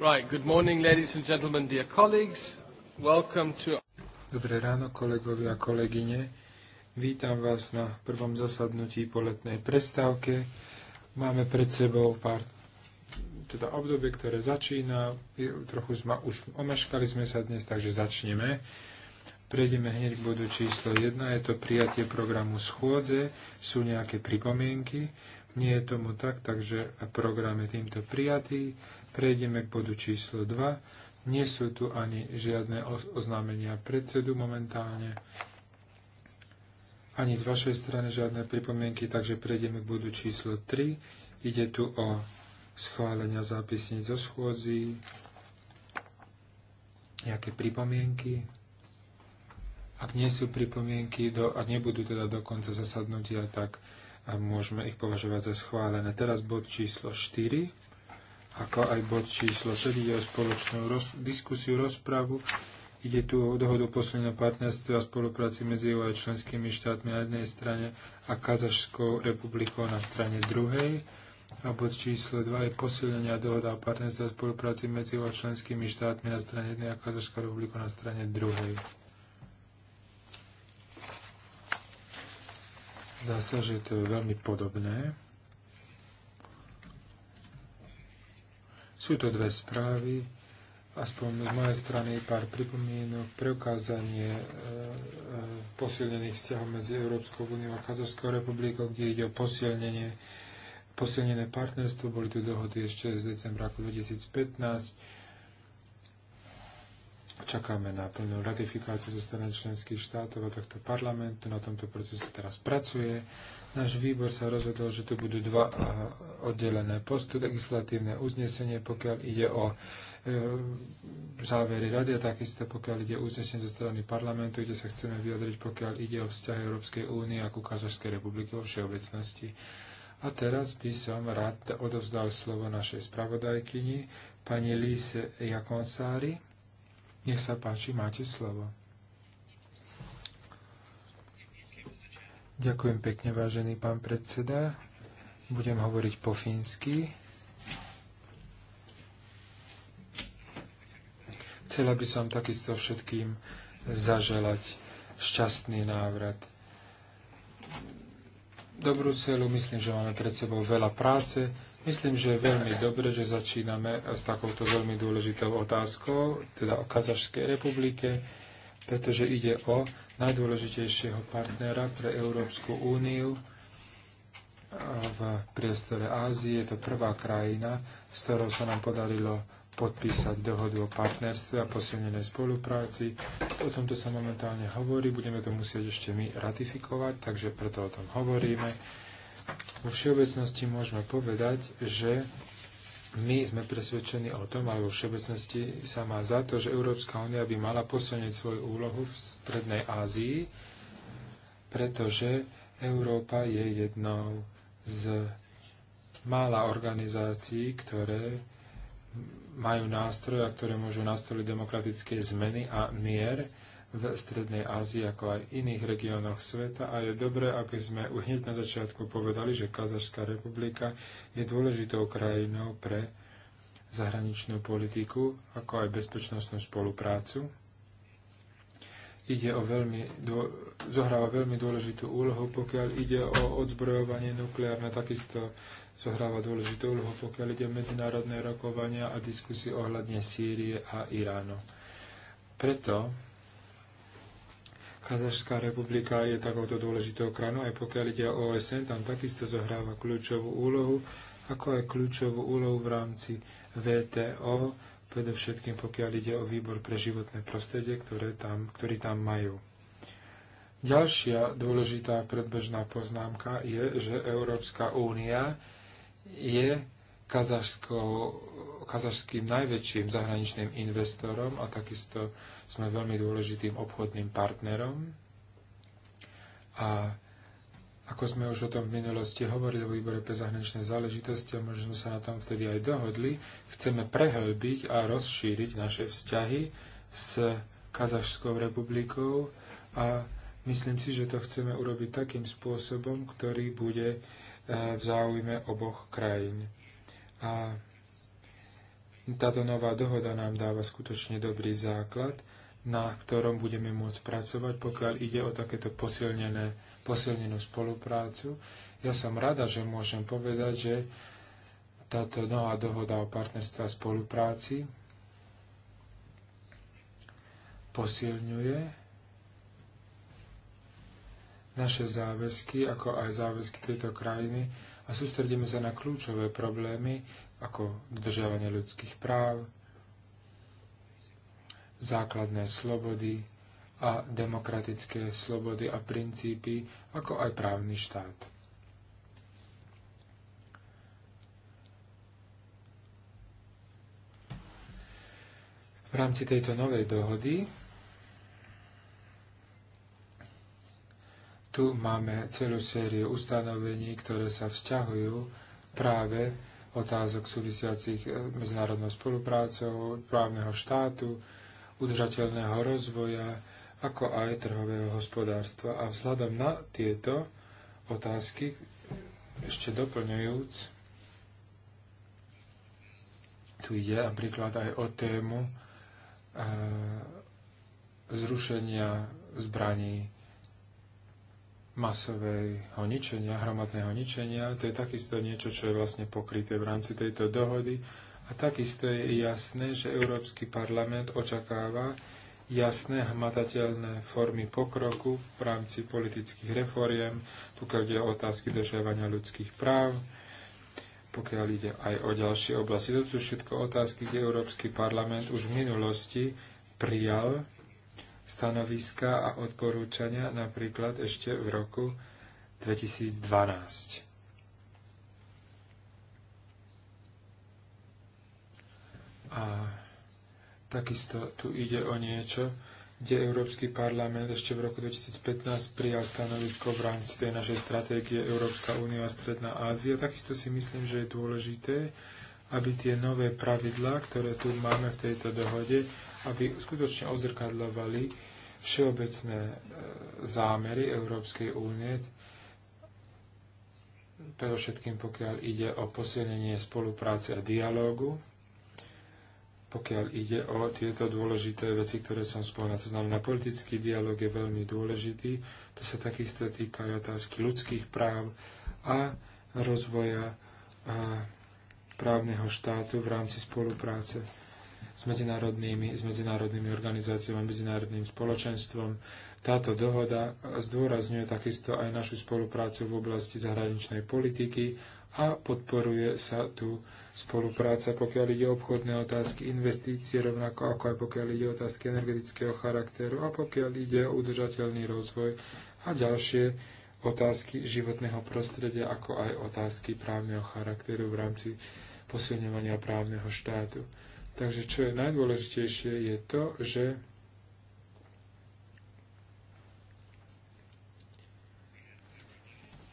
Right, good morning, ladies and gentlemen, dear colleagues. Welcome to... Dobré ráno, kolegovia a kolegyne. Vítam vás na prvom zasadnutí po letnej prestávke. Máme pred sebou pár teda obdobie, ktoré začína. Trochu sme už omeškali sme sa dnes, takže začneme. Prejdeme hneď k bodu číslo 1. Je to prijatie programu schôdze. Sú nejaké pripomienky? Nie je tomu tak, takže program je týmto prijatý. Prejdeme k bodu číslo 2. Nie sú tu ani žiadne oznámenia predsedu momentálne, ani z vašej strany žiadne pripomienky, takže prejdeme k bodu číslo 3. Ide tu o schválenia zápisníc zo schôdzi, nejaké pripomienky. Ak nie sú pripomienky, do, ak nebudú teda do konca zasadnutia, tak a môžeme ich považovať za schválené. Teraz bod číslo 4, ako aj bod číslo 7 ide o spoločnú roz, diskusiu, rozpravu. Ide tu o dohodu posledného partnerstva a spolupráci medzi EU a členskými štátmi na jednej strane a Kazašskou republikou na strane druhej. A bod číslo 2 je posilnenia dohoda o partnerstve a spolupráci medzi EU a členskými štátmi na strane jednej a Kazašskou republikou na strane druhej. Zdá sa, že to je veľmi podobné. Sú to dve správy, aspoň z mojej strany pár pripomienok, preukázanie e, e, posilnených vzťahov medzi Európskou úniou a Kazachskou republikou, kde ide o posilnenie, posilnené partnerstvo, boli tu dohody ešte z decembra roku 2015, Čakáme na plnú ratifikáciu zo strany členských štátov a tohto parlamentu. Na tomto procese teraz pracuje. Náš výbor sa rozhodol, že tu budú dva oddelené postu, legislatívne uznesenie, pokiaľ ide o e, závery rady a takisto pokiaľ ide uznesenie zo strany parlamentu, kde sa chceme vyjadriť, pokiaľ ide o vzťah Európskej únie a ku republiky vo všeobecnosti. A teraz by som rád odovzdal slovo našej spravodajkyni, pani Lise Jakonsári. Nech sa páči, máte slovo. Ďakujem pekne, vážený pán predseda. Budem hovoriť po fínsky. Chcela by som takisto všetkým zaželať šťastný návrat do Bruselu. Myslím, že máme pred sebou veľa práce. Myslím, že je veľmi dobre, že začíname s takouto veľmi dôležitou otázkou, teda o Kazašskej republike, pretože ide o najdôležitejšieho partnera pre Európsku úniu v priestore Ázie. Je to prvá krajina, s ktorou sa nám podarilo podpísať dohodu o partnerstve a posilnenej spolupráci. O tomto sa momentálne hovorí, budeme to musieť ešte my ratifikovať, takže preto o tom hovoríme vo všeobecnosti môžeme povedať, že my sme presvedčení o tom, ale vo všeobecnosti sa má za to, že Európska únia by mala posunieť svoju úlohu v Strednej Ázii, pretože Európa je jednou z mála organizácií, ktoré majú nástroje a ktoré môžu nastoliť demokratické zmeny a mier v Strednej Ázii, ako aj iných regiónoch sveta a je dobré, aby sme už hneď na začiatku povedali, že Kazašská republika je dôležitou krajinou pre zahraničnú politiku, ako aj bezpečnostnú spoluprácu. Ide o veľmi, dô, zohráva veľmi dôležitú úlohu, pokiaľ ide o odzbrojovanie nukleárne, takisto zohráva dôležitú úlohu, pokiaľ ide o medzinárodné rokovania a diskusie ohľadne Sýrie a Iránu. Preto Kazašská republika je takouto dôležitou krajinou, aj pokiaľ ide o OSN, tam takisto zohráva kľúčovú úlohu, ako aj kľúčovú úlohu v rámci VTO, predovšetkým pokiaľ ide o výbor pre životné prostredie, ktoré tam, ktorý tam majú. Ďalšia dôležitá predbežná poznámka je, že Európska únia je kazašským najväčším zahraničným investorom a takisto sme veľmi dôležitým obchodným partnerom a ako sme už o tom v minulosti hovorili o výbore pre zahraničné záležitosti a možno sme sa na tom vtedy aj dohodli, chceme prehlbiť a rozšíriť naše vzťahy s Kazašskou republikou a myslím si, že to chceme urobiť takým spôsobom, ktorý bude eh, v záujme oboch krajín. A táto nová dohoda nám dáva skutočne dobrý základ na ktorom budeme môcť pracovať, pokiaľ ide o takéto posilnenú spoluprácu. Ja som rada, že môžem povedať, že táto nová dohoda o partnerstve a spolupráci posilňuje naše záväzky, ako aj záväzky tejto krajiny a sústredíme sa na kľúčové problémy, ako dodržiavanie ľudských práv, základné slobody a demokratické slobody a princípy, ako aj právny štát. V rámci tejto novej dohody tu máme celú sériu ustanovení, ktoré sa vzťahujú práve otázok súvisiacich eh, medzinárodnou spoluprácou, právneho štátu, udržateľného rozvoja, ako aj trhového hospodárstva. A vzhľadom na tieto otázky, ešte doplňujúc, tu ide napríklad aj o tému e, zrušenia zbraní masového ničenia, hromadného ničenia. To je takisto niečo, čo je vlastne pokryté v rámci tejto dohody a takisto je jasné, že Európsky parlament očakáva jasné, hmatateľné formy pokroku v rámci politických reforiem, pokiaľ ide o otázky dožiavania ľudských práv, pokiaľ ide aj o ďalšie oblasti. To sú všetko otázky, kde Európsky parlament už v minulosti prijal stanoviska a odporúčania napríklad ešte v roku 2012. A takisto tu ide o niečo, kde Európsky parlament ešte v roku 2015 prijal stanovisko v rámci tej našej stratégie Európska únia a Stredná Ázia. Takisto si myslím, že je dôležité, aby tie nové pravidlá, ktoré tu máme v tejto dohode, aby skutočne odzrkadľovali všeobecné e, zámery Európskej únie, predovšetkým pokiaľ ide o posilnenie spolupráce a dialógu pokiaľ ide o tieto dôležité veci, ktoré som spomenul. To znamená, politický dialog je veľmi dôležitý, to sa takisto týka aj otázky ľudských práv a rozvoja a právneho štátu v rámci spolupráce s medzinárodnými, s medzinárodnými organizáciami, medzinárodným spoločenstvom. Táto dohoda zdôrazňuje takisto aj našu spoluprácu v oblasti zahraničnej politiky a podporuje sa tu spolupráca, pokiaľ ide o obchodné otázky, investície, rovnako ako aj pokiaľ ide o otázky energetického charakteru a pokiaľ ide o udržateľný rozvoj a ďalšie otázky životného prostredia, ako aj otázky právneho charakteru v rámci posilňovania právneho štátu. Takže čo je najdôležitejšie, je to, že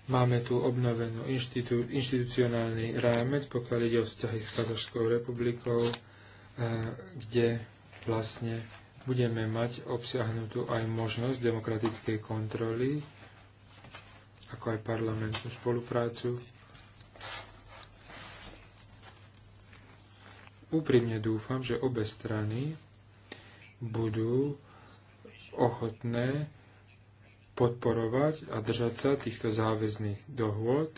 Máme tu obnovenú inštitú, inštitucionálny rámec, pokiaľ ide o vzťahy s Kazašskou republikou, e, kde vlastne budeme mať obsiahnutú aj možnosť demokratickej kontroly, ako aj parlamentnú spoluprácu. Úprimne dúfam, že obe strany budú ochotné podporovať a držať sa týchto záväzných dohôd.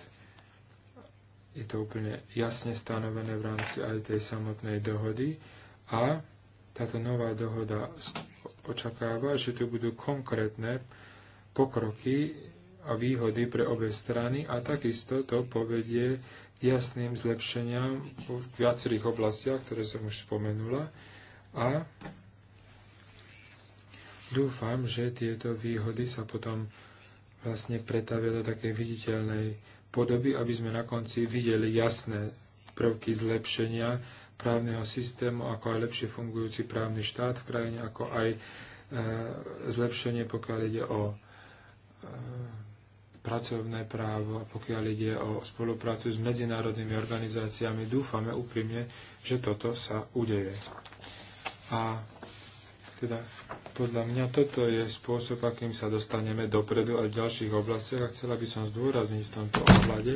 Je to úplne jasne stanovené v rámci aj tej samotnej dohody. A táto nová dohoda očakáva, že tu budú konkrétne pokroky a výhody pre obe strany a takisto to povedie k jasným zlepšeniam v viacerých oblastiach, ktoré som už spomenula. A Dúfam, že tieto výhody sa potom vlastne pretavia do takej viditeľnej podoby, aby sme na konci videli jasné prvky zlepšenia právneho systému, ako aj lepšie fungujúci právny štát v krajine, ako aj e, zlepšenie, pokiaľ ide o e, pracovné právo, pokiaľ ide o spoluprácu s medzinárodnými organizáciami. Dúfame úprimne, že toto sa udeje. A teda podľa mňa toto je spôsob, akým sa dostaneme dopredu aj v ďalších oblastiach a chcela by som zdôrazniť v tomto ohľade,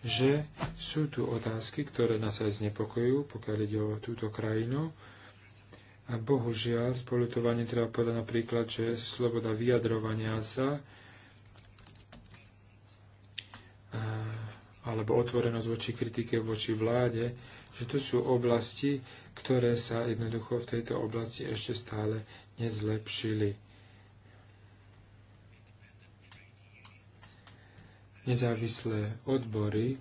že sú tu otázky, ktoré nás aj znepokojujú, pokiaľ ide o túto krajinu. A bohužiaľ, spolutovanie treba povedať napríklad, že sloboda vyjadrovania sa alebo otvorenosť voči kritike, voči vláde, že to sú oblasti, ktoré sa jednoducho v tejto oblasti ešte stále nezlepšili. Nezávislé odbory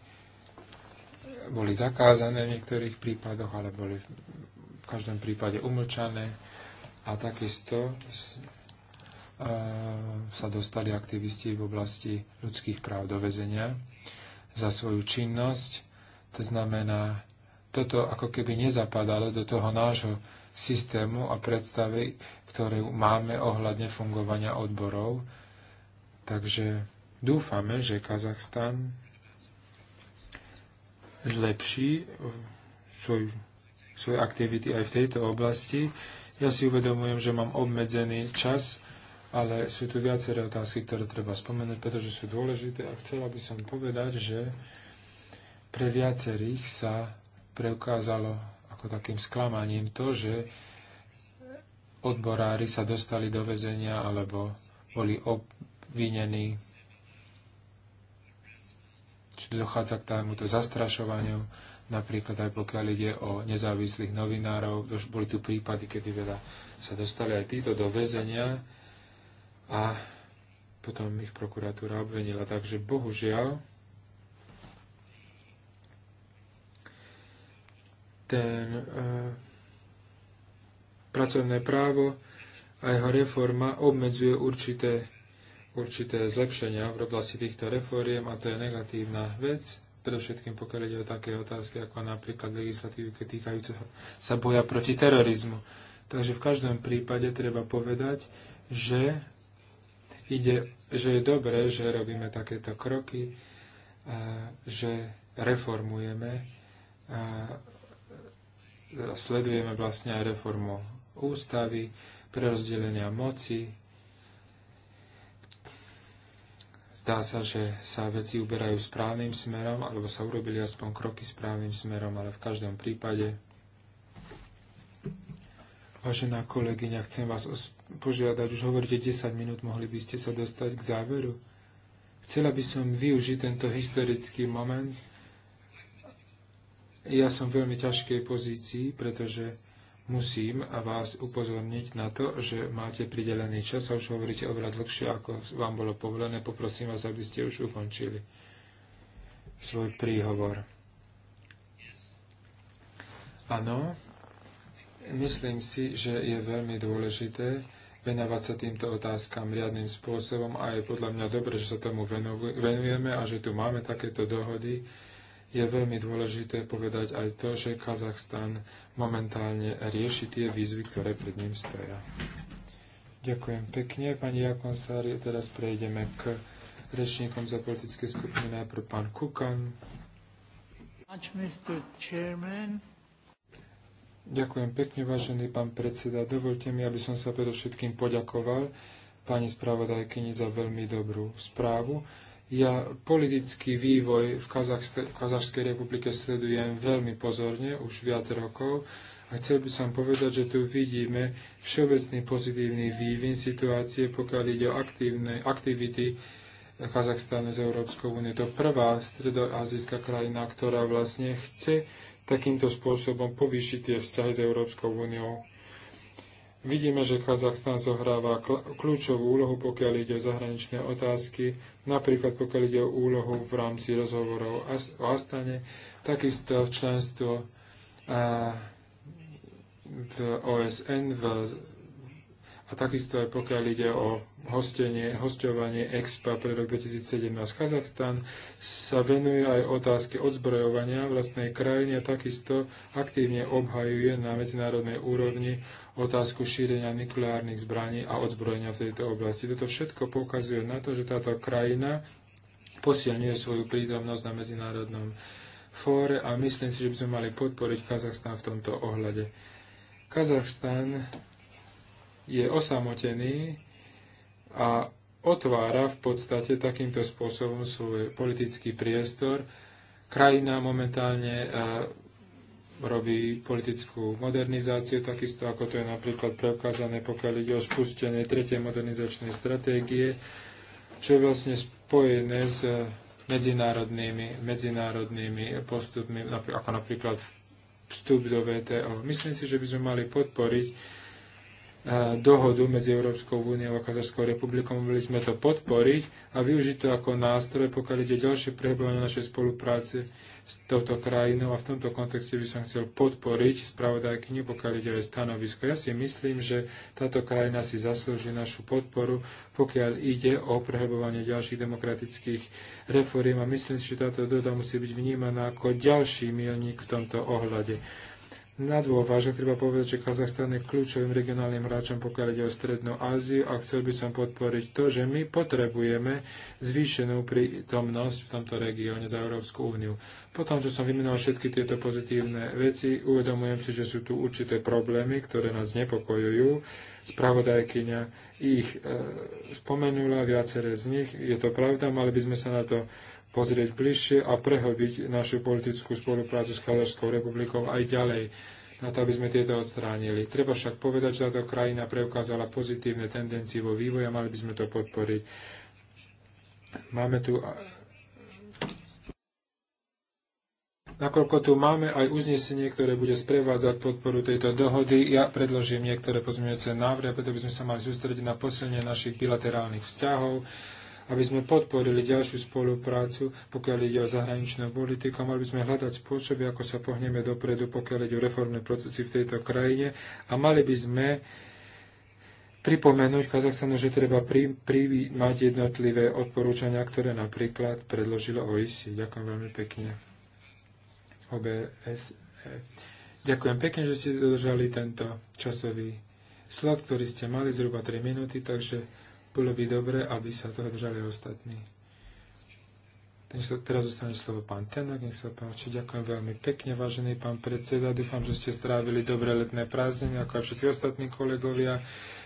boli zakázané v niektorých prípadoch, ale boli v každom prípade umlčané a takisto sa dostali aktivisti v oblasti ľudských práv do vezenia za svoju činnosť. To znamená, toto ako keby nezapadalo do toho nášho systému a predstavy, ktoré máme ohľadne fungovania odborov. Takže dúfame, že Kazachstan zlepší eh, svoj, svoje aktivity aj v tejto oblasti. Ja si uvedomujem, že mám obmedzený čas, ale sú tu viaceré otázky, ktoré treba spomenúť, pretože sú dôležité a chcela by som povedať, že pre viacerých sa preukázalo ako takým sklamaním to, že odborári sa dostali do väzenia alebo boli obvinení, či dochádza k takémuto zastrašovaniu, napríklad aj pokiaľ ide o nezávislých novinárov, boli tu prípady, kedy veľa teda sa dostali aj títo do väzenia a potom ich prokuratúra obvenila. Takže bohužiaľ, ten e, pracovné právo a jeho reforma obmedzuje určité, určité zlepšenia v oblasti týchto reforiem a to je negatívna vec, predovšetkým pokiaľ ide o také otázky ako napríklad keď týkajúceho sa boja proti terorizmu. Takže v každom prípade treba povedať, že, ide, že je dobré, že robíme takéto kroky, e, že reformujeme e, sledujeme vlastne aj reformu ústavy, prerozdelenia moci. Zdá sa, že sa veci uberajú správnym smerom, alebo sa urobili aspoň kroky správnym smerom, ale v každom prípade Vážená kolegyňa, chcem vás požiadať, už hovoríte 10 minút, mohli by ste sa dostať k záveru. Chcela by som využiť tento historický moment, ja som v veľmi ťažkej pozícii, pretože musím vás upozorniť na to, že máte pridelený čas a už hovoríte oveľa dlhšie, ako vám bolo povolené. Poprosím vás, aby ste už ukončili svoj príhovor. Áno, myslím si, že je veľmi dôležité venovať sa týmto otázkam riadným spôsobom a je podľa mňa dobre, že sa tomu venujeme a že tu máme takéto dohody, je veľmi dôležité povedať aj to, že Kazachstan momentálne rieši tie výzvy, ktoré pred ním stoja. Ďakujem pekne, pani Jakonsári. Teraz prejdeme k rečníkom za politické skupiny. Najprv pán Kukan. Ďakujem pekne, vážený pán predseda. Dovolte mi, aby som sa predovšetkým poďakoval pani spravodajkyni za veľmi dobrú správu ja politický vývoj v, Kazachste, v Kazachskej republike sledujem veľmi pozorne už viac rokov a chcel by som povedať, že tu vidíme všeobecný pozitívny vývin situácie, pokiaľ ide o aktívne, aktivity Kazachstánu z Európskou únie. To prvá stredoazijská krajina, ktorá vlastne chce takýmto spôsobom povýšiť tie vzťahy s Európskou úniou. Vidíme, že Kazachstan zohráva kľúčovú úlohu, pokiaľ ide o zahraničné otázky, napríklad pokiaľ ide o úlohu v rámci rozhovorov o Astane, takisto členstvo v OSN v, a takisto aj pokiaľ ide o hostenie, hostovanie EXPA pre rok 2017. Kazachstan sa venuje aj otázke odzbrojovania vlastnej krajiny a takisto aktívne obhajuje na medzinárodnej úrovni otázku šírenia nukleárnych zbraní a odzbrojenia v tejto oblasti. Toto všetko poukazuje na to, že táto krajina posilňuje svoju prítomnosť na medzinárodnom fóre a myslím si, že by sme mali podporiť Kazachstan v tomto ohľade. Kazachstan je osamotený a otvára v podstate takýmto spôsobom svoj politický priestor. Krajina momentálne robí politickú modernizáciu, takisto ako to je napríklad preukázané, pokiaľ ide o spustenie tretej modernizačnej stratégie, čo je vlastne spojené s medzinárodnými, medzinárodnými postupmi, ako napríklad vstup do VTO. Myslím si, že by sme mali podporiť eh, dohodu medzi Európskou úniou a Kazarskou republikou. Mali sme to podporiť a využiť to ako nástroj, pokiaľ ide ďalšie prehľadanie našej spolupráce s touto krajinou a v tomto kontexte by som chcel podporiť spravodajkyňu, pokiaľ ide stanovisko. Ja si myslím, že táto krajina si zaslúži našu podporu, pokiaľ ide o prehľbovanie ďalších demokratických reforiem a myslím si, že táto doda musí byť vnímaná ako ďalší milník v tomto ohľade. Na vážne treba povedať, že Kazachstan je kľúčovým regionálnym hráčom, pokiaľ ide o Strednú Áziu a chcel by som podporiť to, že my potrebujeme zvýšenú prítomnosť v tomto regióne za Európsku úniu. Potom, čo som vymenal všetky tieto pozitívne veci, uvedomujem si, že sú tu určité problémy, ktoré nás nepokojujú. Spravodajkyňa ich e, spomenula, viaceré z nich, je to pravda, mali by sme sa na to pozrieť bližšie a prehlbiť našu politickú spoluprácu s Kazašskou republikou aj ďalej na to, aby sme tieto odstránili. Treba však povedať, že táto krajina preukázala pozitívne tendencie vo vývoji a mali by sme to podporiť. Máme tu Nakoľko tu máme aj uznesenie, ktoré bude sprevádzať podporu tejto dohody, ja predložím niektoré pozmeňujúce návrhy, preto by sme sa mali sústrediť na posilnenie našich bilaterálnych vzťahov aby sme podporili ďalšiu spoluprácu, pokiaľ ide o zahraničnú politiku, mali by sme hľadať spôsoby, ako sa pohneme dopredu, pokiaľ ide o reformné procesy v tejto krajine a mali by sme pripomenúť Kazachstanu, že treba pri, mať jednotlivé odporúčania, ktoré napríklad predložilo OISI. Ďakujem veľmi pekne. OBSE. Ďakujem pekne, že ste dodržali tento časový slot, ktorý ste mali zhruba 3 minúty, takže bolo by dobre, aby sa toho držali ostatní. Takže teraz zostane slovo pán Tenok, nech sa páči. Ďakujem veľmi pekne, vážený pán predseda. Dúfam, že ste strávili dobré letné prázdniny, ako aj všetci ostatní kolegovia.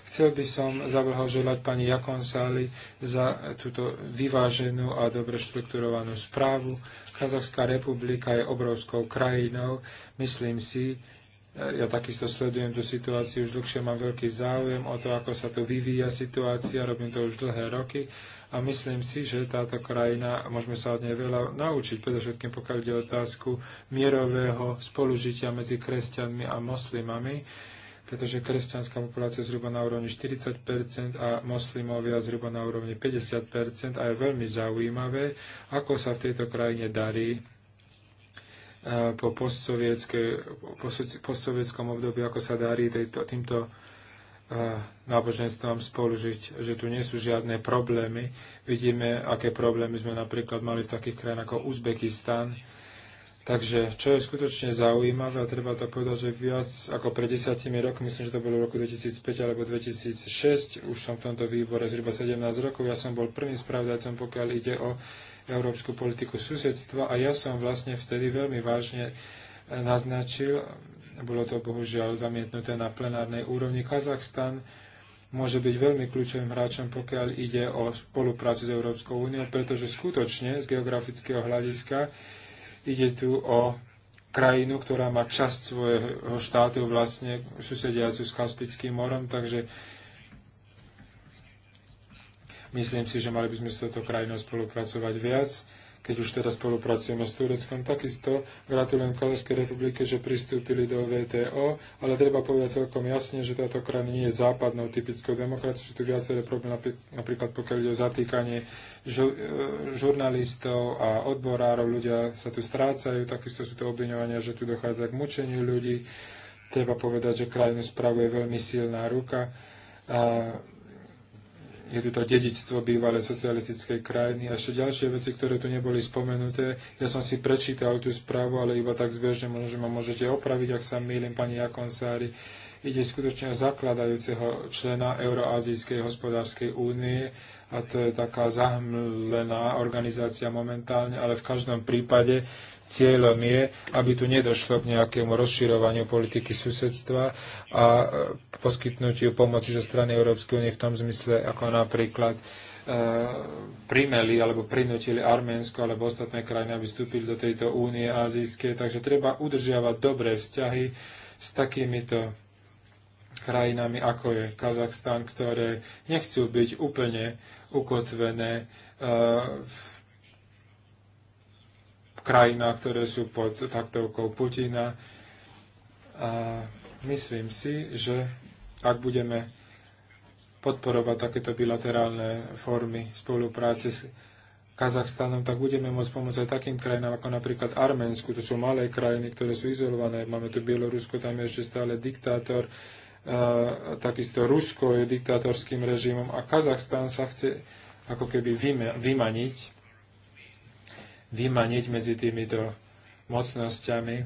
Chcel by som zablahoželať pani Jakonsáli za túto vyváženú a dobre štrukturovanú správu. Kazachská republika je obrovskou krajinou. Myslím si, ja takisto sledujem tú situáciu, už dlhšie mám veľký záujem o to, ako sa tu vyvíja situácia, robím to už dlhé roky a myslím si, že táto krajina, môžeme sa od nej veľa naučiť, predovšetkým pokiaľ ide otázku mierového spolužitia medzi kresťanmi a moslimami, pretože kresťanská populácia je zhruba na úrovni 40% a moslimovia zhruba na úrovni 50% a je veľmi zaujímavé, ako sa v tejto krajine darí po postsovietskom období, ako sa darí tejto, týmto náboženstvom spolužiť, že tu nie sú žiadne problémy. Vidíme, aké problémy sme napríklad mali v takých krajinách ako Uzbekistan. Takže, čo je skutočne zaujímavé, a treba to povedať, že viac ako pred desiatimi rokmi, myslím, že to bolo v roku 2005 alebo 2006, už som v tomto výbore zhruba 17 rokov, ja som bol prvým spravodajcom, pokiaľ ide o európsku politiku susedstva a ja som vlastne vtedy veľmi vážne e, naznačil, bolo to bohužiaľ zamietnuté na plenárnej úrovni, Kazachstan môže byť veľmi kľúčovým hráčom, pokiaľ ide o spoluprácu s Európskou úniou, pretože skutočne z geografického hľadiska ide tu o krajinu, ktorá má časť svojho štátu vlastne susediacu s Kaspickým morom, takže Myslím si, že mali by sme s touto krajinou spolupracovať viac keď už teraz spolupracujeme s Tureckom. Takisto gratulujem Kazachskej republike, že pristúpili do VTO, ale treba povedať celkom jasne, že táto krajina nie je západnou typickou demokraciou. Sú tu viaceré problémy, napríklad pokiaľ ide o zatýkanie e, žurnalistov a odborárov, ľudia sa tu strácajú, takisto sú to obviňovania, že tu dochádza k mučeniu ľudí. Treba povedať, že krajinu spravuje veľmi silná ruka. A je tu to dedičstvo bývalé socialistickej krajiny a ešte ďalšie veci, ktoré tu neboli spomenuté. Ja som si prečítal tú správu, ale iba tak zbežne, možno, že ma môžete opraviť, ak sa mýlim, pani Jakonsári. Ide skutočne o zakladajúceho člena Euroazijskej hospodárskej únie a to je taká zahmlená organizácia momentálne, ale v každom prípade cieľom je, aby tu nedošlo k nejakému rozširovaniu politiky susedstva a e, poskytnutiu pomoci zo strany Európskej únie v tom zmysle, ako napríklad e, primeli alebo prinútili Arménsko alebo ostatné krajiny, aby vstúpili do tejto únie azijské. Takže treba udržiavať dobré vzťahy s takýmito krajinami, ako je Kazachstan, ktoré nechcú byť úplne ukotvené eh, v krajinách, ktoré sú pod taktovkou Putina. A myslím si, že ak budeme podporovať takéto bilaterálne formy spolupráce s Kazachstanom, tak budeme môcť pomôcť aj takým krajinám ako napríklad Arménsku. To sú malé krajiny, ktoré sú izolované. Máme tu Bielorusko, tam je ešte stále diktátor takisto Rusko je diktátorským režimom a Kazachstan sa chce ako keby vymaniť, vymaniť medzi týmito mocnosťami.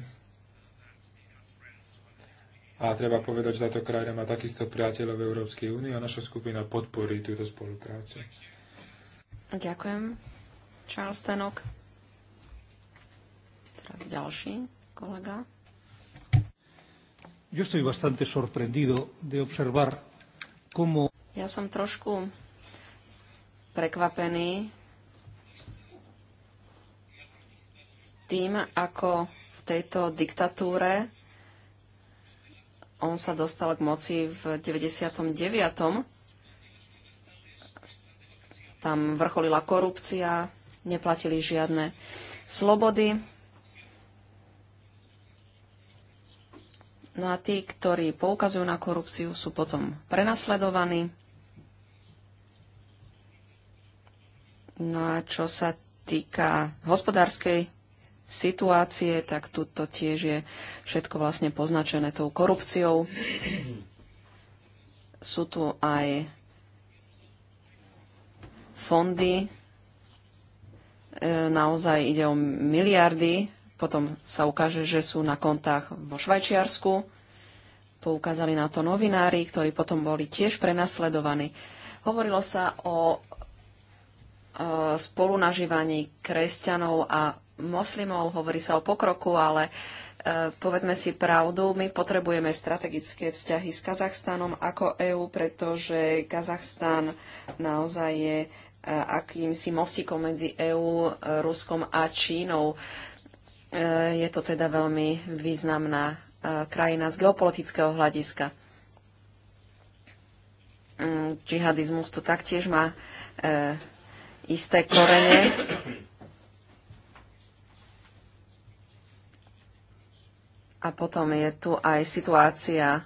A treba povedať, že táto krajina má takisto priateľov v Európskej únii a naša skupina podporí túto spoluprácu. Ďakujem. Charles Tenok. Teraz ďalší kolega. Yo estoy bastante sorprendido de observar cómo... Ja som trošku prekvapený tým, ako v tejto diktatúre on sa dostal k moci v 99. Tam vrcholila korupcia, neplatili žiadne slobody. No a tí, ktorí poukazujú na korupciu, sú potom prenasledovaní. No a čo sa týka hospodárskej situácie, tak tu to tiež je všetko vlastne poznačené tou korupciou. Sú tu aj fondy, e, naozaj ide o miliardy potom sa ukáže, že sú na kontách vo Švajčiarsku. Poukázali na to novinári, ktorí potom boli tiež prenasledovaní. Hovorilo sa o e, spolunažívaní kresťanov a moslimov, hovorí sa o pokroku, ale e, povedzme si pravdu, my potrebujeme strategické vzťahy s Kazachstanom ako EÚ, pretože Kazachstan naozaj je e, akýmsi mostikom medzi EÚ, Ruskom a Čínou. Eh, je to teda veľmi významná eh, krajina z geopolitického hľadiska. Mm, džihadizmus tu taktiež má eh, isté korene. A potom je tu aj situácia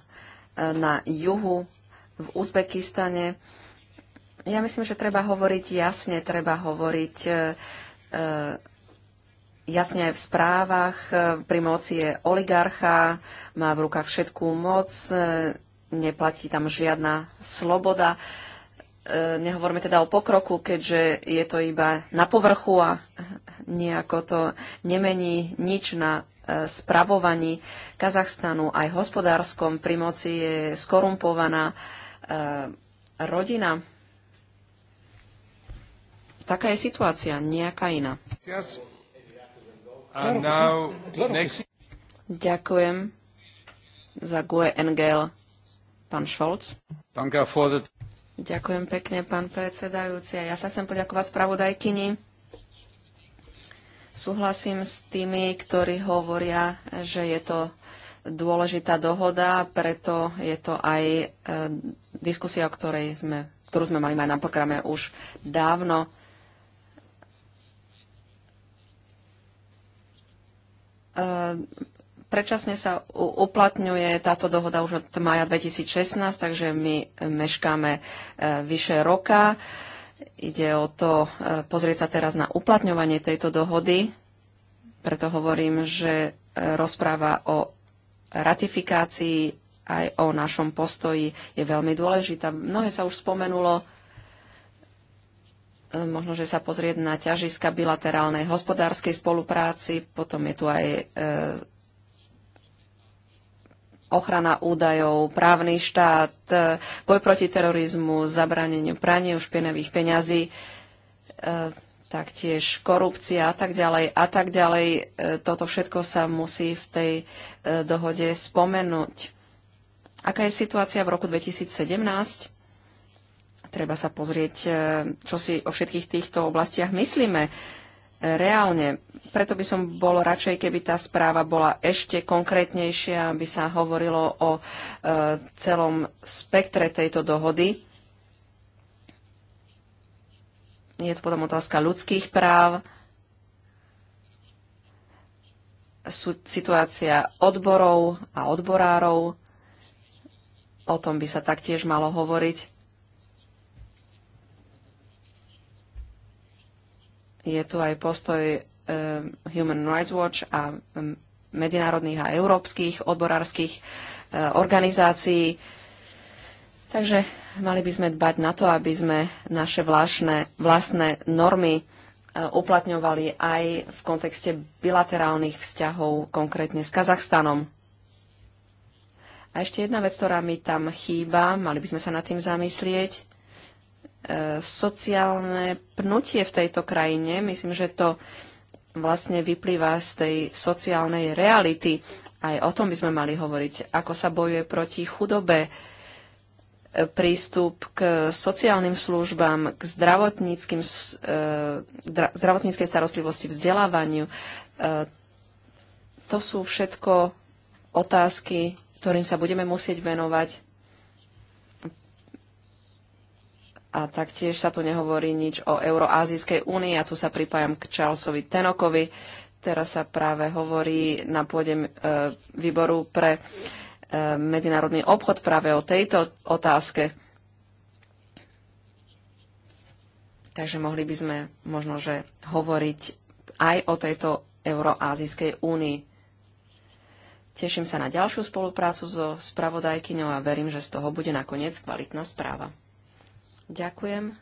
na juhu v Uzbekistane. Ja myslím, že treba hovoriť jasne, treba hovoriť jasne aj v správach. E, pri moci je oligarcha, má v rukách všetkú moc, e, neplatí tam žiadna sloboda. E, nehovorme teda o pokroku, keďže je to iba na povrchu a nejako to nemení nič na spravovaní Kazachstanu aj hospodárskom. Pri moci je skorumpovaná rodina. Taká je situácia, nejaká iná. Ďakujem za GUE Engel, pán Šolc. Ďakujem pekne, pán predsedajúci. Ja sa chcem poďakovať spravodajkyni. Súhlasím s tými, ktorí hovoria, že je to dôležitá dohoda, preto je to aj e, diskusia, o ktorej sme, ktorú sme mali mať na programe už dávno. Ehm, Prečasne sa uplatňuje táto dohoda už od maja 2016, takže my meškáme e, vyše roka. Ide o to e, pozrieť sa teraz na uplatňovanie tejto dohody. Preto hovorím, že e, rozpráva o ratifikácii aj o našom postoji je veľmi dôležitá. Mnohé sa už spomenulo možno, že sa pozrieť na ťažiska bilaterálnej hospodárskej spolupráci, potom je tu aj e, ochrana údajov, právny štát, e, boj proti terorizmu, zabráneniu praniu špinavých peňazí, e, taktiež korupcia a tak ďalej a tak ďalej. E, toto všetko sa musí v tej e, dohode spomenúť. Aká je situácia v roku 2017? Treba sa pozrieť, e, čo si o všetkých týchto oblastiach myslíme e, reálne. Preto by som bol radšej, keby tá správa bola ešte konkrétnejšia, aby sa hovorilo o e, celom spektre tejto dohody. Je to potom otázka ľudských práv, sú situácia odborov a odborárov. O tom by sa taktiež malo hovoriť. Je tu aj postoj eh, Human Rights Watch a mm, medzinárodných a európskych odborárskych eh, organizácií. Takže mali by sme dbať na to, aby sme naše vlastné, vlastné normy eh, uplatňovali aj v kontexte bilaterálnych vzťahov, konkrétne s Kazachstanom. A ešte jedna vec, ktorá mi tam chýba, mali by sme sa nad tým zamyslieť. E, sociálne pnutie v tejto krajine. Myslím, že to vlastne vyplýva z tej sociálnej reality. Aj o tom by sme mali hovoriť, ako sa bojuje proti chudobe, e, prístup k sociálnym službám, k e, zdravotníckej starostlivosti, vzdelávaniu. To sú všetko otázky, ktorým sa budeme musieť venovať A taktiež sa tu nehovorí nič o Euroazijskej únii a tu sa pripájam k Charlesovi Tenokovi. Teraz sa práve hovorí na pôde e, výboru pre e, medzinárodný obchod práve o tejto otázke. Takže mohli by sme možno, že hovoriť aj o tejto Euroázijskej únii. Teším sa na ďalšiu spoluprácu so spravodajkyňou a verím, že z toho bude nakoniec kvalitná správa. Ďakujem.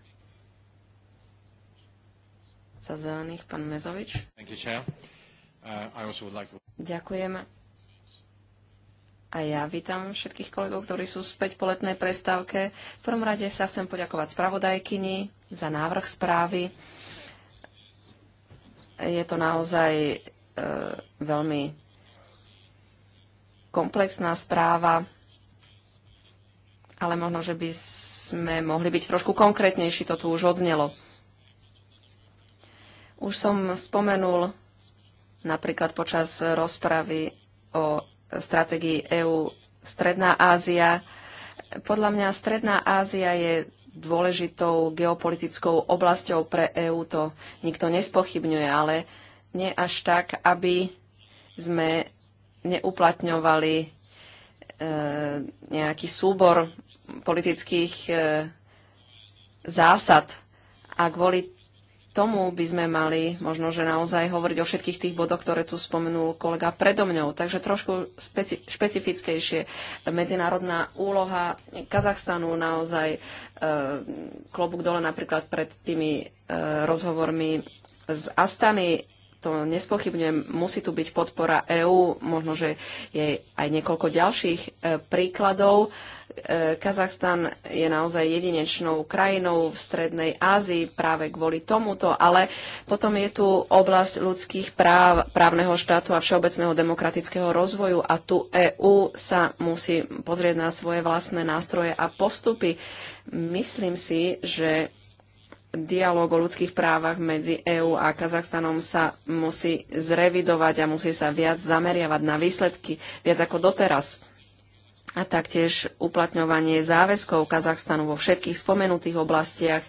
Za zelených, pán Mezovič. You, uh, like to... Ďakujem. A ja vítam všetkých kolegov, ktorí sú späť po letnej prestávke. V prvom rade sa chcem poďakovať spravodajkyni za návrh správy. Je to naozaj e, veľmi komplexná správa ale možno, že by sme mohli byť trošku konkrétnejší, to tu už odznelo. Už som spomenul napríklad počas rozpravy o stratégii EÚ Stredná Ázia. Podľa mňa Stredná Ázia je dôležitou geopolitickou oblasťou pre EÚ, to nikto nespochybňuje, ale nie až tak, aby sme neuplatňovali e, nejaký súbor politických e, zásad. A kvôli tomu by sme mali možno, že naozaj hovoriť o všetkých tých bodoch, ktoré tu spomenul kolega predo mňou. Takže trošku speci- špecifickejšie. Medzinárodná úloha Kazachstanu naozaj e, klobúk dole napríklad pred tými e, rozhovormi z Astany to nespochybňujem, musí tu byť podpora EÚ, možno, že je aj niekoľko ďalších e, príkladov. E, Kazachstan je naozaj jedinečnou krajinou v Strednej Ázii práve kvôli tomuto, ale potom je tu oblasť ľudských práv, právneho štátu a všeobecného demokratického rozvoju a tu EÚ sa musí pozrieť na svoje vlastné nástroje a postupy. Myslím si, že dialóg o ľudských právach medzi EÚ a Kazachstanom sa musí zrevidovať a musí sa viac zameriavať na výsledky, viac ako doteraz. A taktiež uplatňovanie záväzkov Kazachstanu vo všetkých spomenutých oblastiach.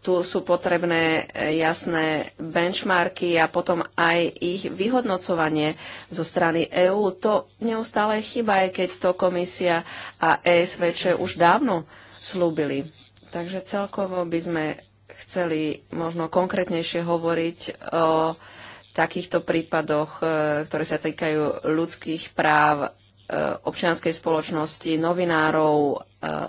Tu sú potrebné e, jasné benchmarky a potom aj ich vyhodnocovanie zo strany EÚ. To neustále chyba, aj keď to komisia a ESVČ už dávno slúbili. Takže celkovo by sme chceli možno konkrétnejšie hovoriť o takýchto prípadoch, e, ktoré sa týkajú ľudských práv, e, občianskej spoločnosti, novinárov, e,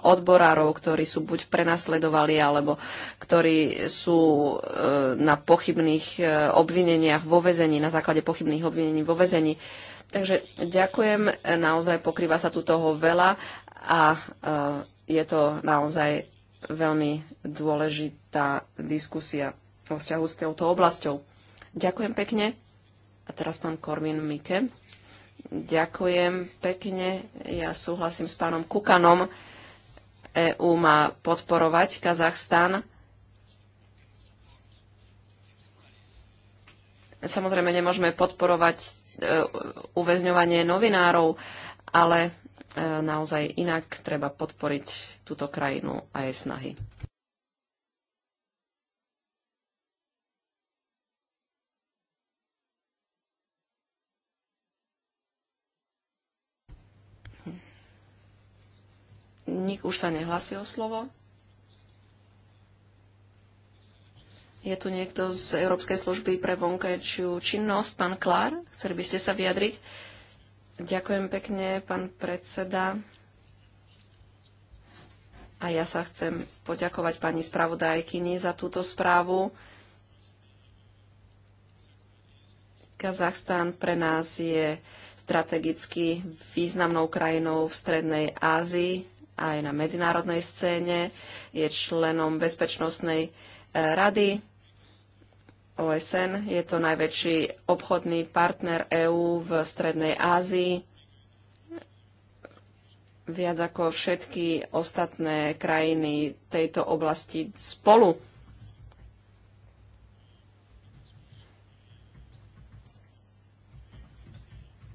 odborárov, ktorí sú buď prenasledovali, alebo ktorí sú na pochybných obvineniach vo vezení, na základe pochybných obvinení vo vezení. Takže ďakujem, naozaj pokrýva sa tu toho veľa a je to naozaj veľmi dôležité tá diskusia vo vzťahu s touto oblasťou. Ďakujem pekne. A teraz pán Korvin Mike. Ďakujem pekne. Ja súhlasím s pánom Kukanom. EU má podporovať Kazachstan. Samozrejme, nemôžeme podporovať e, uväzňovanie novinárov, ale e, naozaj inak treba podporiť túto krajinu a jej snahy. Nik už sa nehlasí o slovo. Je tu niekto z Európskej služby pre vonkajšiu činnosť? Pán Klár, chceli by ste sa vyjadriť? Ďakujem pekne, pán predseda. A ja sa chcem poďakovať pani spravodajkyni za túto správu. Kazachstan pre nás je strategicky významnou krajinou v Strednej Ázii aj na medzinárodnej scéne. Je členom Bezpečnostnej e, rady OSN. Je to najväčší obchodný partner EÚ v Strednej Ázii. Viac ako všetky ostatné krajiny tejto oblasti spolu.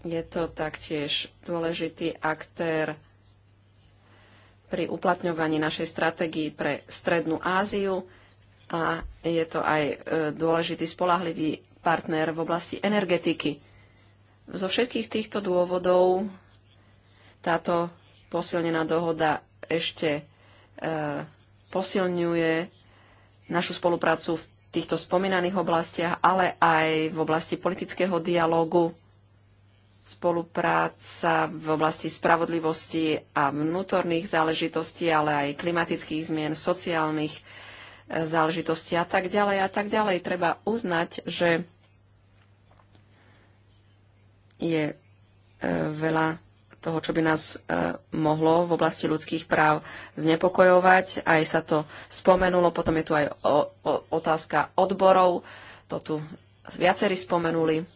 Je to taktiež dôležitý aktér pri uplatňovaní našej stratégii pre Strednú Áziu a je to aj e, dôležitý spolahlivý partner v oblasti energetiky. Zo všetkých týchto dôvodov táto posilnená dohoda ešte e, posilňuje našu spoluprácu v týchto spomínaných oblastiach, ale aj v oblasti politického dialógu spolupráca v oblasti spravodlivosti a vnútorných záležitostí, ale aj klimatických zmien, sociálnych e, záležitostí a tak ďalej a tak ďalej. Treba uznať, že je e, veľa toho, čo by nás e, mohlo v oblasti ľudských práv znepokojovať. Aj sa to spomenulo, potom je tu aj o, o, otázka odborov, to tu viacerí spomenuli.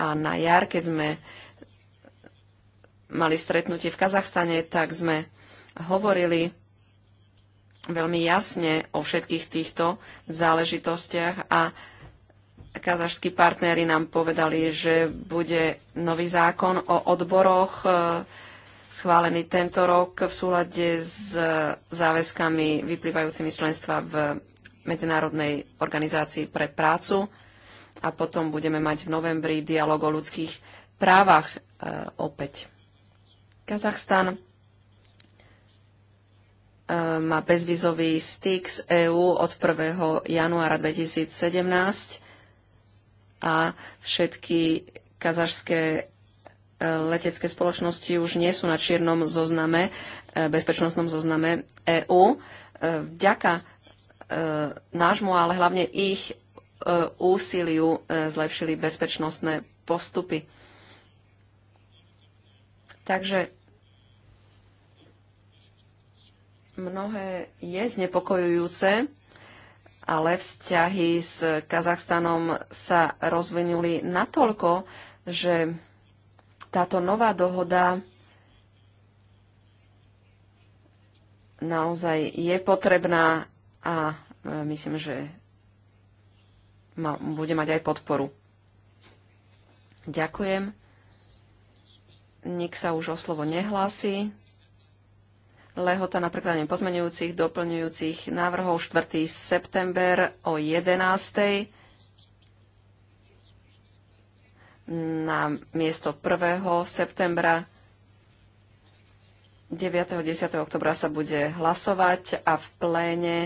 A na jar, keď sme mali stretnutie v Kazachstane, tak sme hovorili veľmi jasne o všetkých týchto záležitostiach a kazašskí partnery nám povedali, že bude nový zákon o odboroch e, schválený tento rok v súlade s záväzkami vyplývajúcimi členstva v Medzinárodnej organizácii pre prácu a potom budeme mať v novembri dialog o ľudských právach e, opäť. Kazachstan e, má bezvizový styk z EÚ od 1. januára 2017 a všetky kazašské e, letecké spoločnosti už nie sú na čiernom zozname, e, bezpečnostnom zozname EÚ. E, vďaka nášmu, ale hlavne ich E, úsiliu e, zlepšili bezpečnostné postupy. Takže mnohé je znepokojujúce, ale vzťahy s Kazachstanom sa rozvinuli natoľko, že táto nová dohoda naozaj je potrebná a e, myslím, že ma, bude mať aj podporu. Ďakujem. Nik sa už o slovo nehlási. Lehota na prekladanie pozmenujúcich, doplňujúcich návrhov 4. september o 11. na miesto 1. septembra 9. 10. oktobra sa bude hlasovať a v pléne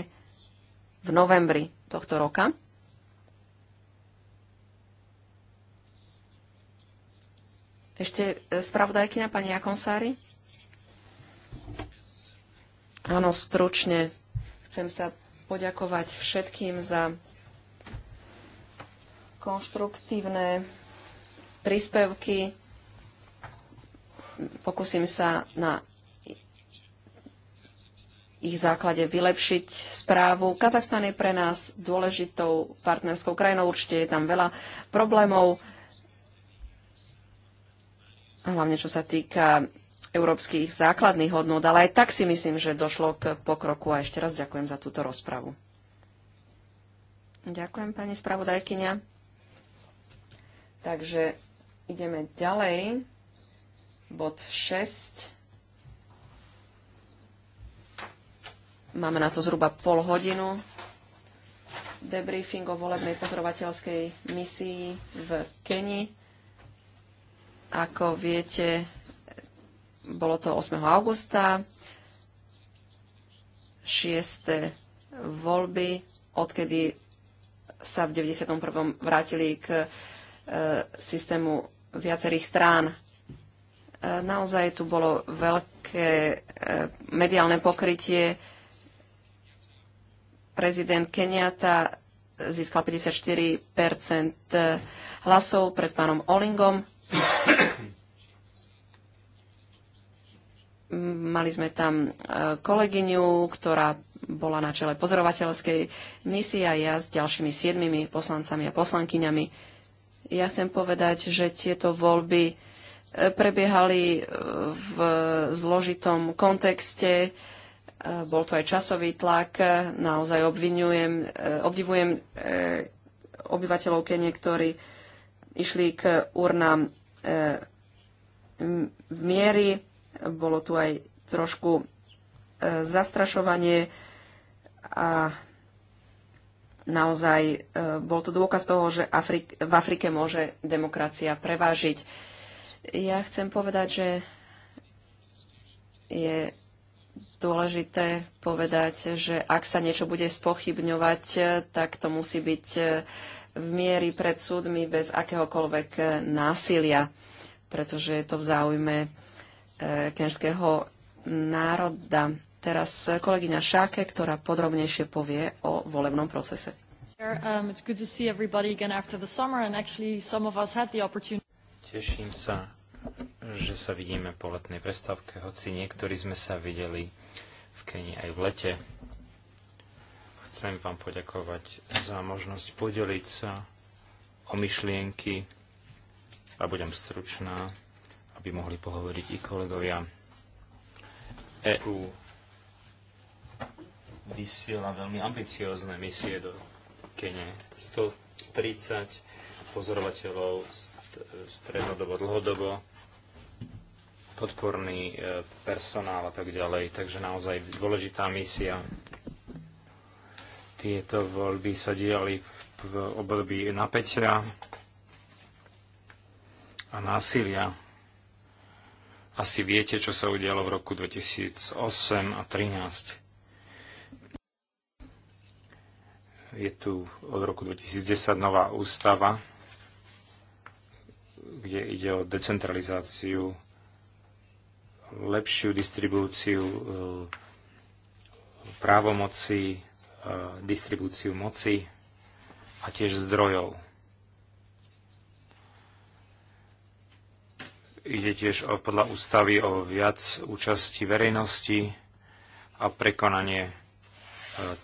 v novembri tohto roka. Ešte e, spravodajkyňa pani Jakonsári. Áno, stručne. Chcem sa poďakovať všetkým za konštruktívne príspevky. Pokúsim sa na ich základe vylepšiť správu. Kazachstan je pre nás dôležitou partnerskou krajinou, určite je tam veľa problémov hlavne čo sa týka európskych základných hodnôt, ale aj tak si myslím, že došlo k pokroku a ešte raz ďakujem za túto rozpravu. Ďakujem, pani spravodajkyňa. Takže ideme ďalej. Bod 6. Máme na to zhruba pol hodinu. Debriefing o volebnej pozorovateľskej misii v Keni. Ako viete, bolo to 8. augusta, 6. voľby, odkedy sa v 91. vrátili k e, systému viacerých strán. E, naozaj tu bolo veľké e, mediálne pokrytie. Prezident Kenyatta získal 54 hlasov pred pánom Olingom Mali sme tam e, kolegyňu, ktorá bola na čele pozorovateľskej misie a ja s ďalšími siedmimi poslancami a poslankyňami. Ja chcem povedať, že tieto voľby e, prebiehali e, v zložitom kontexte, bol to aj časový tlak, naozaj obvinujem, obdivujem obyvateľov Kenie, ktorí išli k urnám E, v miery. Bolo tu aj trošku e, zastrašovanie a naozaj e, bol to dôkaz toho, že Afrik- v Afrike môže demokracia prevážiť. Ja chcem povedať, že je dôležité povedať, že ak sa niečo bude spochybňovať, tak to musí byť v miery pred súdmi bez akéhokoľvek násilia, pretože je to v záujme e, kňažského národa. Teraz kolegyňa Šáke, ktorá podrobnejšie povie o volebnom procese. Um, Teším sa, že sa vidíme po letnej prestávke, hoci niektorí sme sa videli v Kenii aj v lete chcem vám poďakovať za možnosť podeliť sa o myšlienky a budem stručná, aby mohli pohovoriť i kolegovia. EÚ vysiela veľmi ambiciózne misie do Kene. 130 pozorovateľov strednodobo, dlhodobo, podporný e, personál a tak ďalej. Takže naozaj dôležitá misia tieto voľby sa diali v období napätia a násilia. Asi viete, čo sa udialo v roku 2008 a 2013. je tu od roku 2010 nová ústava, kde ide o decentralizáciu, lepšiu distribúciu e, právomocí, distribúciu moci a tiež zdrojov. Ide tiež o, podľa ústavy o viac účasti verejnosti a prekonanie e,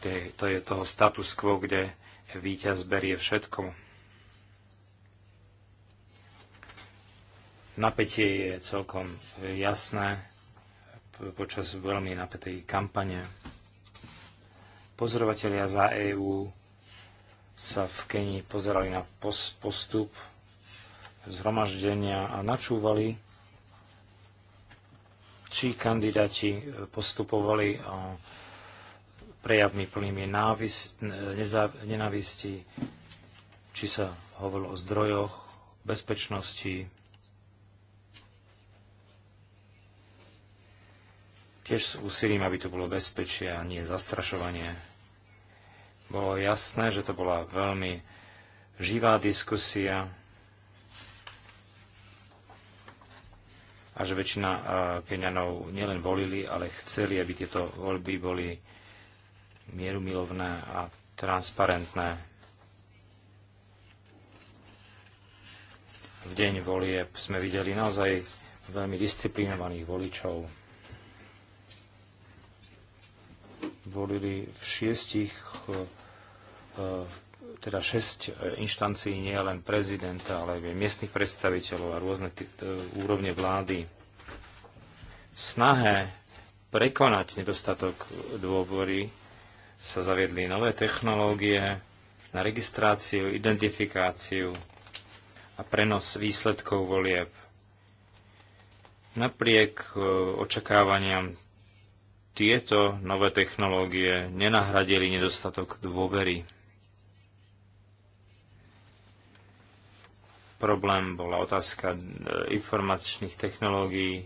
tej, to je toho status quo, kde víťaz berie všetko. Napätie je celkom jasné počas veľmi napätej kampane. Pozorovatelia za EÚ sa v Kenii pozerali na postup zhromaždenia a načúvali, či kandidáti e, postupovali e, prejavmi plnými nenávisti, či sa hovorilo o zdrojoch, bezpečnosti. Tiež s úsilím, aby to bolo bezpečie a nie zastrašovanie bolo jasné, že to bola veľmi živá diskusia a že väčšina eh, Keňanov nielen volili, ale chceli, aby tieto voľby boli mierumilovné a transparentné. V deň volieb sme videli naozaj veľmi disciplinovaných voličov. volili v šiestich eh, E, teda šesť e, inštancií, nie len prezidenta, ale aj miestnych predstaviteľov a rôzne e, úrovne vlády. V snahe prekonať nedostatok dôvory sa zaviedli nové technológie na registráciu, identifikáciu a prenos výsledkov volieb. Napriek očakávaniam tieto nové technológie nenahradili nedostatok dôvery. problém bola otázka e, informačných technológií, e,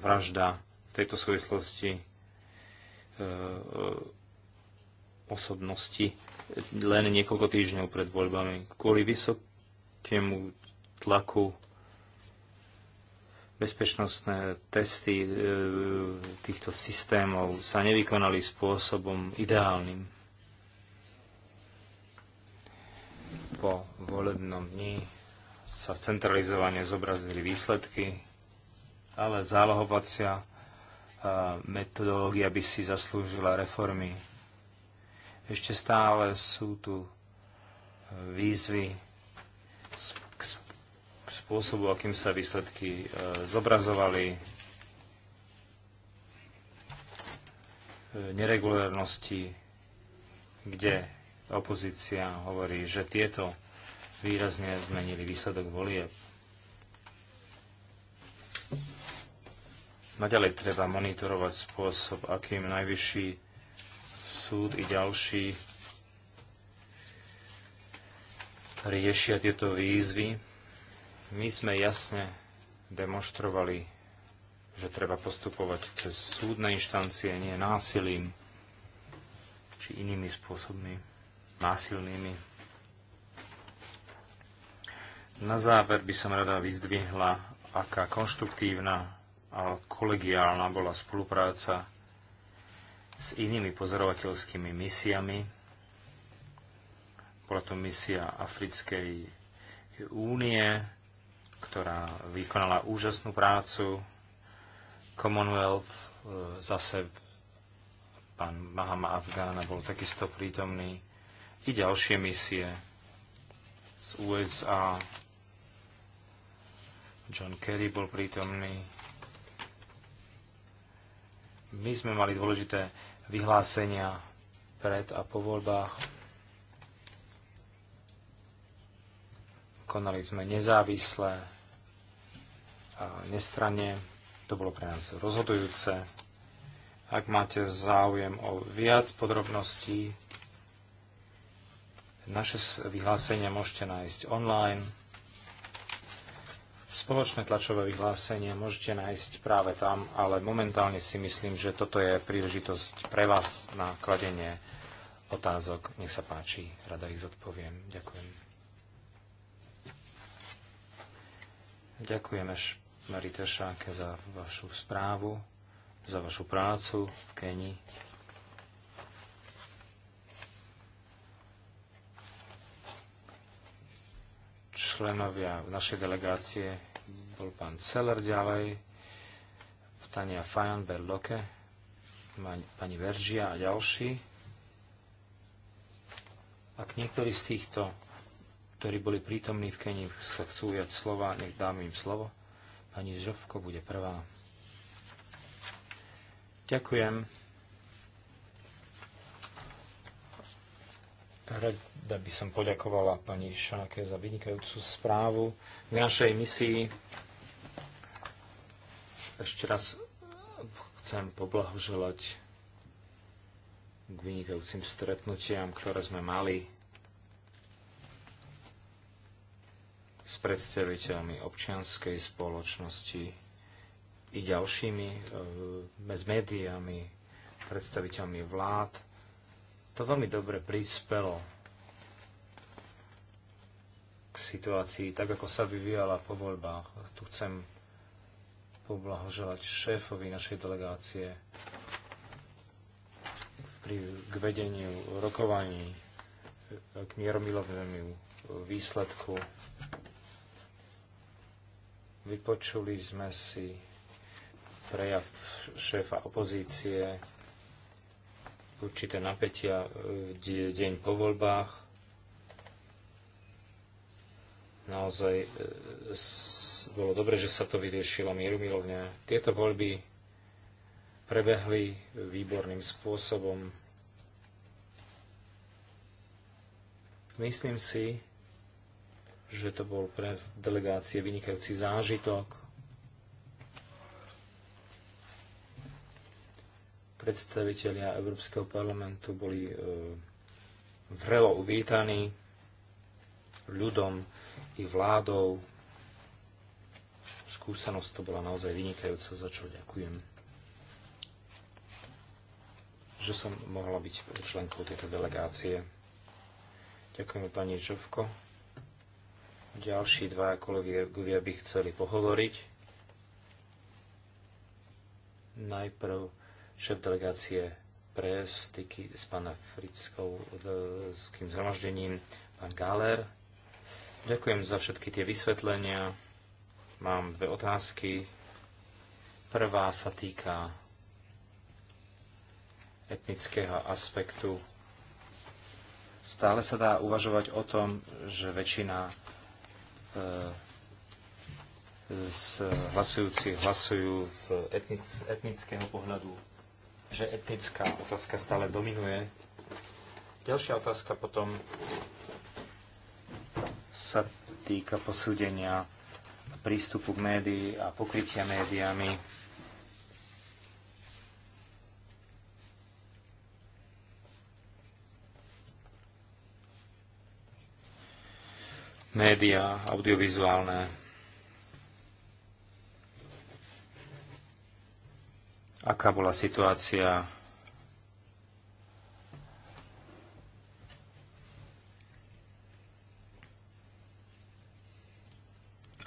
vražda v tejto súvislosti e, osobnosti len niekoľko týždňov pred voľbami. Kvôli vysokému tlaku bezpečnostné testy týchto systémov sa nevykonali spôsobom ideálnym. Po volebnom dni sa centralizovane zobrazili výsledky, ale zálohovacia e, metodológia by si zaslúžila reformy. Ešte stále sú tu e, výzvy k spôsobu, akým sa výsledky e, zobrazovali, neregulárnosti, kde opozícia hovorí, že tieto výrazne zmenili výsledok volieb. Naďalej treba monitorovať spôsob, akým najvyšší súd i ďalší riešia tieto výzvy. My sme jasne demonstrovali, že treba postupovať cez súdne inštancie, nie násilím či inými spôsobmi násilnými. Na záver by som rada vyzdvihla, aká konštruktívna a kolegiálna bola spolupráca s inými pozorovateľskými misiami. Bola to misia Africkej únie, ktorá vykonala úžasnú prácu. Commonwealth e, zase pán Mahama Afgána bol takisto prítomný i ďalšie misie z USA. John Kerry bol prítomný. My sme mali dôležité vyhlásenia pred a po voľbách. Konali sme nezávisle a nestranne. To bolo pre nás rozhodujúce. Ak máte záujem o viac podrobností, naše vyhlásenia môžete nájsť online. Spoločné tlačové vyhlásenie môžete nájsť práve tam, ale momentálne si myslím, že toto je príležitosť pre vás na kladenie otázok. Nech sa páči, rada ich zodpoviem. Ďakujem. Ďakujeme Marite Šáke za vašu správu, za vašu prácu v Kenii. členovia v našej delegácie bol pán Celer ďalej, Tania Fajan Berloke, pani Veržia a ďalší. Ak niektorí z týchto, ktorí boli prítomní v Keni, sa chcú viac slova, nech dám im slovo. Pani Žovko bude prvá. Ďakujem. Rada by som poďakovala pani Šáke za vynikajúcu správu k našej misii. Ešte raz chcem poblahoželať k vynikajúcim stretnutiam, ktoré sme mali s predstaviteľmi občianskej spoločnosti i ďalšími, e, s médiami, predstaviteľmi vlád, to veľmi dobre prispelo k situácii, tak ako sa vyvíjala po voľbách. Tu chcem poblahoželať šéfovi našej delegácie pri, k vedeniu rokovaní k mieromilovnému výsledku. Vypočuli sme si prejav šéfa opozície, určité napätia e, de deň po voľbách. Naozaj e, s, bolo dobre, že sa to vyriešilo mierumilovne. Tieto voľby prebehli výborným spôsobom. Myslím si, že to bol pre delegácie vynikajúci zážitok. predstavitelia Európskeho parlamentu boli e, vrelo uvítaní ľudom i vládou. Skúsenosť to bola naozaj vynikajúca, za čo ďakujem. Že som mohla byť členkou tejto delegácie. Ďakujem pani Žovko. Ďalší dva kolegovia by chceli pohovoriť. Najprv šéf delegácie pre styky s pána Frickou e, kým zhromaždením, pán Gáler. Ďakujem za všetky tie vysvetlenia. Mám dve otázky. Prvá sa týka etnického aspektu. Stále sa dá uvažovať o tom, že väčšina e, z hlasujúcich hlasujú v etnic, etnického pohľadu že etnická otázka stále dominuje. Ďalšia otázka potom sa týka posúdenia prístupu k médii a pokrytia médiami. Média, audiovizuálne aká bola situácia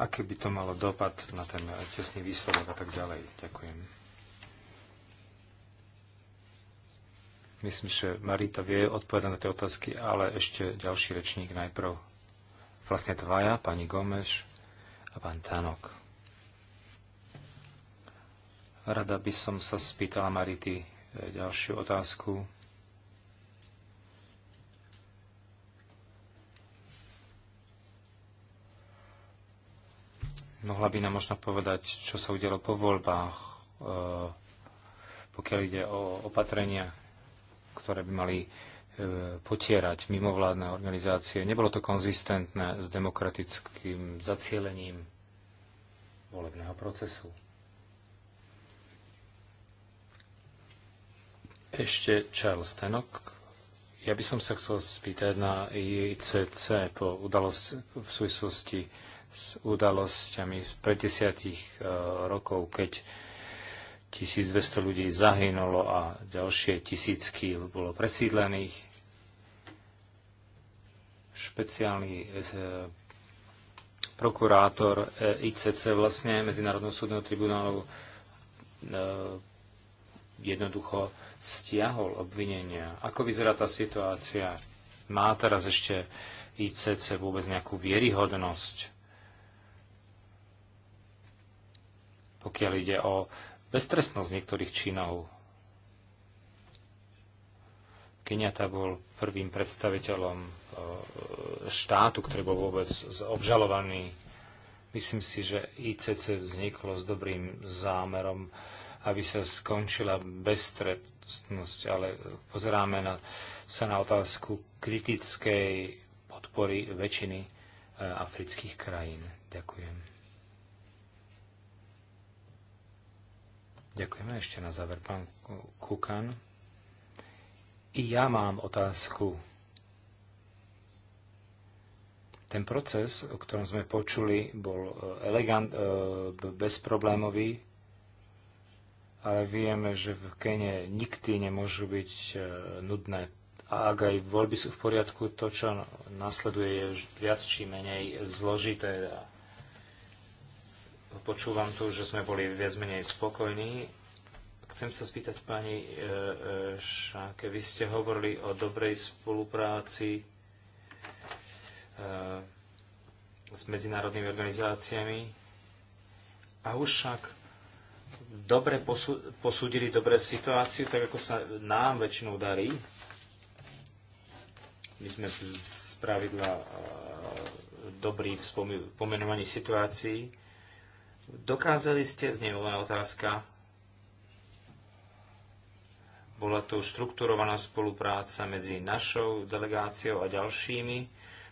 aký by to malo dopad na ten tesný výsledok a tak ďalej. Ďakujem. Myslím, že Marita vie odpovedať na tie otázky, ale ešte ďalší rečník najprv. Vlastne dvaja, pani Gomeš a pán Tanok. Rada by som sa spýtala Marity e, ďalšiu otázku. Mohla by nám možno povedať, čo sa udialo po voľbách, e, pokiaľ ide o opatrenia, ktoré by mali e, potierať mimovládne organizácie. Nebolo to konzistentné s demokratickým zacielením volebného procesu. Ešte Charles Tenok. Ja by som sa chcel spýtať na ICC po udalosť, v súvislosti s udalosťami pred desiatich e, rokov, keď 1200 ľudí zahynulo a ďalšie tisícky bolo presídlených. Špeciálny e, prokurátor e, ICC vlastne Medzinárodného súdneho tribunálu jednoducho stiahol obvinenia. Ako vyzerá tá situácia? Má teraz ešte ICC vôbec nejakú vieryhodnosť? Pokiaľ ide o bestresnosť niektorých činov. Kenyatta bol prvým predstaviteľom e, štátu, ktorý bol vôbec obžalovaný. Myslím si, že ICC vzniklo s dobrým zámerom, aby sa skončila beztre, budúcnosť, ale pozeráme na, sa na otázku kritickej podpory väčšiny e, afrických krajín. Ďakujem. Ďakujeme ešte na záver, pán Kukan. I ja mám otázku. Ten proces, o ktorom sme počuli, bol e, elegant, e, bezproblémový, ale vieme, že v Kene nikdy nemôžu byť e, nudné. A ak aj voľby sú v poriadku, to, čo nasleduje, je viac či menej zložité. Počúvam tu, že sme boli viac menej spokojní. Chcem sa spýtať pani e, e, Šáke, vy ste hovorili o dobrej spolupráci s medzinárodnými organizáciami. A už však dobre posúdili dobre situáciu, tak ako sa nám väčšinou darí. My sme z pravidla e, dobrí v pomenovaní situácií. Dokázali ste, znie len otázka, bola to štrukturovaná spolupráca medzi našou delegáciou a ďalšími,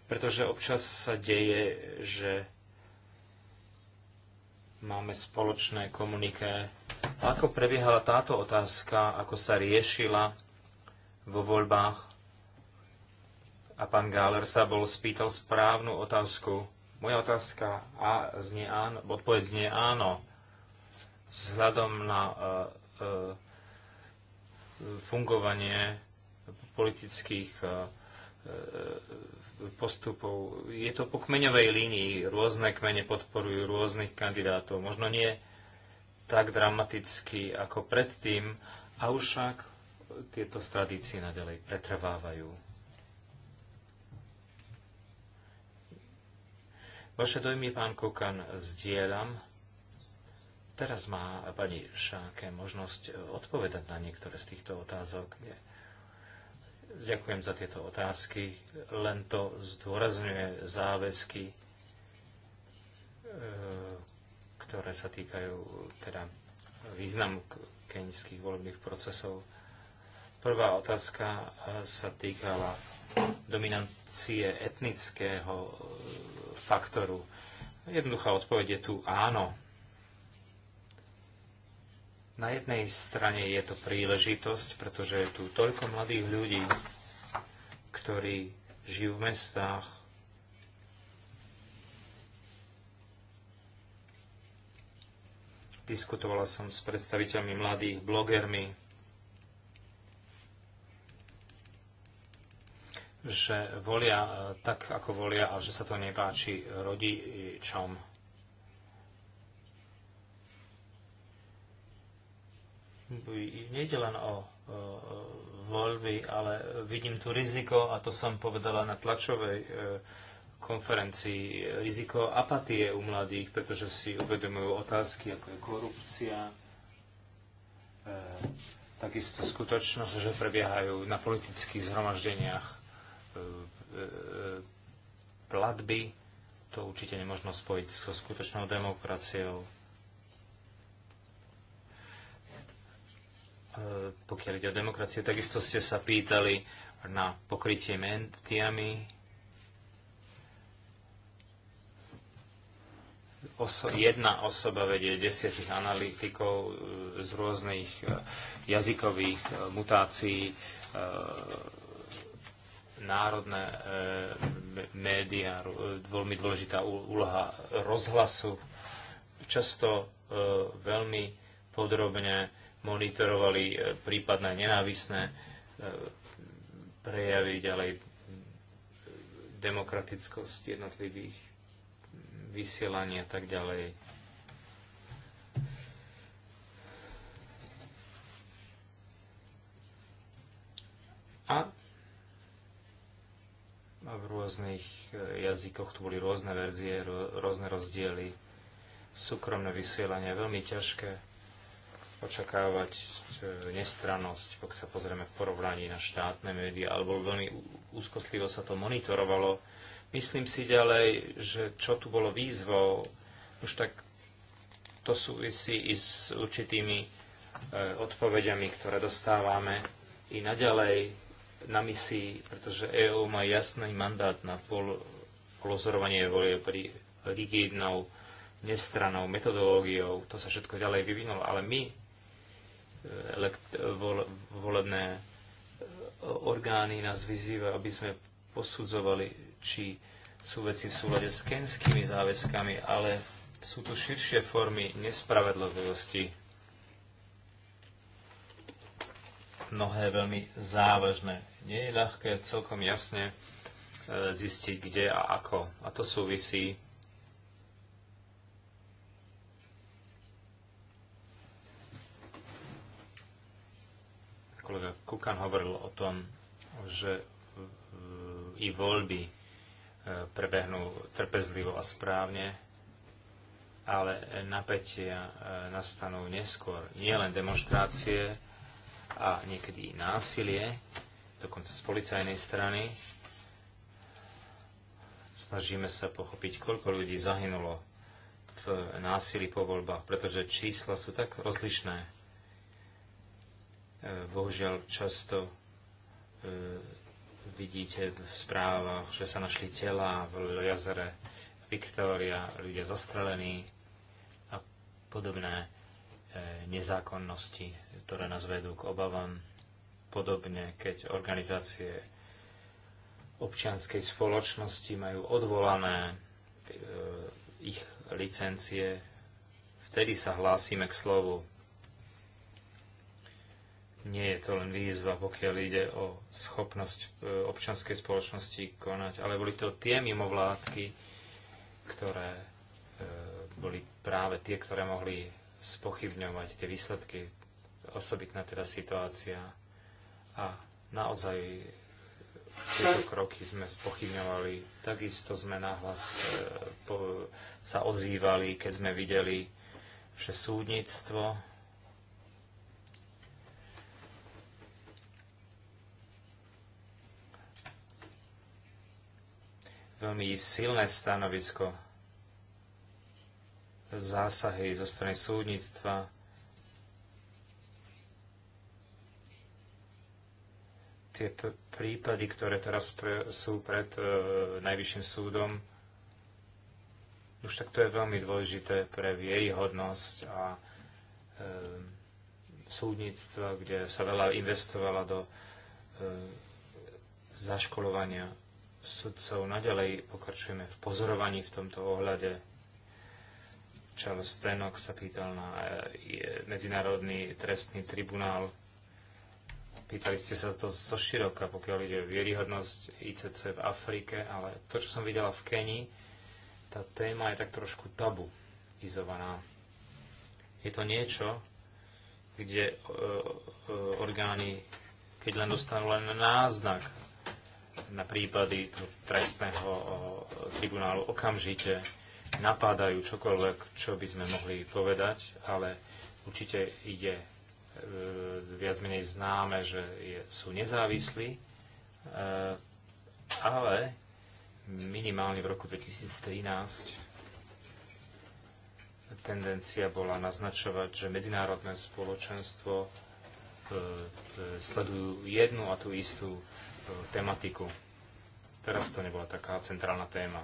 pretože občas sa deje, že Máme spoločné komuniké. Ako prebiehala táto otázka, ako sa riešila vo voľbách? A pán Gáler sa bol spýtal správnu otázku. Moja otázka a znie áno, odpoveď znie áno. Vzhľadom na uh, uh, fungovanie politických e, postupov. Je to po kmeňovej línii. Rôzne kmene podporujú rôznych kandidátov. Možno nie tak dramaticky ako predtým, a však tieto tradície nadalej pretrvávajú. Vaše dojmy, pán Kokan, zdieľam. Teraz má pani Šáke možnosť odpovedať na niektoré z týchto otázok. Nie? Ďakujem za tieto otázky. Len to zdôrazňuje záväzky, e, ktoré sa týkajú teda významu keňských volebných procesov. Prvá otázka e, sa týkala dominancie etnického e, faktoru. Jednoduchá odpoveď je tu áno. Na jednej strane je to príležitosť, pretože je tu toľko mladých ľudí, ktorí žijú v mestách, Diskutovala som s predstaviteľmi mladých, blogermi, že volia eh, tak, ako volia a že sa to nepáči rodičom. nejde len o voľby, ale vidím tu riziko, a to som povedala na tlačovej e, konferencii, riziko apatie u mladých, pretože si uvedomujú otázky, ako je korupcia, e, takisto skutočnosť, že prebiehajú na politických zhromaždeniach e, platby, to určite nemôžno spojiť so skutočnou demokraciou E, pokiaľ ide o demokraciu, takisto ste sa pýtali na pokrytie mentiami. Oso- jedna osoba vedie desiatich analytikov e, z rôznych e, jazykových mutácií, národné médiá, veľmi dôležitá úloha rozhlasu, často veľmi podrobne monitorovali e, prípadné nenávisné e, prejavy ďalej e, demokratickosť jednotlivých vysielaní a tak ďalej. A v rôznych jazykoch tu boli rôzne verzie, rôzne rozdiely. Súkromné vysielanie je veľmi ťažké očakávať e, nestrannosť, pokiaľ sa pozrieme v porovnaní na štátne médiá, alebo veľmi úzkostlivo sa to monitorovalo. Myslím si ďalej, že čo tu bolo výzvou, už tak to súvisí i s určitými e, odpovediami, ktoré dostávame i naďalej na misii, pretože EÚ má jasný mandát na pol, polozorovanie volie pri rigidnou nestranou metodológiou, to sa všetko ďalej vyvinulo, ale my volebné e, orgány nás vyzýva, aby sme posudzovali, či sú veci v súlade s kenskými záväzkami, ale sú tu širšie formy nespravedlivosti. Mnohé veľmi závažné. Nie je ľahké celkom jasne e, zistiť, kde a ako. A to súvisí Kolega Kukan hovoril o tom, že i voľby e, prebehnú trpezlivo a správne, ale napätia e, nastanú neskôr. nielen demonstrácie a niekedy i násilie, dokonca z policajnej strany. Snažíme sa pochopiť, koľko ľudí zahynulo v násilí po voľbách, pretože čísla sú tak rozlišné Bohužiaľ často e, vidíte v správach, že sa našli tela v jazere Viktória, ľudia zastrelení a podobné e, nezákonnosti, ktoré nás vedú k obavám. Podobne, keď organizácie občianskej spoločnosti majú odvolané e, ich licencie, vtedy sa hlásime k slovu. Nie je to len výzva, pokiaľ ide o schopnosť e, občanskej spoločnosti konať, ale boli to tie mimovládky, ktoré e, boli práve tie, ktoré mohli spochybňovať tie výsledky, osobitná teda situácia a naozaj tieto kroky sme spochybňovali. Takisto sme nahlas e, sa ozývali, keď sme videli, že súdnictvo veľmi silné stanovisko zásahy zo strany súdnictva, tie prípady, ktoré teraz pre, sú pred e, Najvyšším súdom, už tak to je veľmi dôležité pre vieryhodnosť a e, súdnictva, kde sa veľa investovala do e, zaškolovania sudcov. Naďalej pokračujeme v pozorovaní v tomto ohľade. Charles Stenok sa pýtal na e, Medzinárodný trestný tribunál. Pýtali ste sa to zo široka, pokiaľ ide o vieryhodnosť ICC v Afrike, ale to, čo som videla v Kenii, tá téma je tak trošku tabu izovaná. Je to niečo, kde e, e, orgány, keď len dostanú len náznak na prípady trestného tribunálu okamžite napádajú čokoľvek, čo by sme mohli povedať, ale určite je e, viac menej známe, že je, sú nezávislí, e, ale minimálne v roku 2013 tendencia bola naznačovať, že medzinárodné spoločenstvo e, e sledujú jednu a tú istú tematiku. Teraz to nebola taká centrálna téma.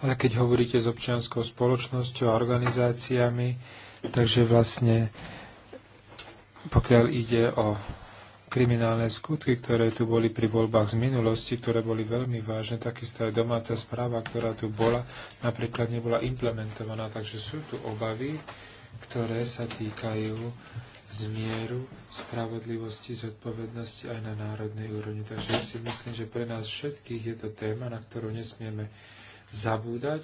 Ale keď hovoríte s občianskou spoločnosťou a organizáciami, takže vlastne pokiaľ ide o kriminálne skutky, ktoré tu boli pri voľbách z minulosti, ktoré boli veľmi vážne, takisto aj domáca správa, ktorá tu bola, napríklad nebola implementovaná. Takže sú tu obavy, ktoré sa týkajú zmieru, spravodlivosti, zodpovednosti aj na národnej úrovni. Takže ja si myslím, že pre nás všetkých je to téma, na ktorú nesmieme zabúdať.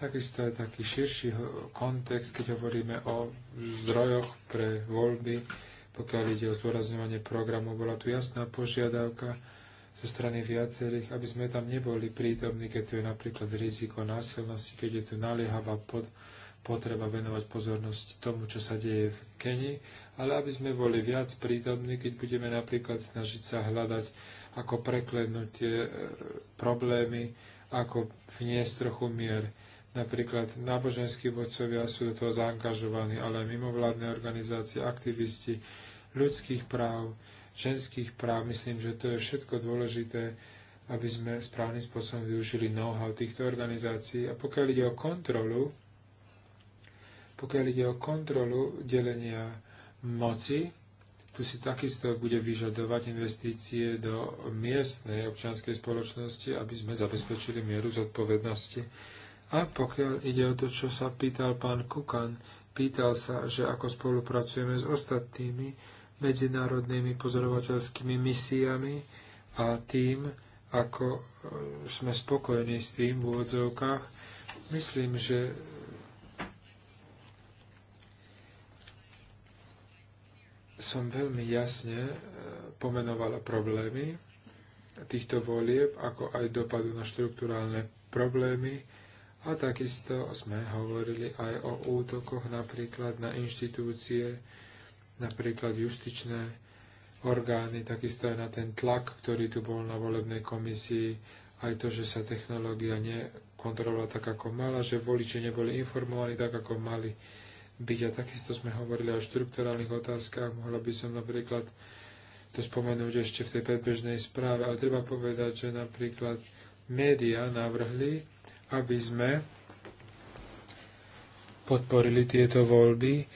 Takisto je taký širší kontext, keď hovoríme o zdrojoch pre voľby, pokiaľ ide o zdôrazňovanie programu. Bola tu jasná požiadavka zo strany viacerých, aby sme tam neboli prítomní, keď tu je napríklad riziko násilnosti, keď je tu naliehavá pod, potreba venovať pozornosť tomu, čo sa deje v Keni, ale aby sme boli viac prítomní, keď budeme napríklad snažiť sa hľadať, ako preklenúť tie e, problémy, ako vniesť trochu mier. Napríklad náboženskí vodcovia sú do toho zaangažovaní, ale aj mimovládne organizácie, aktivisti ľudských práv, ženských práv. Myslím, že to je všetko dôležité, aby sme správnym spôsobom využili know-how týchto organizácií. A pokiaľ ide o kontrolu, pokiaľ ide o kontrolu delenia moci, tu si takisto bude vyžadovať investície do miestnej občianskej spoločnosti, aby sme zabezpečili mieru zodpovednosti. A pokiaľ ide o to, čo sa pýtal pán Kukan, pýtal sa, že ako spolupracujeme s ostatnými medzinárodnými pozorovateľskými misiami a tým, ako e, sme spokojní s tým v úvodzovkách, myslím, že som veľmi jasne e, pomenovala problémy týchto volieb, ako aj dopadu na štruktúrálne problémy a takisto sme hovorili aj o útokoch napríklad na inštitúcie, napríklad justičné orgány, takisto aj na ten tlak, ktorý tu bol na volebnej komisii, aj to, že sa technológia nekontrolovala tak, ako mala, že voliči neboli informovaní tak, ako mali byť. A takisto sme hovorili o štrukturálnych otázkach. Mohla by som napríklad to spomenúť ešte v tej predbežnej správe, ale treba povedať, že napríklad médiá navrhli, aby sme podporili tieto voľby.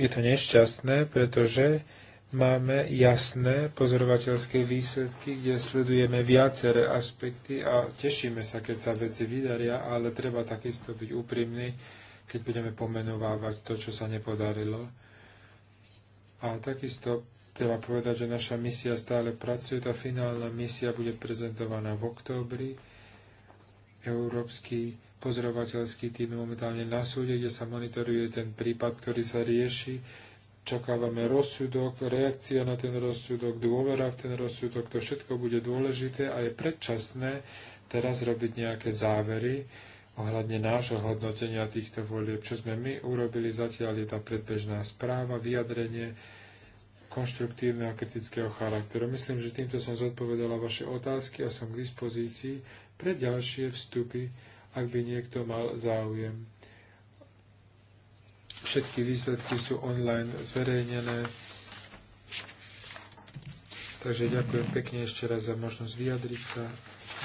Je to nešťastné, pretože máme jasné pozorovateľské výsledky, kde sledujeme viaceré aspekty a tešíme sa, keď sa veci vydaria, ale treba takisto byť úprimný keď budeme pomenovávať to, čo sa nepodarilo. A takisto treba povedať, že naša misia stále pracuje. Tá finálna misia bude prezentovaná v októbri. Európsky pozorovateľský tým momentálne na súde, kde sa monitoruje ten prípad, ktorý sa rieši. Čakávame rozsudok, reakcia na ten rozsudok, dôvera v ten rozsudok. To všetko bude dôležité a je predčasné teraz robiť nejaké závery ohľadne nášho hodnotenia týchto volieb. Čo sme my urobili zatiaľ je tá predbežná správa, vyjadrenie konštruktívneho a kritického charakteru. Myslím, že týmto som zodpovedala vaše otázky a som k dispozícii pre ďalšie vstupy, ak by niekto mal záujem. Všetky výsledky sú online zverejnené. Takže ďakujem pekne ešte raz za možnosť vyjadriť sa.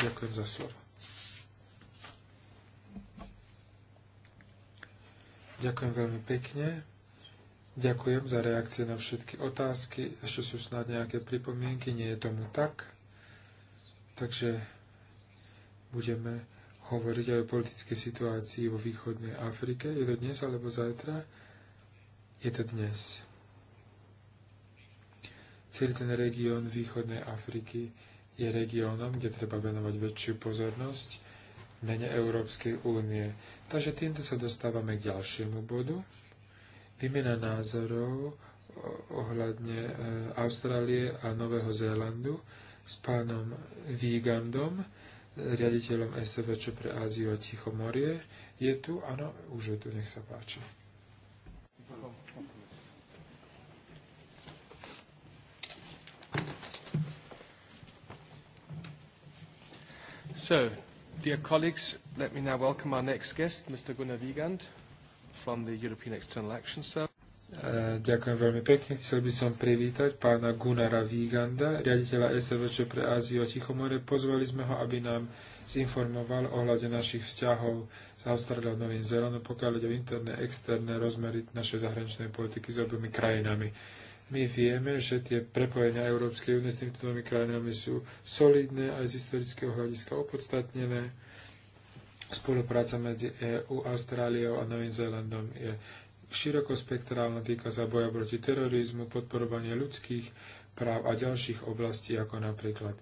Ďakujem za slovo. Ďakujem veľmi pekne. Ďakujem za reakcie na všetky otázky. Ešte sú snad nejaké pripomienky, nie je tomu tak. Takže budeme hovoriť aj o politickej situácii vo východnej Afrike. Je to dnes alebo zajtra? Je to dnes. Celý ten región východnej Afriky je regiónom, kde treba venovať väčšiu pozornosť mene Európskej únie. Takže týmto sa dostávame k ďalšiemu bodu. Výmena názorov ohľadne eh, Austrálie a Nového Zélandu s pánom Vígandom, riaditeľom SVČ pre Áziu a Tichomorie. Je tu? Áno, už je tu, nech sa páči. So, Dear colleagues, let me now welcome our next guest, Mr. Gunnar Wiegand from the European External Action Service. Eh, ďakujem veľmi pekne. Chcel by som privítať pána Gunara Víganda, riaditeľa SVČ pre Áziu a Tichomore. Pozvali sme ho, aby nám zinformoval ohľade našich vzťahov s Austráliou a Novým Zelenom, pokiaľ ide o interné, externé rozmery našej zahraničnej politiky s oboma krajinami. My vieme, že tie prepojenia Európskej únie s týmito dvomi krajinami sú solidné aj z historického hľadiska opodstatnené. Spolupráca medzi EÚ, Austráliou a Novým Zélandom je širokospektrálna, týka sa boja proti terorizmu, podporovanie ľudských práv a ďalších oblastí, ako napríklad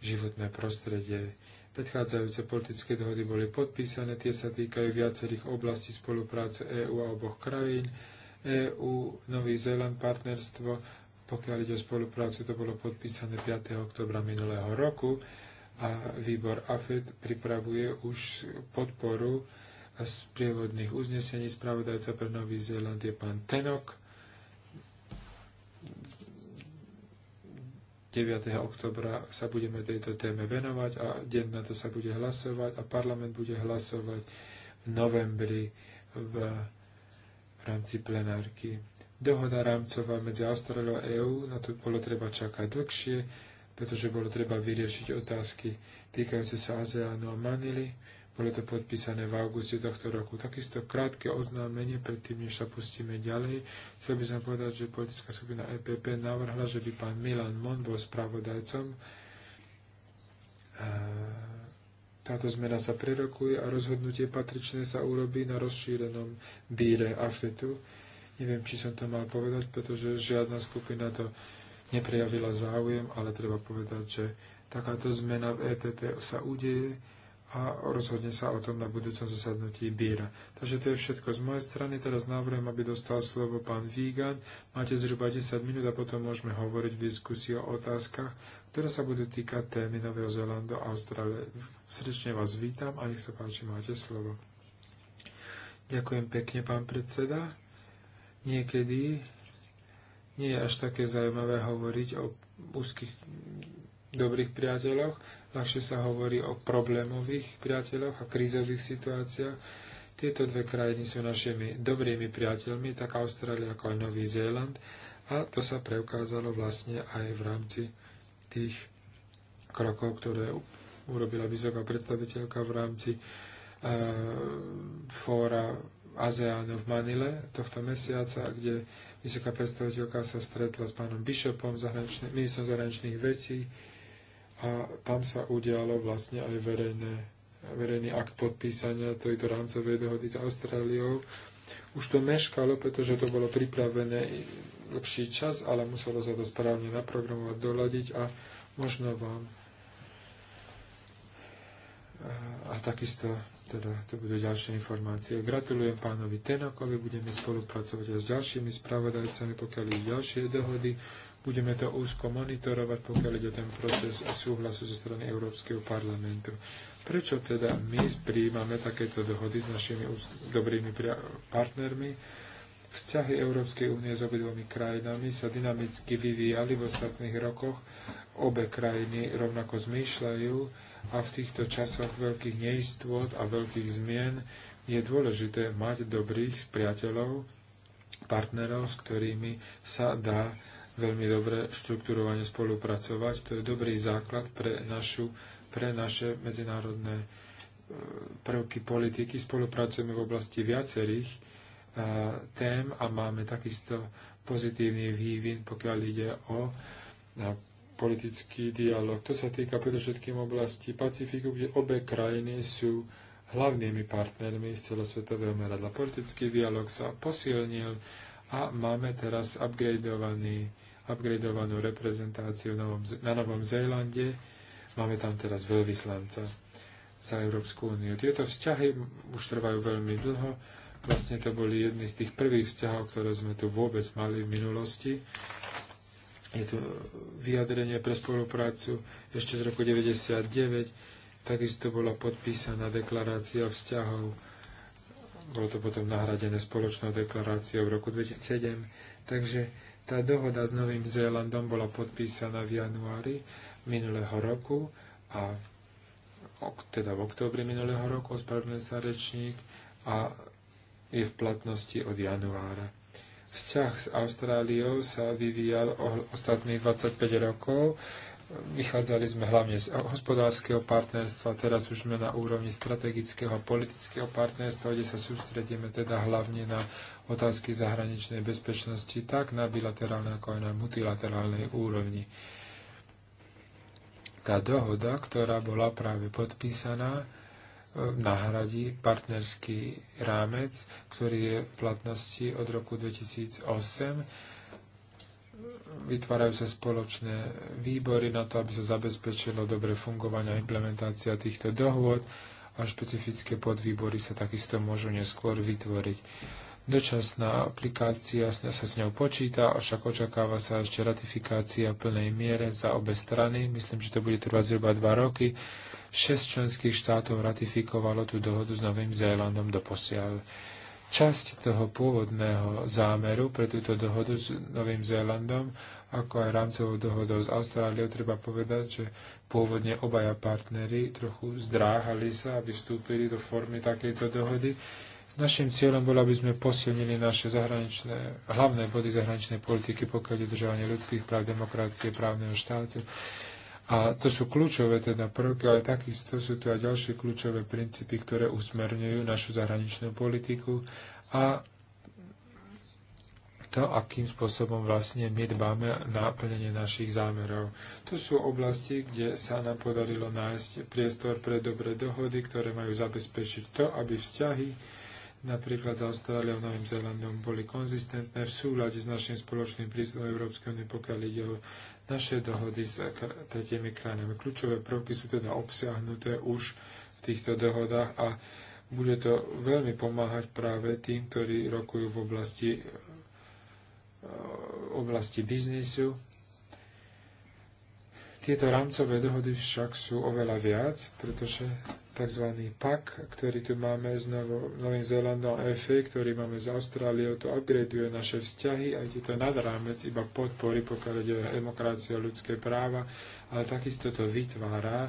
životné prostredie. Predchádzajúce politické dohody boli podpísané, tie sa týkajú viacerých oblastí spolupráce EÚ a oboch krajín EU, Nový Zéland, partnerstvo, pokiaľ ide o spoluprácu, to bolo podpísané 5. oktobra minulého roku a výbor AFED pripravuje už podporu z prievodných uznesení. Spravodajca pre Nový Zéland je pán Tenok. 9. oktobra sa budeme tejto téme venovať a deň na to sa bude hlasovať a parlament bude hlasovať v novembri v v rámci plenárky. Dohoda rámcová medzi Austráliou a EÚ, na to bolo treba čakať dlhšie, pretože bolo treba vyriešiť otázky týkajúce sa ASEANu a Manily. Bolo to podpísané v auguste tohto roku. Takisto krátke oznámenie, predtým než sa pustíme ďalej. Chcel by som povedať, že politická skupina EPP navrhla, že by pán Milan Mon bol spravodajcom. Táto zmena sa prerokuje a rozhodnutie patričné sa urobí na rozšírenom bíre AFETu. Neviem, či som to mal povedať, pretože žiadna skupina to neprejavila záujem, ale treba povedať, že takáto zmena v EPP sa udeje a rozhodne sa o tom na budúcom zasadnutí Bíra. Takže to je všetko z mojej strany. Teraz návrhujem, aby dostal slovo pán Vígan. Máte zhruba 10 minút a potom môžeme hovoriť v diskusii o otázkach, ktoré sa budú týkať témy Nového Zelandu a Austrálie. Srdečne vás vítam a nech sa páči, máte slovo. Ďakujem pekne, pán predseda. Niekedy nie je až také zaujímavé hovoriť o úzkých dobrých priateľoch, ľahšie sa hovorí o problémových priateľoch a krízových situáciách. Tieto dve krajiny sú našimi dobrými priateľmi, tak Austrália ako aj Nový Zéland. A to sa preukázalo vlastne aj v rámci tých krokov, ktoré urobila vysoká predstaviteľka v rámci e, fóra ASEANu v Manile tohto mesiaca, kde vysoká predstaviteľka sa stretla s pánom Bishopom, ministrom zahraničných vecí, a tam sa udialo vlastne aj verejné, verejný akt podpísania tejto rámcovej dohody s Austráliou. Už to meškalo, pretože to bolo pripravené lepší čas, ale muselo sa to správne naprogramovať, doladiť a možno vám a takisto teda to budú ďalšie informácie. Gratulujem pánovi Tenokovi, budeme spolupracovať aj s ďalšími spravodajcami, pokiaľ ich ďalšie dohody. Budeme to úzko monitorovať, pokiaľ ide ten proces súhlasu zo strany Európskeho parlamentu. Prečo teda my prijímame takéto dohody s našimi dobrými partnermi? Vzťahy Európskej únie s obidvomi krajinami sa dynamicky vyvíjali v ostatných rokoch. Obe krajiny rovnako zmýšľajú a v týchto časoch veľkých neistôt a veľkých zmien je dôležité mať dobrých priateľov, partnerov, s ktorými sa dá veľmi dobre štruktúrovane spolupracovať. To je dobrý základ pre, našu, pre naše medzinárodné e, prvky politiky. Spolupracujeme v oblasti viacerých e, tém a máme takisto pozitívny vývin, pokiaľ ide o e, politický dialog. To sa týka predovšetkým oblasti Pacifiku, kde obe krajiny sú hlavnými partnermi z celosvetového meradla. Politický dialog sa posilnil a máme teraz upgradeovanú reprezentáciu na Novom Zélande. Máme tam teraz veľvyslanca za Európsku úniu. Tieto vzťahy už trvajú veľmi dlho. Vlastne to boli jedny z tých prvých vzťahov, ktoré sme tu vôbec mali v minulosti. Je tu vyjadrenie pre spoluprácu ešte z roku 1999. Takisto bola podpísaná deklarácia vzťahov bolo to potom nahradené spoločnou deklaráciou v roku 2007. Takže tá dohoda s Novým Zélandom bola podpísaná v januári minulého roku a teda v októbri minulého roku, ospravedlňuje sa rečník, a je v platnosti od januára. Vzťah s Austráliou sa vyvíjal ostatných 25 rokov Vychádzali sme hlavne z hospodárskeho partnerstva, teraz už sme na úrovni strategického a politického partnerstva, kde sa sústredíme teda hlavne na otázky zahraničnej bezpečnosti, tak na bilaterálnej ako aj na multilaterálnej úrovni. Tá dohoda, ktorá bola práve podpísaná, e, nahradí partnerský rámec, ktorý je v platnosti od roku 2008 vytvárajú sa spoločné výbory na to, aby sa zabezpečilo dobre fungovanie a implementácia týchto dohôd a špecifické podvýbory sa takisto môžu neskôr vytvoriť. Dočasná aplikácia sa s ňou počíta, avšak očakáva sa ešte ratifikácia v plnej miere za obe strany. Myslím, že to bude trvať zhruba dva roky. Šesť členských štátov ratifikovalo tú dohodu s Novým Zélandom do posiaľ časť toho pôvodného zámeru pre túto dohodu s Novým Zélandom, ako aj rámcovou dohodou s Austráliou, treba povedať, že pôvodne obaja partnery trochu zdráhali sa, aby vstúpili do formy takejto dohody. Našim cieľom bolo, aby sme posilnili naše zahraničné, hlavné body zahraničnej politiky, pokiaľ je ľudských práv, demokracie, právneho štátu, a to sú kľúčové teda prvky, ale takisto sú tu aj ďalšie kľúčové princípy, ktoré usmerňujú našu zahraničnú politiku a to, akým spôsobom vlastne my dbáme na plnenie našich zámerov. To sú oblasti, kde sa nám podarilo nájsť priestor pre dobré dohody, ktoré majú zabezpečiť to, aby vzťahy napríklad za Austráliou a Novým Zelandom, boli konzistentné v súľade s našim spoločným prístupom Európskej únie, pokiaľ ide o naše dohody s tretimi krajinami. Kľúčové prvky sú teda obsiahnuté už v týchto dohodách a bude to veľmi pomáhať práve tým, ktorí rokujú v oblasti, eh, oblasti biznisu tieto rámcové dohody však sú oveľa viac, pretože tzv. PAK, ktorý tu máme s Novým Zélandom FA, ktorý máme z Austráliou, to upgradeuje naše vzťahy a je to nad rámec iba podpory, pokiaľ ide o demokraciu a ľudské práva, ale takisto to vytvára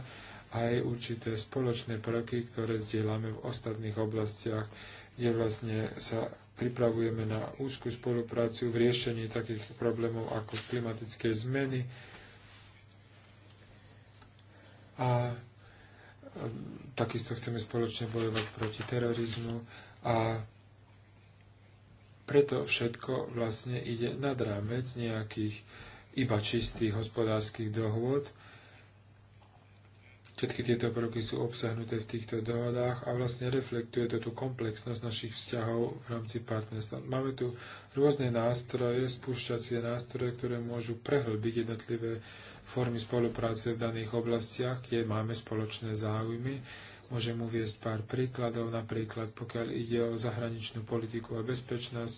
aj určité spoločné prvky, ktoré zdieľame v ostatných oblastiach, kde vlastne sa pripravujeme na úzkú spoluprácu v riešení takých problémov ako klimatické zmeny, a e, takisto chceme spoločne bojovať proti terorizmu a preto všetko vlastne ide nad rámec nejakých iba čistých hospodárskych dohôd. Všetky tieto prvky sú obsahnuté v týchto dohodách a vlastne reflektuje to tú komplexnosť našich vzťahov v rámci partnerstva. Máme tu rôzne nástroje, spúšťacie nástroje, ktoré môžu prehlbiť jednotlivé formy spolupráce v daných oblastiach, kde máme spoločné záujmy. Môžem uviezť pár príkladov, napríklad pokiaľ ide o zahraničnú politiku a bezpečnosť.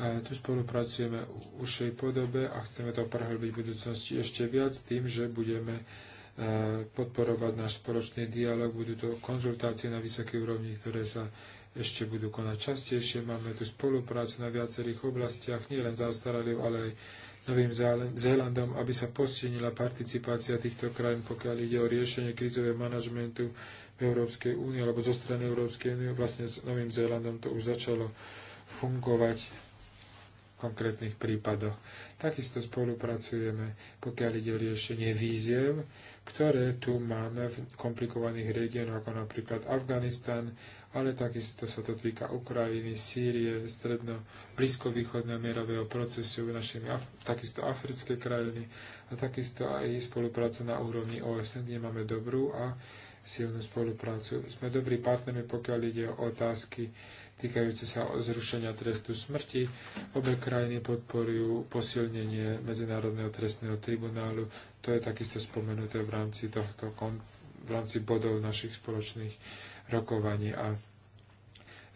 A tu spolupracujeme v ušej podobe a chceme to prehlbiť v budúcnosti ešte viac tým, že budeme e, podporovať náš spoločný dialog. Budú to konzultácie na vysokej úrovni, ktoré sa ešte budú konať častejšie. Máme tu spoluprácu na viacerých oblastiach, nielen zaostaralých, ale aj Novým Zélandom, aby sa posilnila participácia týchto krajín, pokiaľ ide o riešenie krizového manažmentu v Európskej únie alebo zo strany Európskej únie. Vlastne s Novým Zélandom to už začalo fungovať v konkrétnych prípadoch. Takisto spolupracujeme, pokiaľ ide o riešenie víziev, ktoré tu máme v komplikovaných regiónoch, ako napríklad Afganistan, ale takisto sa to týka Ukrajiny, Sýrie, stredno blízkovýchodného mierového procesu, našimi Af- takisto africké krajiny a takisto aj spolupráca na úrovni OSN, kde máme dobrú a silnú spoluprácu. Sme dobrí partnermi, pokiaľ ide o otázky týkajúce sa o zrušenia trestu smrti. Obe krajiny podporujú posilnenie Medzinárodného trestného tribunálu. To je takisto spomenuté v rámci, tohto, v rámci bodov našich spoločných rokovanie A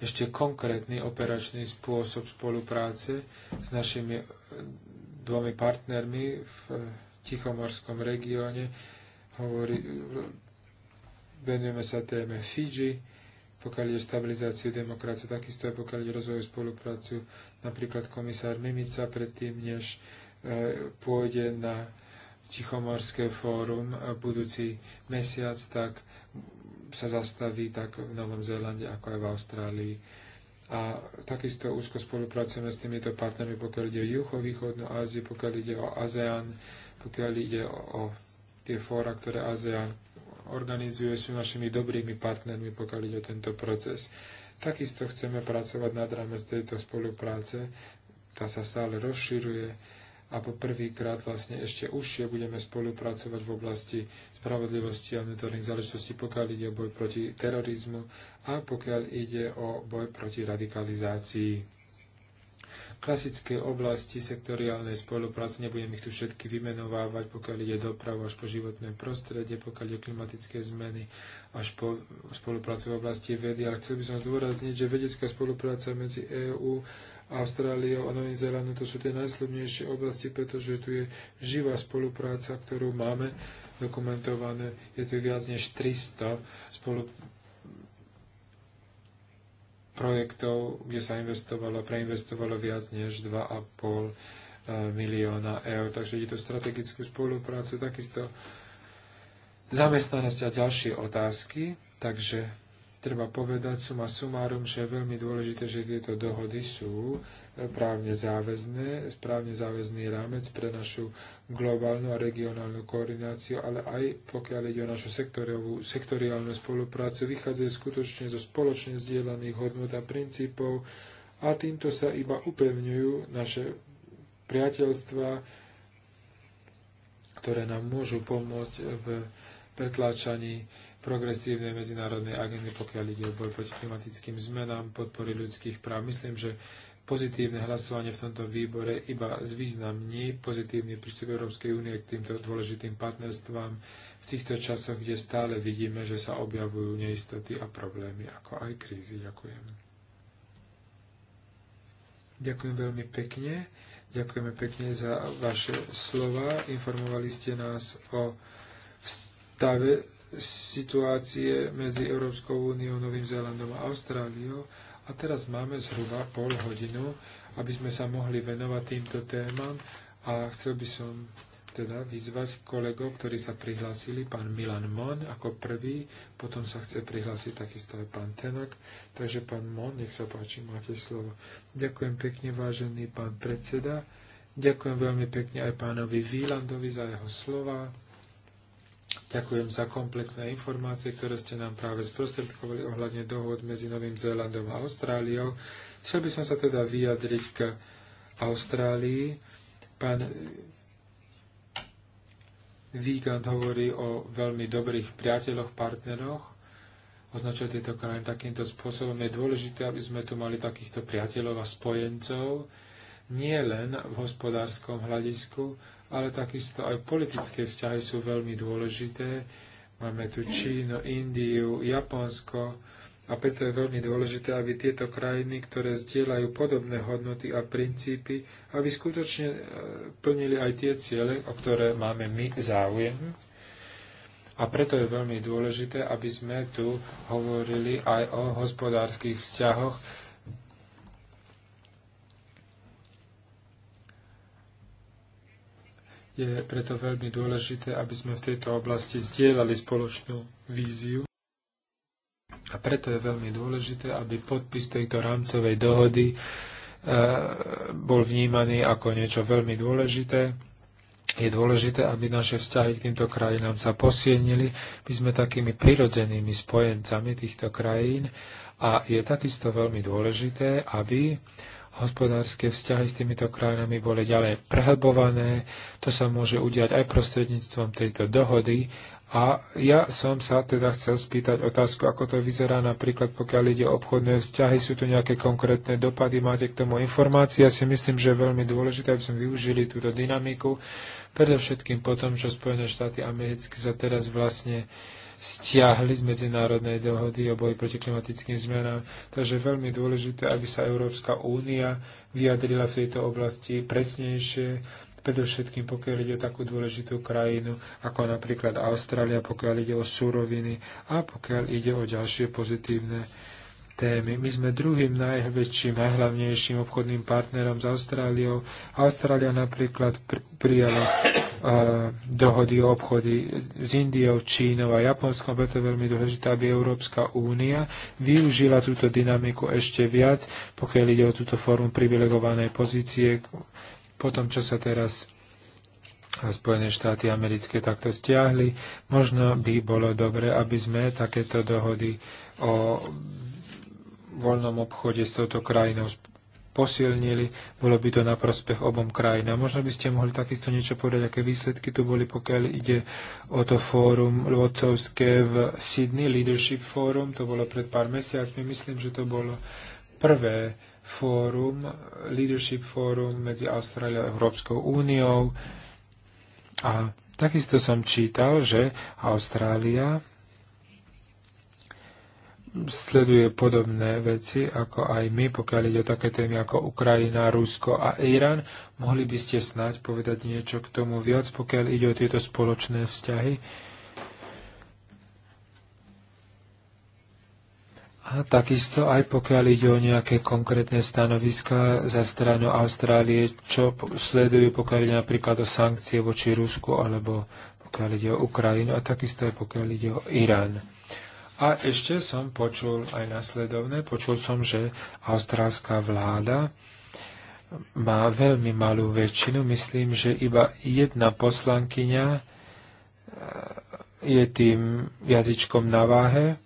ešte konkrétny operačný spôsob spolupráce s našimi eh, dvomi partnermi v eh, Tichomorskom regióne. Hovorí, eh, venujeme sa téme Fiji, pokiaľ ide stabilizáciu demokracie, takisto aj pokiaľ ide rozvoju spoluprácu. Napríklad komisár Mimica predtým, než pôjde na Tichomorské fórum budúci mesiac, tak sa zastaví tak v Novom Zélande, ako aj v Austrálii. A takisto úzko spolupracujeme s týmito partnermi, pokiaľ ide o juchovýchodnú Áziu, pokiaľ ide o ASEAN, pokiaľ ide o, o tie fóra, ktoré ASEAN organizuje, sú našimi dobrými partnermi, pokiaľ ide o tento proces. Takisto chceme pracovať nad rámec tejto spolupráce, tá sa stále rozširuje a po prvýkrát vlastne ešte užšie budeme spolupracovať v oblasti spravodlivosti a vnútorných záležitostí, pokiaľ ide o boj proti terorizmu a pokiaľ ide o boj proti radikalizácii klasické oblasti sektoriálnej spolupráce, nebudem ich tu všetky vymenovávať, pokiaľ ide dopravu až po životné prostredie, pokiaľ ide klimatické zmeny, až po spolupráce v oblasti vedy. Ale chcel by som zdôrazniť, že vedecká spolupráca medzi EÚ Austrália a Novým Zélandom. To sú tie najsľubnejšie oblasti, pretože tu je živá spolupráca, ktorú máme dokumentované. Je tu viac než 300 spolu projektov, kde sa investovalo, preinvestovalo viac než 2,5 eh, milióna eur. Takže je to strategickú spoluprácu, takisto zamestnanosť a ďalšie otázky. Takže treba povedať suma sumárum, že je veľmi dôležité, že tieto dohody sú e, právne záväzné, právne záväzný rámec pre našu globálnu a regionálnu koordináciu, ale aj pokiaľ ide o našu sektoriálnu spoluprácu, vychádzajú skutočne zo spoločne zdieľaných hodnot a princípov a týmto sa iba upevňujú naše priateľstva, ktoré nám môžu pomôcť v pretláčaní progresívnej medzinárodnej agendy, pokiaľ ide o boj proti klimatickým zmenám, podpory ľudských práv. Myslím, že pozitívne hlasovanie v tomto výbore iba zvýznamní pozitívny prístup Európskej únie k týmto dôležitým partnerstvám v týchto časoch, kde stále vidíme, že sa objavujú neistoty a problémy, ako aj krízy. Ďakujem. Ďakujem veľmi pekne. Ďakujeme pekne za vaše slova. Informovali ste nás o stave situácie medzi Európskou úniou, Novým Zélandom a Austráliou. A teraz máme zhruba pol hodinu, aby sme sa mohli venovať týmto témam. A chcel by som teda vyzvať kolegov, ktorí sa prihlásili, pán Milan Mon ako prvý, potom sa chce prihlásiť takisto aj pán Tenok. Takže pán Mon, nech sa páči, máte slovo. Ďakujem pekne, vážený pán predseda. Ďakujem veľmi pekne aj pánovi Výlandovi za jeho slova. Ďakujem za komplexné informácie, ktoré ste nám práve sprostredkovali ohľadne dohod medzi Novým Zélandom a Austráliou. Chcel by som sa teda vyjadriť k Austrálii. Pán Vígand hovorí o veľmi dobrých priateľoch, partneroch. Označuje tieto krajiny takýmto spôsobom. Je dôležité, aby sme tu mali takýchto priateľov a spojencov, nie len v hospodárskom hľadisku, ale takisto aj politické vzťahy sú veľmi dôležité. Máme tu Čínu, Indiu, Japonsko a preto je veľmi dôležité, aby tieto krajiny, ktoré zdieľajú podobné hodnoty a princípy, aby skutočne e, plnili aj tie ciele, o ktoré máme my záujem. A preto je veľmi dôležité, aby sme tu hovorili aj o hospodárskych vzťahoch Je preto veľmi dôležité, aby sme v tejto oblasti zdieľali spoločnú víziu. A preto je veľmi dôležité, aby podpis tejto rámcovej dohody e, bol vnímaný ako niečo veľmi dôležité. Je dôležité, aby naše vzťahy k týmto krajinám sa posienili. My sme takými prirodzenými spojencami týchto krajín a je takisto veľmi dôležité, aby hospodárske vzťahy s týmito krajinami boli ďalej prehlbované. To sa môže udiať aj prostredníctvom tejto dohody. A ja som sa teda chcel spýtať otázku, ako to vyzerá napríklad, pokiaľ ide o obchodné vzťahy, sú tu nejaké konkrétne dopady, máte k tomu informácie. Ja si myslím, že je veľmi dôležité, aby sme využili túto dynamiku, predovšetkým po tom, čo Spojené štáty americké sa teraz vlastne uh, stiahli z medzinárodnej dohody o boji proti klimatickým zmenám. Takže je veľmi dôležité, aby sa Európska únia vyjadrila v tejto oblasti presnejšie, predovšetkým pokiaľ ide o takú dôležitú krajinu, ako napríklad Austrália, pokiaľ ide o suroviny a pokiaľ ide o ďalšie pozitívne témy. My sme druhým najväčším, najhlavnejším obchodným partnerom s Austráliou. Austrália napríklad prijala E, dohody o obchody s Indiou, Čínou a Japonskom, preto je veľmi dôležité, aby Európska únia využila túto dynamiku ešte viac, pokiaľ ide o túto formu privilegovanej pozície po tom, čo sa teraz Spojené štáty americké takto stiahli. Možno by bolo dobre, aby sme takéto dohody o voľnom obchode s touto krajinou posilnili, bolo by to na prospech obom krajín. A možno by ste mohli takisto niečo povedať, aké výsledky tu boli, pokiaľ ide o to fórum vodcovské v Sydney, Leadership Forum, to bolo pred pár mesiacmi, myslím, že to bolo prvé fórum, Leadership Forum medzi Austráliou a Európskou úniou. A takisto som čítal, že Austrália sleduje podobné veci ako aj my, pokiaľ ide o také témy ako Ukrajina, Rusko a Irán. Mohli by ste snať povedať niečo k tomu viac, pokiaľ ide o tieto spoločné vzťahy? A takisto aj pokiaľ ide o nejaké konkrétne stanoviska za stranu Austrálie, čo sledujú, pokiaľ ide napríklad o sankcie voči Rusku alebo pokiaľ ide o Ukrajinu a takisto aj pokiaľ ide o Irán. A ešte som počul aj nasledovné. Počul som, že austrálska vláda má veľmi malú väčšinu. Myslím, že iba jedna poslankyňa e, je tým jazyčkom na váhe.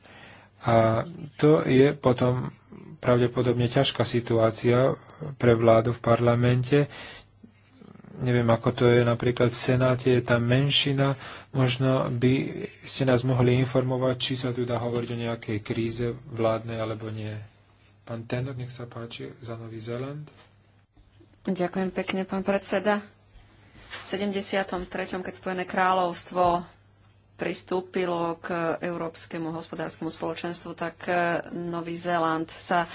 A to je potom pravdepodobne ťažká situácia pre vládu v parlamente, Neviem, ako to je napríklad v Senáte, je tam menšina. Možno by ste nás mohli informovať, či sa tu dá hovoriť o nejakej kríze vládnej alebo nie. Pán Tenor, nech sa páči, za Nový Zeland. Ďakujem pekne, pán predseda. V 73. keď Spojené kráľovstvo pristúpilo k Európskemu hospodárskému spoločenstvu, tak e, Nový Zéland sa e,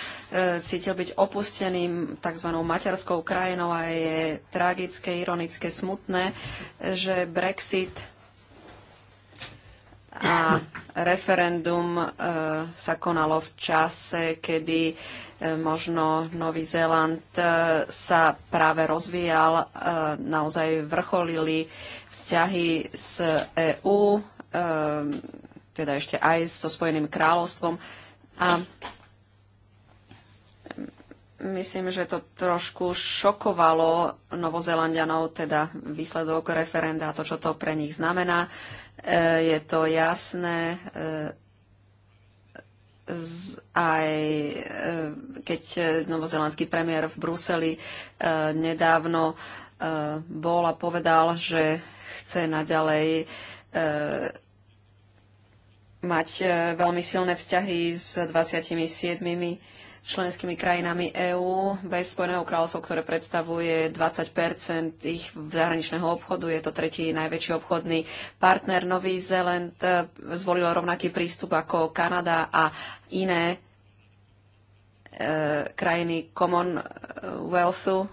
cítil byť opusteným tzv. materskou krajinou a je tragické, ironické, smutné, že Brexit a referendum e, sa konalo v čase, kedy možno Nový Zéland sa práve rozvíjal, naozaj vrcholili vzťahy s EÚ Ehm, teda ešte aj so Spojeným kráľovstvom. A myslím, že to trošku šokovalo Novozelandianov, teda výsledok referenda a to, čo to pre nich znamená. E, je to jasné e, aj e, keď novozelandský premiér v Bruseli nedávno bol a povedal, že chce naďalej E, mať e, veľmi silné vzťahy s 27 členskými krajinami EÚ bez Spojeného kráľovstva, ktoré predstavuje 20 ich zahraničného obchodu. Je to tretí najväčší obchodný partner. Nový Zeland, e, zvolil rovnaký prístup ako Kanada a iné e, krajiny Commonwealthu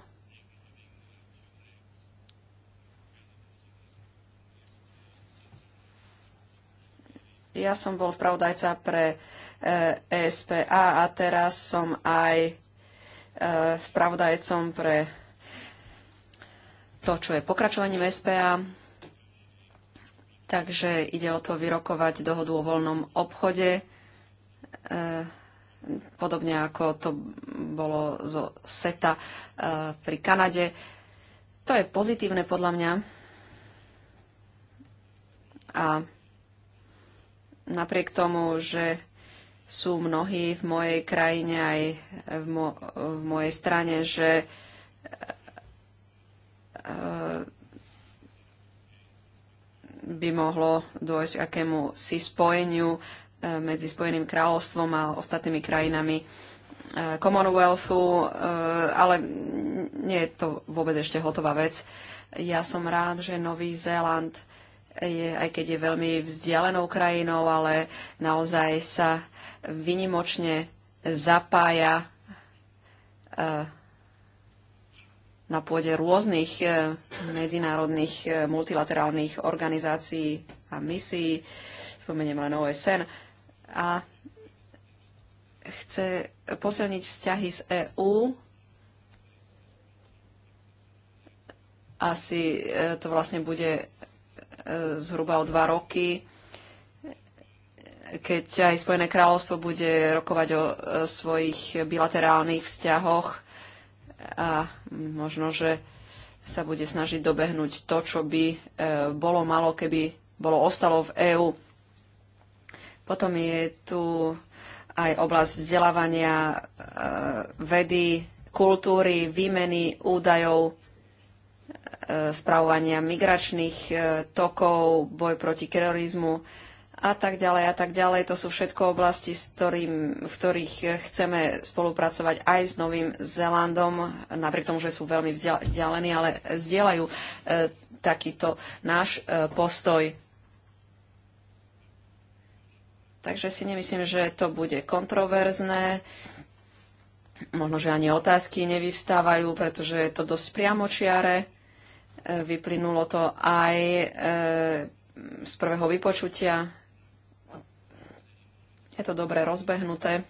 Ja som bol spravodajca pre ESPA eh, e a teraz som aj eh, spravodajcom pre to, čo je pokračovaním SPA. Takže ide o to vyrokovať dohodu o voľnom obchode, eh, podobne ako to bolo zo SETA pri Kanade. To je pozitívne podľa mňa. A Napriek tomu, že sú mnohí v mojej krajine aj v, mo- v mojej strane, že e, by mohlo dôjsť k akému si spojeniu e, medzi Spojeným kráľovstvom a ostatnými krajinami e, Commonwealthu, ale nie je to vôbec ešte hotová vec. Ja som rád, že Nový Zéland je, aj keď je veľmi vzdialenou krajinou, ale naozaj sa vynimočne zapája e, na pôde rôznych e, medzinárodných e, multilaterálnych organizácií a misií, spomeniem len OSN, a chce posilniť vzťahy z EÚ. Asi to vlastne bude zhruba o dva roky, keď aj Spojené kráľovstvo bude rokovať o e, svojich bilaterálnych vzťahoch a možno, že sa bude snažiť dobehnúť to, čo by e, bolo malo, keby bolo ostalo v EÚ. Potom je tu aj oblasť vzdelávania, e, vedy, kultúry, výmeny údajov E, spravovania migračných e, tokov, boj proti terorizmu a tak ďalej a tak ďalej. To sú všetko oblasti, s ktorým, v ktorých e, chceme spolupracovať aj s Novým Zélandom, napriek tomu, že sú veľmi vzdialení, ale zdieľajú e, takýto náš e, postoj. Takže si nemyslím, že to bude kontroverzné. Možno, že ani otázky nevyvstávajú, pretože je to dosť priamočiare Vyplynulo to aj e, z prvého vypočutia. Je to dobre rozbehnuté.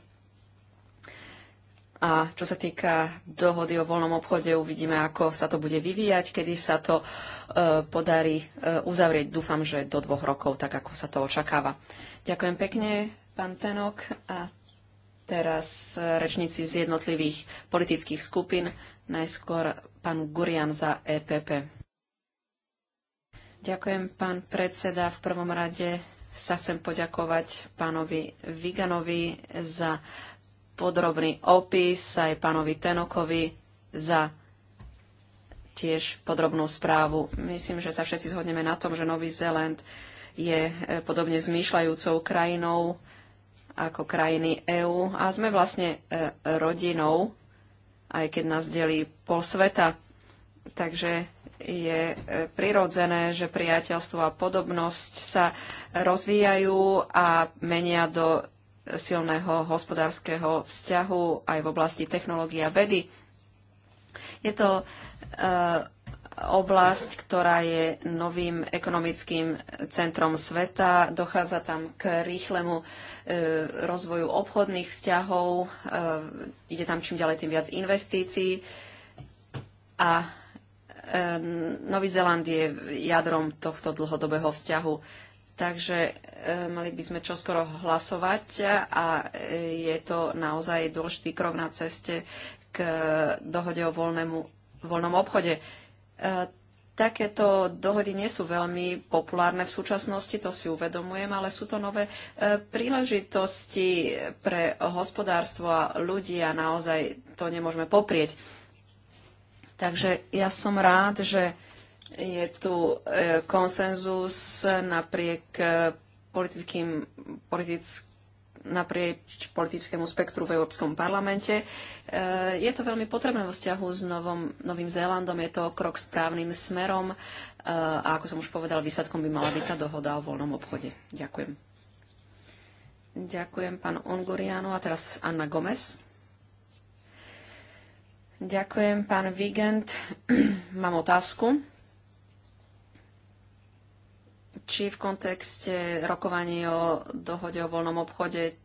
A čo sa týka dohody o voľnom obchode, uvidíme, ako sa to bude vyvíjať, kedy sa to e, podarí e, uzavrieť. Dúfam, že do dvoch rokov, tak ako sa to očakáva. Ďakujem pekne, pán Tenok. A teraz rečníci z jednotlivých politických skupín. Najskôr pán Gurian za EPP. Ďakujem, pán predseda. V prvom rade sa chcem poďakovať pánovi Viganovi za podrobný opis, aj pánovi Tenokovi za tiež podrobnú správu. Myslím, že sa všetci zhodneme na tom, že Nový Zeland je e, podobne zmýšľajúcou krajinou ako krajiny EÚ a sme vlastne e, rodinou, aj keď nás delí pol sveta. Takže je e, prirodzené, že priateľstvo a podobnosť sa rozvíjajú a menia do silného hospodárskeho vzťahu aj v oblasti technológie a vedy. Je to e, oblasť, ktorá je novým ekonomickým centrom sveta. Dochádza tam k rýchlemu e, rozvoju obchodných vzťahov. E, ide tam čím ďalej tým viac investícií. A Ehm, Nový Zeland je jadrom tohto dlhodobého vzťahu. Takže ehm, mali by sme čoskoro hlasovať a e, je to naozaj dôležitý krok na ceste k dohode o voľnému, voľnom obchode. Ehm, takéto dohody nie sú veľmi populárne v súčasnosti, to si uvedomujem, ale sú to nové e, príležitosti pre hospodárstvo a ľudí a naozaj to nemôžeme poprieť. Takže ja som rád, že je tu e, konsenzus napriek e, politickým, politickým naprieč politickému spektru v Európskom parlamente. E, je to veľmi potrebné vo vzťahu s novom, Novým Zélandom, je to krok správnym smerom a ako som už povedal, výsledkom by mala byť tá dohoda o voľnom obchode. Ďakujem. Ďakujem pán Ongoriano a teraz Anna Gomez. Ďakujem, pán Vigent. Mám otázku. Či v kontexte rokovaní o dohode o voľnom obchode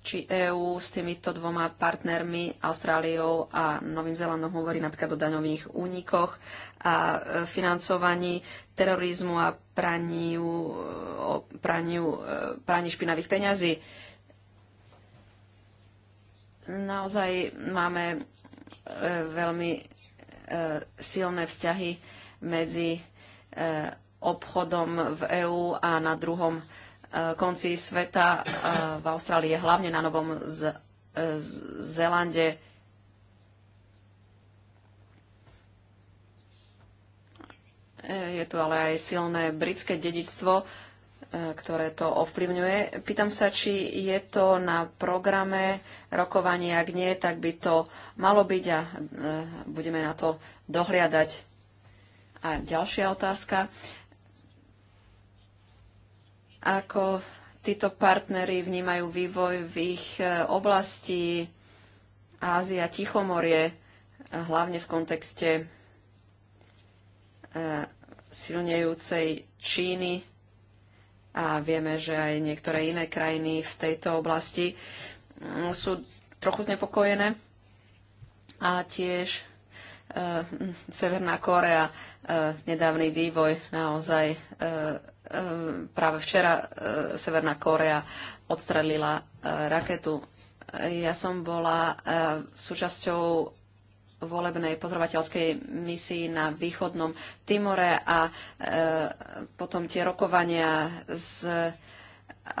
či EÚ s týmito dvoma partnermi, Austráliou a Novým Zelandom, hovorí napríklad o daňových únikoch a e, financovaní terorizmu a praniu, e, praniu, e, praniu špinavých peňazí. Naozaj máme e, veľmi e, silné vzťahy medzi e, obchodom v EÚ a na druhom konci sveta v Austrálii, hlavne na Novom Z- Z- Zélande. Je tu ale aj silné britské dedičstvo, E, ktoré to ovplyvňuje. Pýtam sa, či je to na programe rokovania. Ak nie, tak by to malo byť a e, budeme na to dohliadať. A ďalšia otázka. Ako títo partnery vnímajú vývoj v ich e, oblasti Ázia, Tichomorie, hlavne v kontekste silnejúcej Číny a vieme, že aj niektoré iné krajiny v tejto oblasti mm, sú trochu znepokojené. A tiež e, mm, Severná Korea, e, nedávny vývoj naozaj e, e práve včera e, Severná Kórea odstrelila e, raketu. Ja som bola súčasťou volebnej pozorovateľskej misii na východnom Timore a e, potom tie rokovania s e,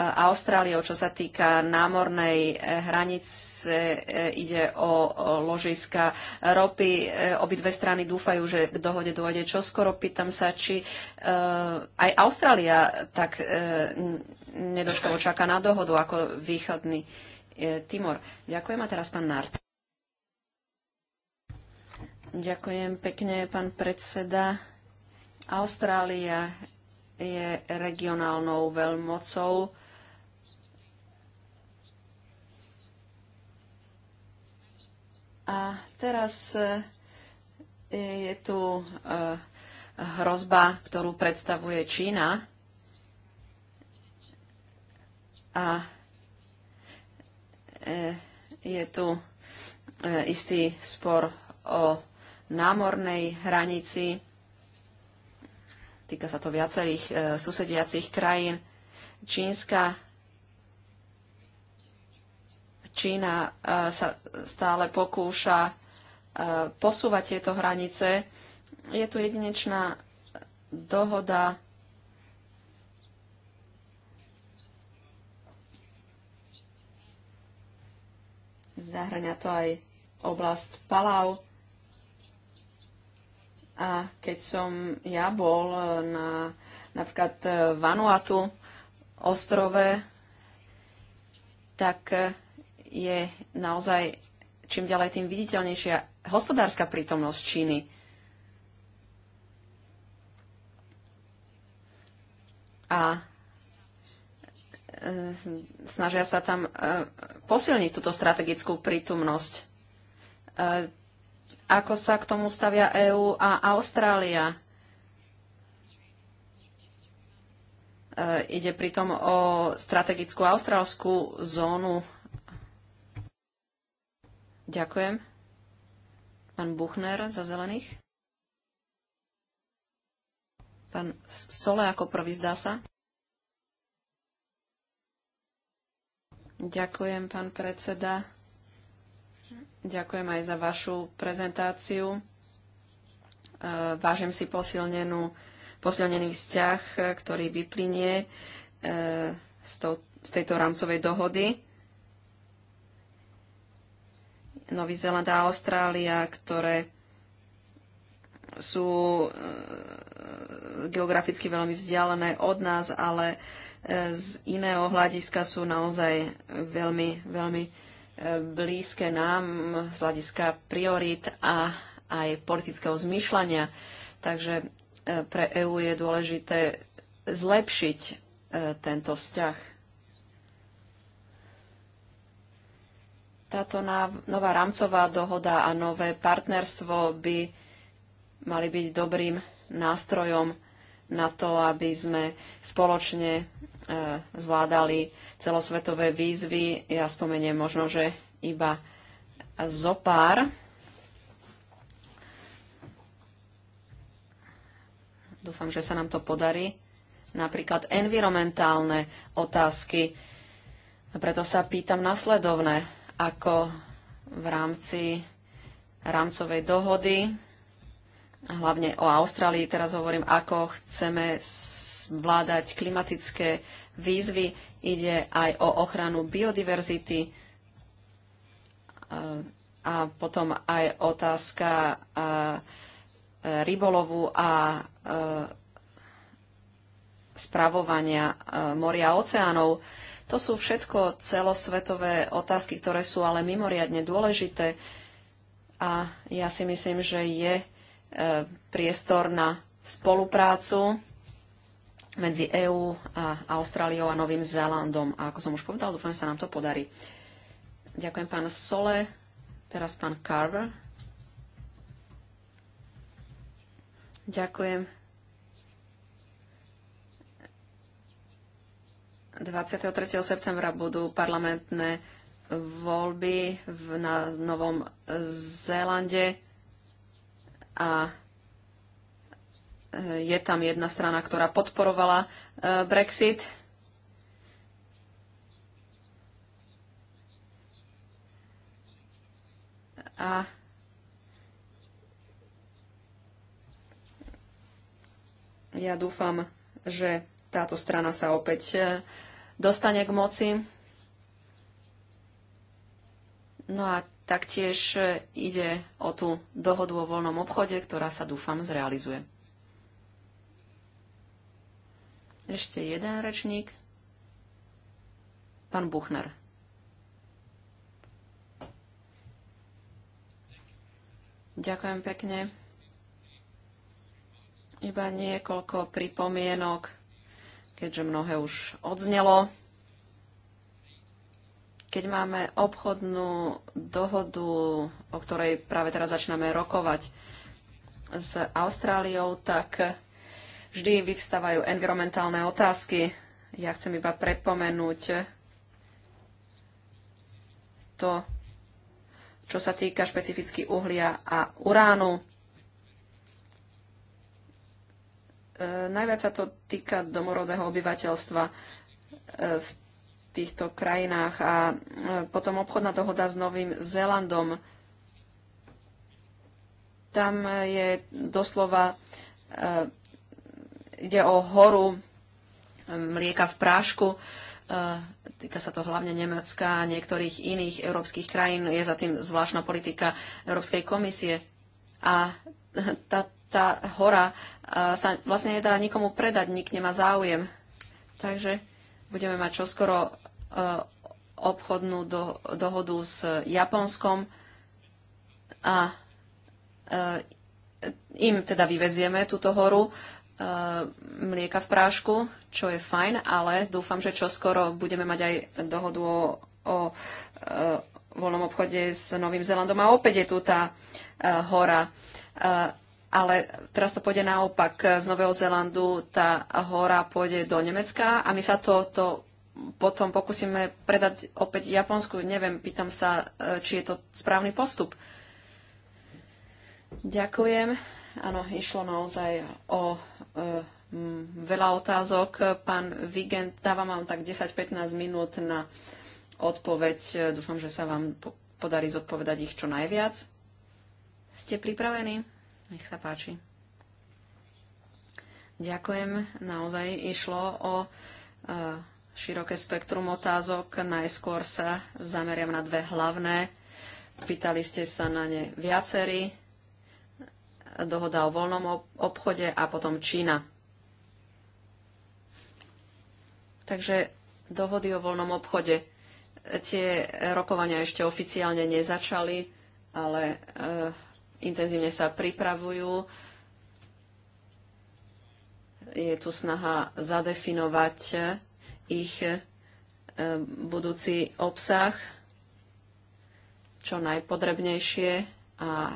Austráliou, čo sa týka námornej e, hranice, e, ide o, o ložiska ropy. E, Obidve strany dúfajú, že k dohode dôjde čoskoro. Pýtam sa, či e, aj Austrália tak e, nedoškovo čaká na dohodu ako východný e, Timor. Ďakujem a teraz pán Nart. Ďakujem pekne, pán predseda. Austrália je regionálnou veľmocou. A teraz e, je tu e, hrozba, ktorú predstavuje Čína. A e, je tu istý spor o námornej hranici. Týka sa to viacerých e, susediacich krajín. Čínska Čína e, sa stále pokúša e, posúvať tieto hranice. Je tu jedinečná dohoda Zahrňa to aj oblasť Palau. A keď som ja bol e, na napríklad e, Vanuatu ostrove, tak e, je naozaj čím ďalej tým viditeľnejšia hospodárska prítomnosť Číny. A snažia sa tam posilniť túto strategickú prítomnosť ako sa k tomu stavia EÚ a Austrália. E, ide pritom o strategickú austrálskú zónu. Ďakujem. Pán Buchner za zelených. Pán Sole ako prvý zdá sa. Ďakujem, pán predseda. Ďakujem aj za vašu prezentáciu. E, vážim si posilnenú, posilnený vzťah, e, ktorý vyplynie e, z, to, z tejto rámcovej dohody. Nový Zeland a Austrália, ktoré sú geograficky veľmi vzdialené od nás, ale z iného hľadiska sú naozaj veľmi, veľmi blízke nám z hľadiska priorit a aj politického zmýšľania. Takže e, pre EÚ je dôležité zlepšiť e, tento vzťah. Táto nová rámcová dohoda a nové partnerstvo by mali byť dobrým nástrojom na to, aby sme spoločne E, zvládali celosvetové výzvy. Ja spomeniem možno, že iba zopár. Dúfam, že sa nám to podarí. Napríklad environmentálne otázky. A preto sa pýtam nasledovne, ako v rámci rámcovej dohody, hlavne o Austrálii teraz hovorím, ako chceme zvládať klimatické výzvy. Ide aj o ochranu biodiverzity eh, a potom aj otázka eh, rybolovu a eh, spravovania moria a oceánov. To sú všetko celosvetové otázky, ktoré sú ale mimoriadne dôležité a ja si myslím, že je priestor na spoluprácu medzi EÚ a Austráliou a Novým Zélandom. A ako som už povedal, dúfam, že sa nám to podarí. Ďakujem pán Sole, teraz pán Carver. Ďakujem. 23. septembra budú parlamentné voľby v, na Novom Zélande a je tam jedna strana, ktorá podporovala e, Brexit. A ja dúfam, že táto strana sa opäť e, dostane k moci. No a taktiež e, ide o tú dohodu o voľnom obchode, ktorá sa dúfam zrealizuje. Ešte jeden rečník. Pán Buchner. Ďakujem pekne. Iba niekoľko pripomienok, keďže mnohé už odznelo. Keď máme obchodnú dohodu, o ktorej práve teraz začíname rokovať s Austráliou, tak vždy vyvstávajú environmentálne otázky. Ja chcem iba predpomenúť to, čo sa týka špecificky uhlia a uránu. E, najviac sa to týka domorodého obyvateľstva e, v týchto krajinách a e, potom obchodná dohoda s Novým Zélandom. Tam je doslova ide o horu mlieka v prášku. E, týka sa to hlavne Nemecka a niektorých iných európskych krajín. Je za tým zvláštna politika Európskej komisie. A tá, tá hora e, sa vlastne nedá nikomu predať, nik nemá záujem. Takže budeme mať čoskoro e, obchodnú do, dohodu s Japonskom a im teda vyvezieme túto horu E, mlieka v prášku, čo je fajn, ale dúfam, že čoskoro budeme mať aj dohodu o, o e, voľnom obchode s Novým Zelandom a opäť je tu tá e, hora. Ale teraz to pôjde naopak. Z Nového Zelandu tá hora pôjde do Nemecka a my sa to, to potom pokúsime predať opäť Japonsku. Neviem, pýtam sa, či je to správny postup. Ďakujem. Áno, išlo naozaj o e, veľa otázok. Pán Vigent, dávam vám tak 10-15 minút na odpoveď. E, dúfam, že sa vám podarí zodpovedať ich čo najviac. Ste pripravení? Nech sa páči. Ďakujem. Naozaj išlo o e, široké spektrum otázok. Najskôr sa zameriam na dve hlavné. Pýtali ste sa na ne viacerí dohoda o voľnom obchode a potom Čína. Takže dohody o voľnom obchode. Tie rokovania ešte oficiálne nezačali, ale e, intenzívne sa pripravujú. Je tu snaha zadefinovať ich e, budúci obsah čo najpodrebnejšie a e,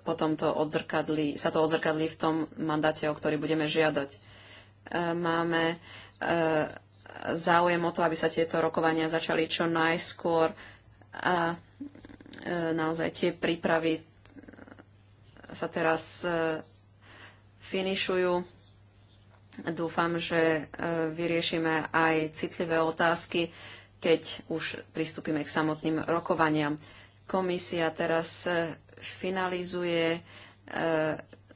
potom to odzrkadli, sa to odzrkadlí v tom mandáte, o ktorý budeme žiadať. E, máme e, záujem o to, aby sa tieto rokovania začali čo najskôr a naozaj tie prípravy sa teraz finišujú. Dúfam, že vyriešime aj citlivé otázky, keď už pristúpime k samotným rokovaniam. Komisia teraz finalizuje e,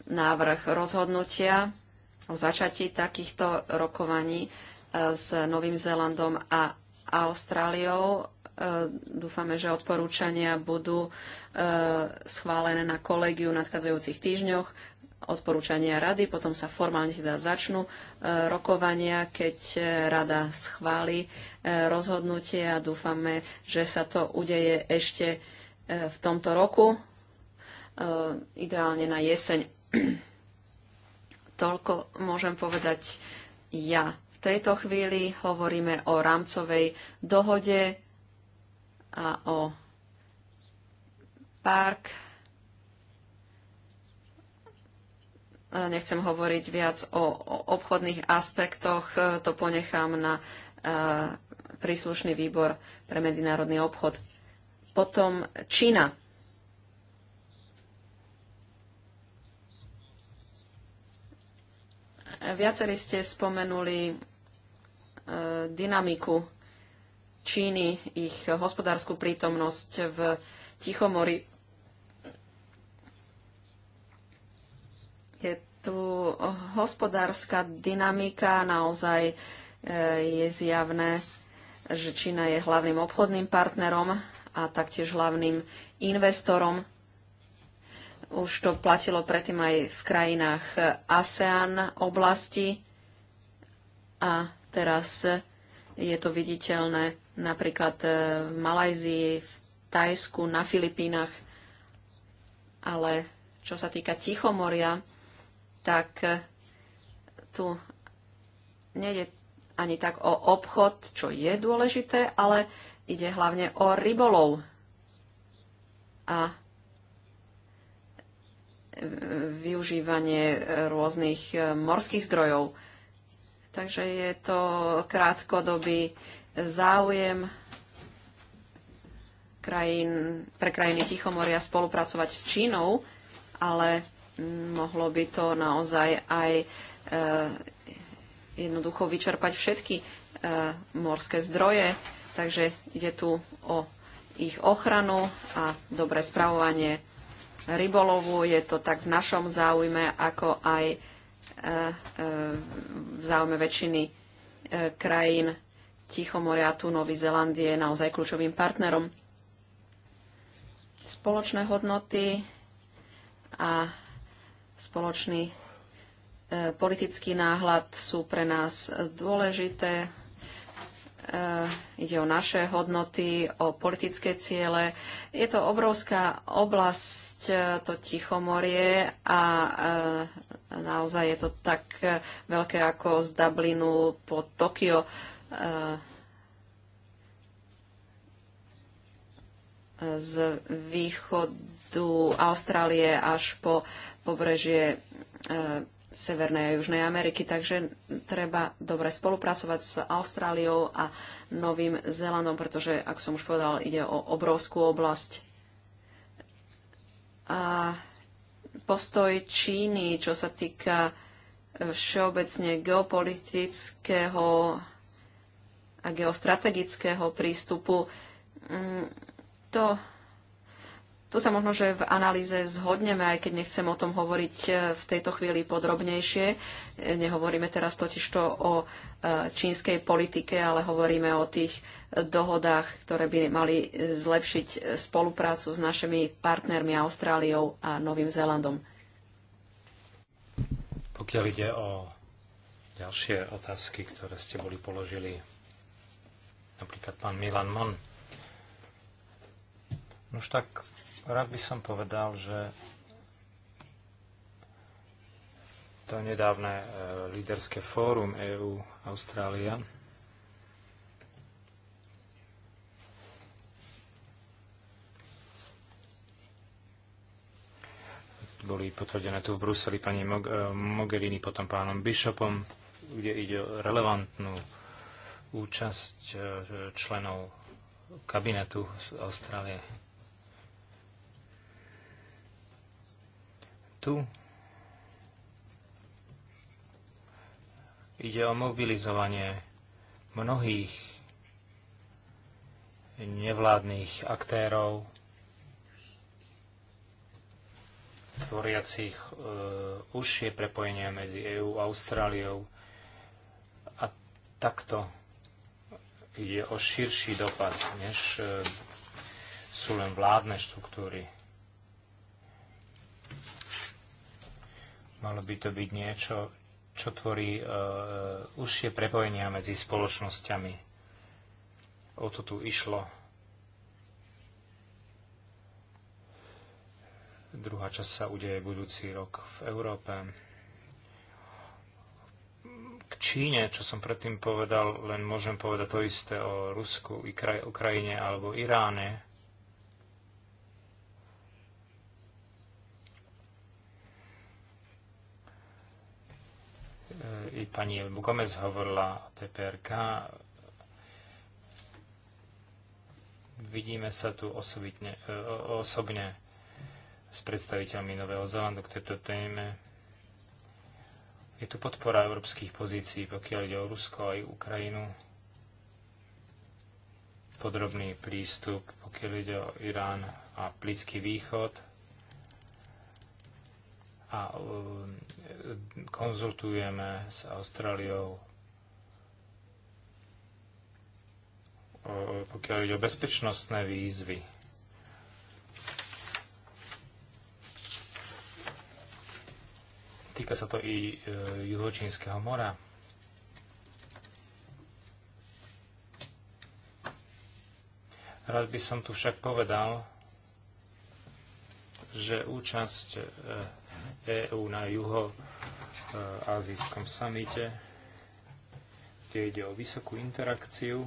návrh rozhodnutia o začatí takýchto rokovaní e, s Novým Zélandom a Austráliou. E, dúfame, že odporúčania budú schválené na kolegiu v nadchádzajúcich týždňoch odporúčania rady, potom sa formálne teda začnú rokovania, keď rada schváli rozhodnutie a dúfame, že sa to udeje ešte v tomto roku Eh, ideálne na jeseň. Toľko môžem povedať ja. V tejto chvíli hovoríme o rámcovej dohode a o park. Eh, nechcem hovoriť viac o, obchodných aspektoch, eh, to ponechám na príslušný výbor pre medzinárodný obchod. Potom Čína Viacerí ste spomenuli e, dynamiku Číny, ich hospodárskú prítomnosť v Tichomori. Je tu hospodárska dynamika, naozaj e, je zjavné, že Čína je hlavným obchodným partnerom a taktiež hlavným investorom už to platilo predtým aj v krajinách eh, ASEAN oblasti a teraz je to viditeľné napríklad eh, v Malajzii, v Tajsku, na Filipínach. Ale čo sa týka Tichomoria, tak eh, tu nejde ani tak o obchod, čo je dôležité, ale ide hlavne o rybolov. A využívanie e, rôznych e, morských zdrojov. Takže je to krátkodobý záujem krajín, pre krajiny Tichomoria spolupracovať s Čínou, ale mohlo by to naozaj aj e, jednoducho vyčerpať všetky e, morské zdroje. Takže ide tu o ich ochranu a dobré spravovanie rybolovu. Je to tak v našom záujme, ako aj e, e, v záujme väčšiny e, krajín Tichomoria tu Nový Zeland je naozaj kľúčovým partnerom. Spoločné hodnoty a spoločný politický náhľad sú pre nás dôležité. Eh, ide o naše hodnoty, o politické ciele. Je to obrovská oblasť, eh, to Tichomorie a eh, naozaj je to tak veľké ako z Dublinu po Tokio. Z východu Austrálie až po pobrežie Severnej a Južnej Ameriky, takže treba dobre spolupracovať s Austráliou a Novým Zélandom, pretože, ako som už povedal, ide o obrovskú oblasť. A postoj Číny, čo sa týka e, všeobecne geopolitického a geostrategického prístupu, mm, to tu sa možno, že v analýze zhodneme, aj keď nechcem o tom hovoriť e, v tejto chvíli podrobnejšie. E, nehovoríme teraz totižto o e, čínskej politike, ale hovoríme o tých dohodách, ktoré by mali zlepšiť spoluprácu s našimi partnermi Austráliou a Novým Zélandom. Pokiaľ ide o ďalšie otázky, ktoré ste boli položili, napríklad pán Milan Mon, už tak Rád by som povedal, že to nedávne e, líderské fórum EU Austrália boli potvrdené tu v Bruseli pani e, Mogherini, potom pánom Bishopom, kde ide o relevantnú účasť e, členov kabinetu z Austrálie. tu. Ide o mobilizovanie mnohých nevládnych aktérov, tvoriacich e, užšie prepojenia medzi EÚ a Austráliou. A takto ide o širší dopad, než e, sú len vládne štruktúry. Malo by to byť niečo, čo tvorí uh, užšie prepojenia medzi spoločnosťami. O to tu išlo. Druhá časť sa udeje budúci rok v Európe. K Číne, čo som predtým povedal, len môžem povedať to isté o Rusku, Ukrajine alebo Iráne i pani Gomez hovorila o TPRK. Vidíme sa tu osobitne, e, osobne s predstaviteľmi Nového Zelandu k tejto téme. Je tu podpora európskych pozícií, pokiaľ ide o Rusko aj Ukrajinu. Podrobný prístup, pokiaľ ide o Irán a Blízky východ – a um, konzultujeme s Austráliou, pokiaľ ide o bezpečnostné výzvy. Týka sa to i e, Juhočínskeho mora. Rád by som tu však povedal, že účasť EÚ e na juho azijskom samite, kde ide o vysokú interakciu,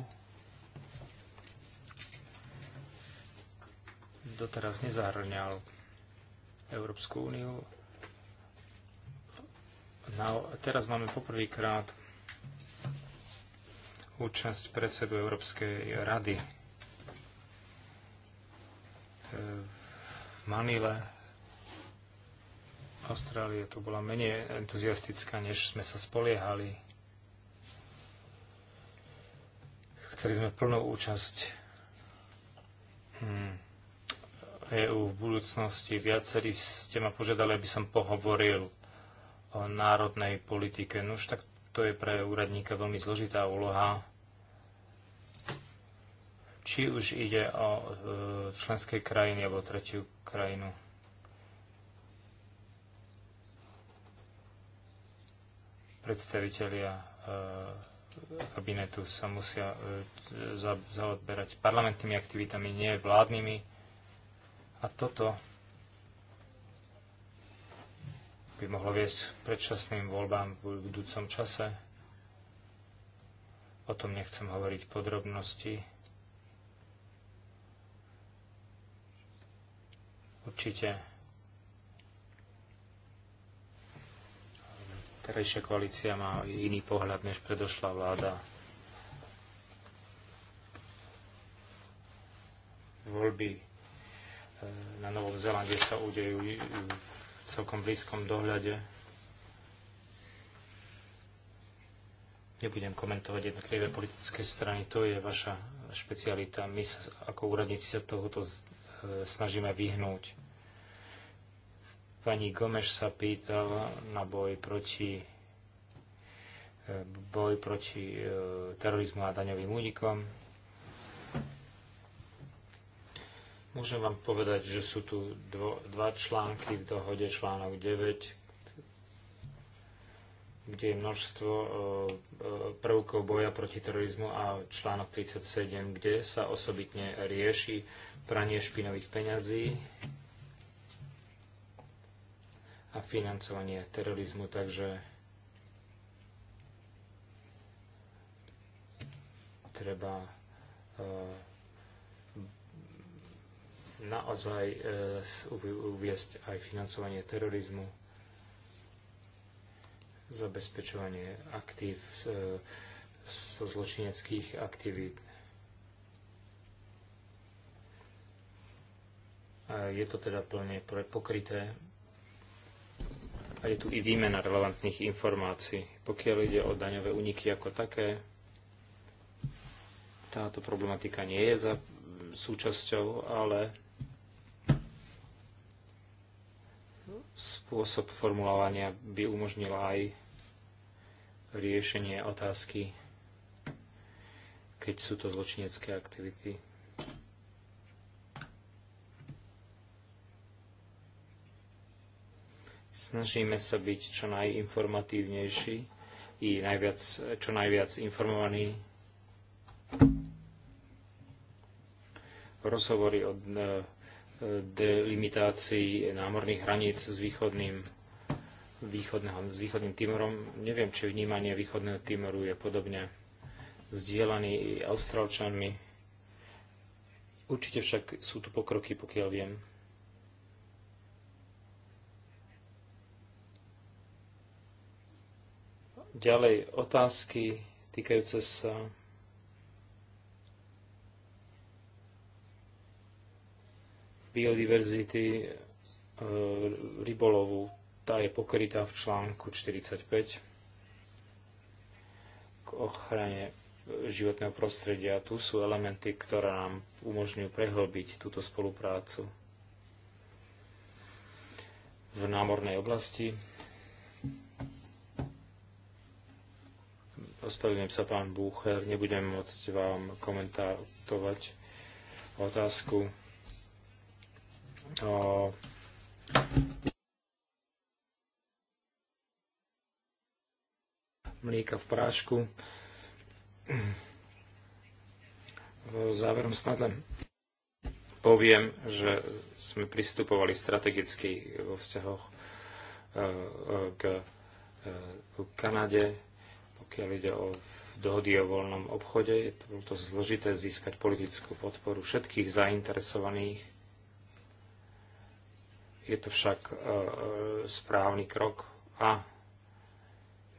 doteraz nezahrňal Európsku úniu. No teraz máme poprvýkrát účasť predsedu Európskej rady e, Manile Austrália to bola menej entuziastická, než sme sa spoliehali. Chceli sme plnú účasť hmm. EU v budúcnosti. Viacerí ste ma požiadali, aby som pohovoril o národnej politike. No už tak to je pre úradníka veľmi zložitá úloha či už ide o e, členské krajiny alebo tretiu krajinu. Predstavitelia e, kabinetu sa musia e, zaodberať parlamentnými aktivitami, nie vládnymi. A toto by mohlo viesť predčasným voľbám v budúcom čase. O tom nechcem hovoriť podrobnosti. Určite terajšia koalícia má iný pohľad než predošlá vláda. Voľby e, na Novom Zelande sa udejú v celkom blízkom dohľade. Nebudem komentovať jednotlivé politické strany, to je vaša špecialita. My sa, ako úradníci sa tohoto E, snažíme vyhnúť. Pani Gomeš sa pýtala na boj proti e, boj proti e, terorizmu a daňovým únikom. Môžem vám povedať, že sú tu dvo, dva články v dohode, článok 9, kde je množstvo prvkov boja proti terorizmu a článok 37, kde sa osobitne rieši pranie špinových peňazí a financovanie terorizmu. Takže treba e, naozaj e, uviesť aj financovanie terorizmu, zabezpečovanie aktív zo e, so zločineckých aktivít. Je to teda plne pokryté a je tu i výmena relevantných informácií. Pokiaľ ide o daňové úniky ako také, táto problematika nie je za súčasťou, ale spôsob formulovania by umožnil aj riešenie otázky, keď sú to zločinecké aktivity. Snažíme sa byť čo najinformatívnejší i najviac, čo najviac informovaní. Rozhovory o e, e, delimitácii námorných hraníc s východným východného, s východným Timorom. Neviem, či vnímanie východného Timoru je podobne zdieľaný i Austrálčanmi. Určite však sú tu pokroky, pokiaľ viem. Ďalej otázky týkajúce sa biodiverzity e, rybolovu. Tá je pokrytá v článku 45 k ochrane životného prostredia. Tu sú elementy, ktoré nám umožňujú prehlbiť túto spoluprácu v námornej oblasti. Ospravedlňujem sa, pán Búcher, nebudem môcť vám komentátovať otázku o mlieka v prášku. Záverom snad len poviem, že sme pristupovali strategicky vo vzťahoch e, e, k e, Kanade, pokiaľ ide o dohody o voľnom obchode, je to to zložité získať politickú podporu všetkých zainteresovaných. Je to však e, e, správny krok a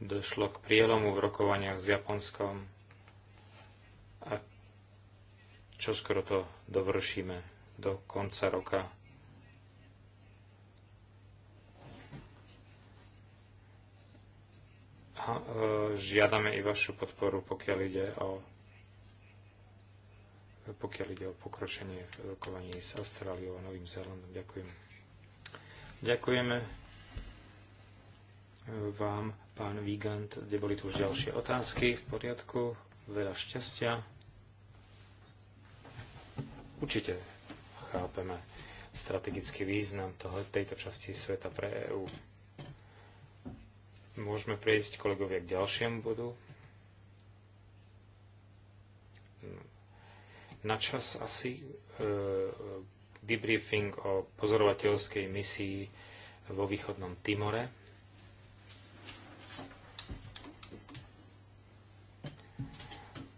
došlo k prielomu v rokovaniach s Japonskom a čoskoro to dovršíme do konca roka a e, žiadame i vašu podporu, pokiaľ ide o pokiaľ ide o pokročenie v rokovaní s Austráliou a Novým Zélandom. Ďakujem. Ďakujeme vám, pán Vigant, kde boli tu už ďalšie otázky. V poriadku, veľa šťastia. Určite chápeme strategický význam toho, tejto časti sveta pre EÚ. Môžeme prejsť, kolegovia, k ďalšiemu bodu. Na čas asi e, e, debriefing o pozorovateľskej misii vo východnom Timore.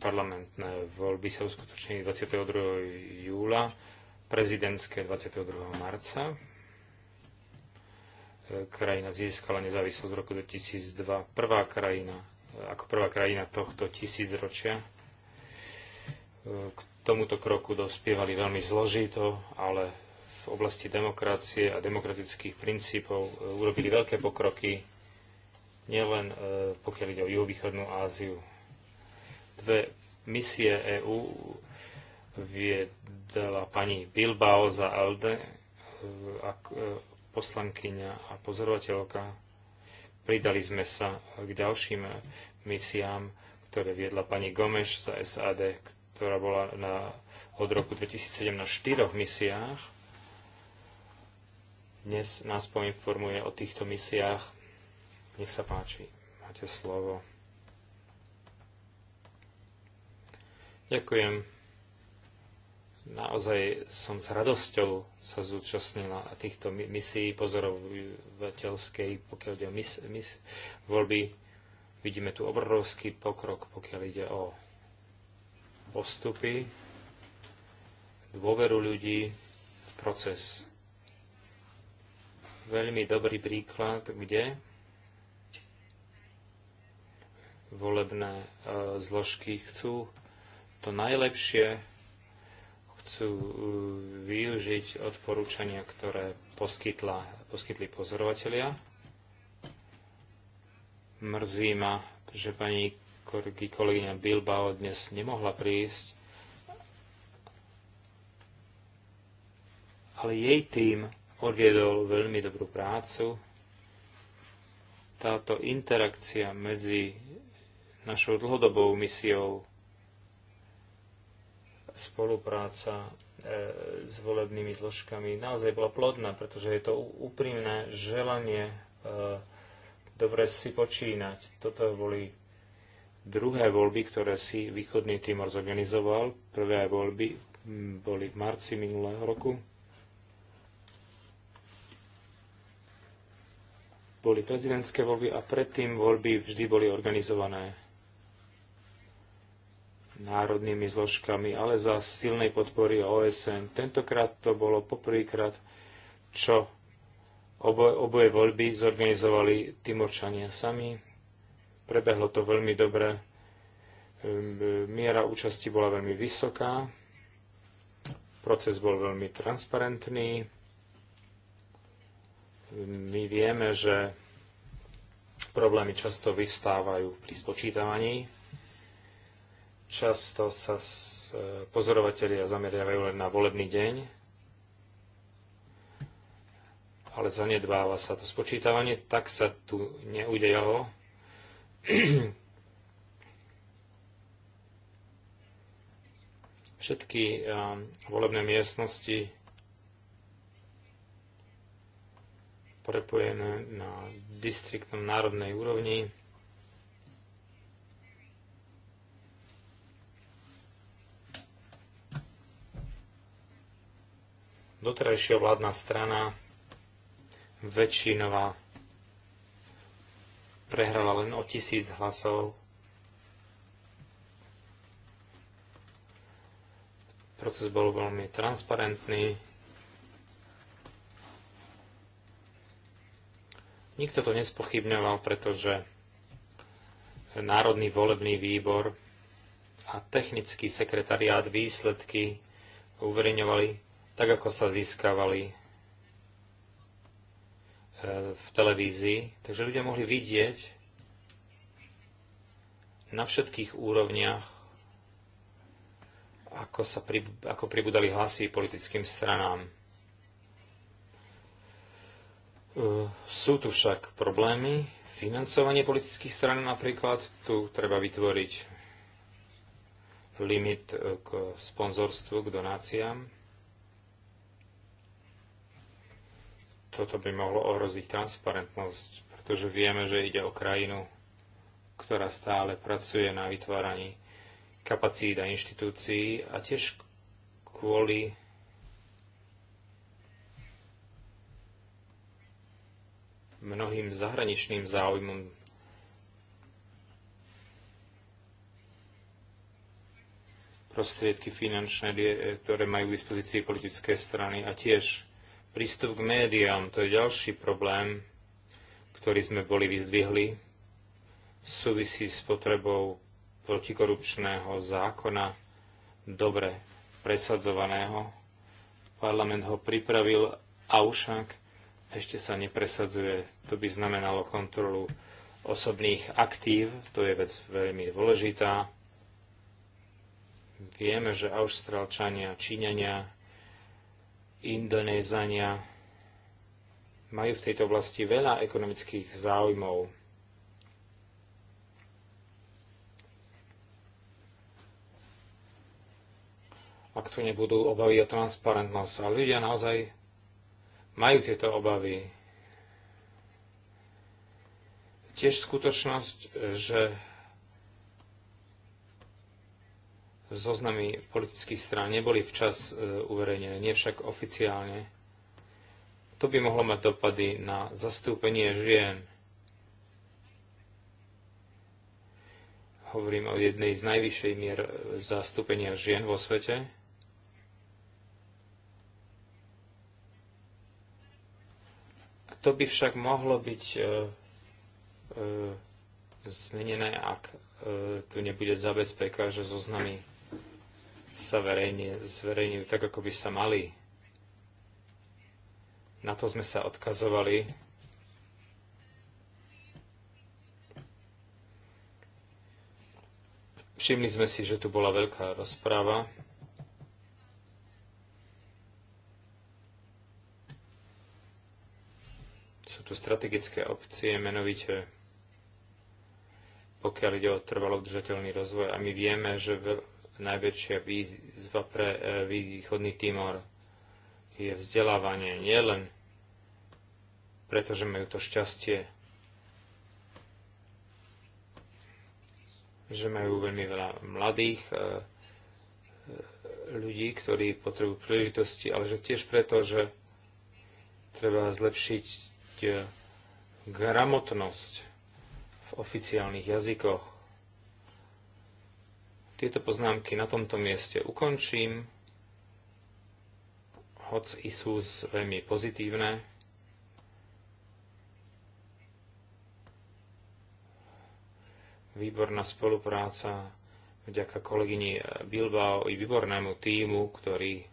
Parlamentné voľby sa uskutočnili 22. júla, prezidentské 22. marca krajina získala nezávislosť v roku 2002. Prvá krajina, ako prvá krajina tohto tisícročia. E, k tomuto kroku dospievali veľmi zložito, ale v oblasti demokracie a demokratických princípov e, urobili veľké pokroky, nielen e, pokiaľ ide o juhovýchodnú Áziu. Dve misie EÚ viedla pani Bilbao za Alde, poslankyňa a pozorovateľka. Pridali sme sa k ďalším misiám, ktoré viedla pani Gomeš za SAD, ktorá bola na, od roku 2007 na štyroch misiách. Dnes nás poinformuje o týchto misiách. Nech sa páči, máte slovo. Ďakujem. Naozaj som s radosťou sa zúčastnila týchto misií pozorovateľskej, pokiaľ ide o mis, mis, voľby. Vidíme tu obrovský pokrok, pokiaľ ide o postupy, dôveru ľudí v proces. Veľmi dobrý príklad, kde volebné e, zložky chcú to najlepšie chcú uh, využiť odporúčania, ktoré poskytla, poskytli pozorovatelia. Mrzí ma, že pani kolegyňa Bilbao dnes nemohla prísť, ale jej tým odviedol veľmi dobrú prácu. Táto interakcia medzi našou dlhodobou misiou spolupráca e, s volebnými zložkami naozaj bola plodná, pretože je to úprimné želanie e, dobre si počínať. Toto boli druhé voľby, ktoré si východný Timor zorganizoval. Prvé voľby boli v marci minulého roku. Boli prezidentské voľby a predtým voľby vždy boli organizované národnými zložkami, ale za silnej podpory OSN. Tentokrát to bolo poprvýkrát, čo oboje, oboje voľby zorganizovali Timorčania sami. Prebehlo to veľmi dobre. Ehm, miera účasti bola veľmi vysoká. Proces bol veľmi transparentný. My vieme, že problémy často vyvstávajú pri spočítavaní Často sa e, pozorovatelia zameriavajú len na volebný deň, ale zanedbáva sa to spočítavanie, tak sa tu neudejalo. Všetky e, volebné miestnosti prepojené na distriktnom národnej úrovni doterajšia vládna strana väčšinová prehrala len o tisíc hlasov. Proces bol veľmi transparentný. Nikto to nespochybňoval, pretože Národný volebný výbor a technický sekretariát výsledky uverejňovali tak ako sa získavali e, v televízii. Takže ľudia mohli vidieť na všetkých úrovniach, ako, sa pri, ako pribudali hlasy politickým stranám. E, sú tu však problémy. Financovanie politických stran napríklad, tu treba vytvoriť limit k sponzorstvu, k donáciám. Toto by mohlo ohroziť transparentnosť, pretože vieme, že ide o krajinu, ktorá stále pracuje na vytváraní kapacít a inštitúcií a tiež kvôli mnohým zahraničným záujmom. prostriedky finančné, eh, ktoré majú k dispozícii politické strany a tiež Prístup k médiám, to je ďalší problém, ktorý sme boli vyzdvihli. Súvisí s potrebou protikorupčného zákona, dobre presadzovaného. Parlament ho pripravil a však ešte sa nepresadzuje. To by znamenalo kontrolu osobných aktív, to je vec veľmi dôležitá. Vieme, že Austrálčania, Číňania Indonézania majú v tejto oblasti veľa ekonomických záujmov. Ak tu nebudú obavy o transparentnosť, a ľudia naozaj majú tieto obavy. Tiež skutočnosť, že zoznamy politických strán neboli včas e, uverejnené, nie však oficiálne. To by mohlo mať dopady na zastúpenie žien. Hovorím o jednej z najvyššej mier e, zastúpenia žien vo svete. to by však mohlo byť e, e, zmenené, ak e, tu nebude zabezpeka, že zoznamy sa verejne zverejňujú tak, ako by sa mali. Na to sme sa odkazovali. Všimli sme si, že tu bola veľká rozpráva. Sú tu strategické opcie, menovite pokiaľ ide o trvalo udržateľný rozvoj. A my vieme, že najväčšia výzva pre e, východný Timor je vzdelávanie nielen pretože majú to šťastie, že majú veľmi veľa mladých e, e, ľudí, ktorí potrebujú príležitosti, ale že tiež preto, že treba zlepšiť gramotnosť v oficiálnych jazykoch tieto poznámky na tomto mieste ukončím, hoc i sú veľmi pozitívne. Výborná spolupráca vďaka kolegyni Bilbao i výbornému týmu, ktorý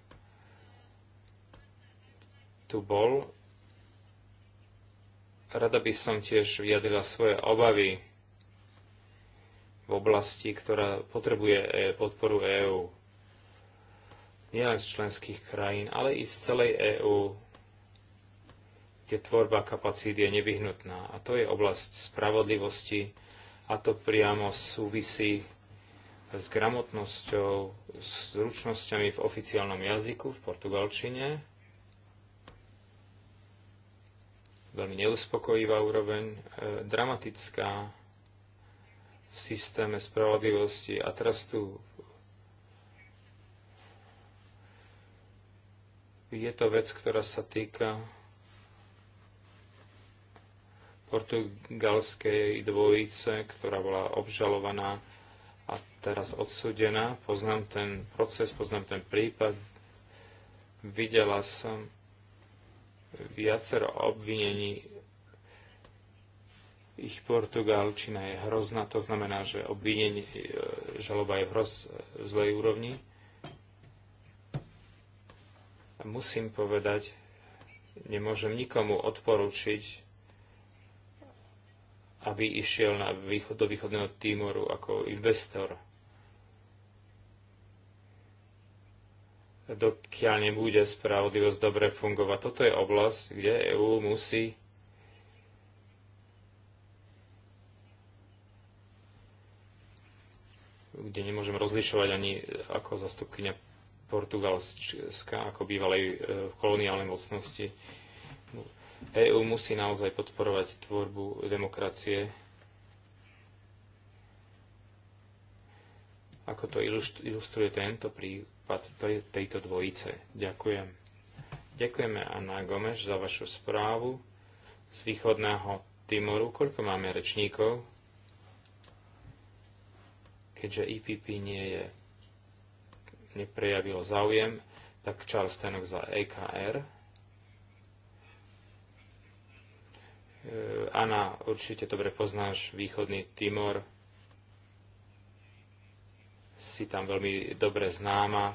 tu bol. Rada by som tiež vyjadila svoje obavy v oblasti, ktorá potrebuje e, podporu EÚ. nie len z členských krajín, ale i z celej EÚ, kde tvorba kapacít je nevyhnutná. A to je oblasť spravodlivosti a to priamo súvisí s gramotnosťou, s zručnosťami v oficiálnom jazyku, v portugalčine. Veľmi neuspokojivá úroveň, e, dramatická v systéme spravodlivosti a trastu. Je to vec, ktorá sa týka portugalskej dvojice, ktorá bola obžalovaná a teraz odsudená. Poznám ten proces, poznám ten prípad. Videla som viacero obvinení ich portugalčina je hrozná, to znamená, že obvinenie, e, žaloba je v hroz, e, v zlej úrovni. A musím povedať, nemôžem nikomu odporučiť, aby išiel na východ, do východného Týmoru ako investor. Dokiaľ nebude spravodlivosť dobre fungovať, toto je oblasť, kde EÚ musí kde nemôžem rozlišovať ani e, ako zastupkynia Portugalska, ako bývalej e, koloniálnej mocnosti. EÚ musí naozaj podporovať tvorbu demokracie, ako to ilustruje tento prípad tejto dvojice. Ďakujem. Ďakujeme Anna Gomeš za vašu správu z východného Timoru. Koľko máme rečníkov? Keďže EPP nie je, neprejavilo záujem, tak Charles Tenok za EKR. E, Ana, určite dobre poznáš východný Timor. Si tam veľmi dobre známa.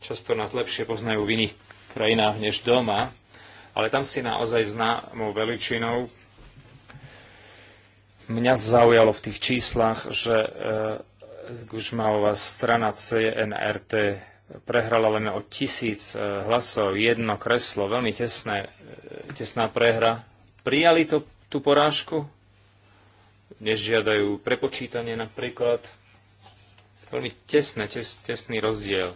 Často nás lepšie poznajú v iných krajinách než doma, ale tam si naozaj známou veličinou Mňa zaujalo v tých číslach, že Gužmaová e, strana CNRT prehrala len o tisíc e, hlasov, jedno kreslo, veľmi tesné, e, tesná prehra. Prijali to, tú porážku? Nežiadajú prepočítanie napríklad. Veľmi tesné, tes, tesný rozdiel.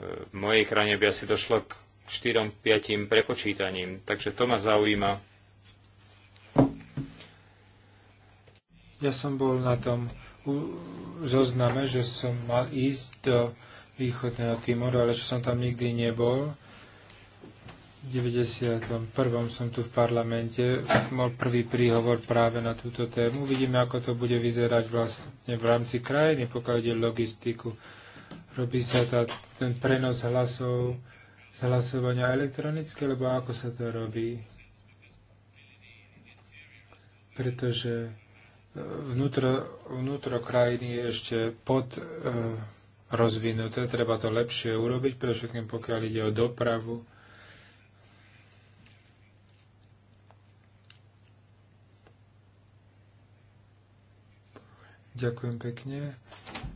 V mojej krajine by asi došlo k 4-5 prepočítaním, takže to ma zaujíma Ja som bol na tom zozname, že som mal ísť do východného Timoru, ale že som tam nikdy nebol. V 91. som tu v parlamente, mal prvý príhovor práve na túto tému. Vidíme, ako to bude vyzerať vlastne v rámci krajiny, pokiaľ ide logistiku. Robí sa tá, ten prenos hlasov z hlasovania elektronicky, lebo ako sa to robí? Pretože vnútro, vnútro krajiny je ešte pod e, rozvinuté, treba to lepšie urobiť, predovšetkým pokiaľ ide o dopravu. Ďakujem pekne.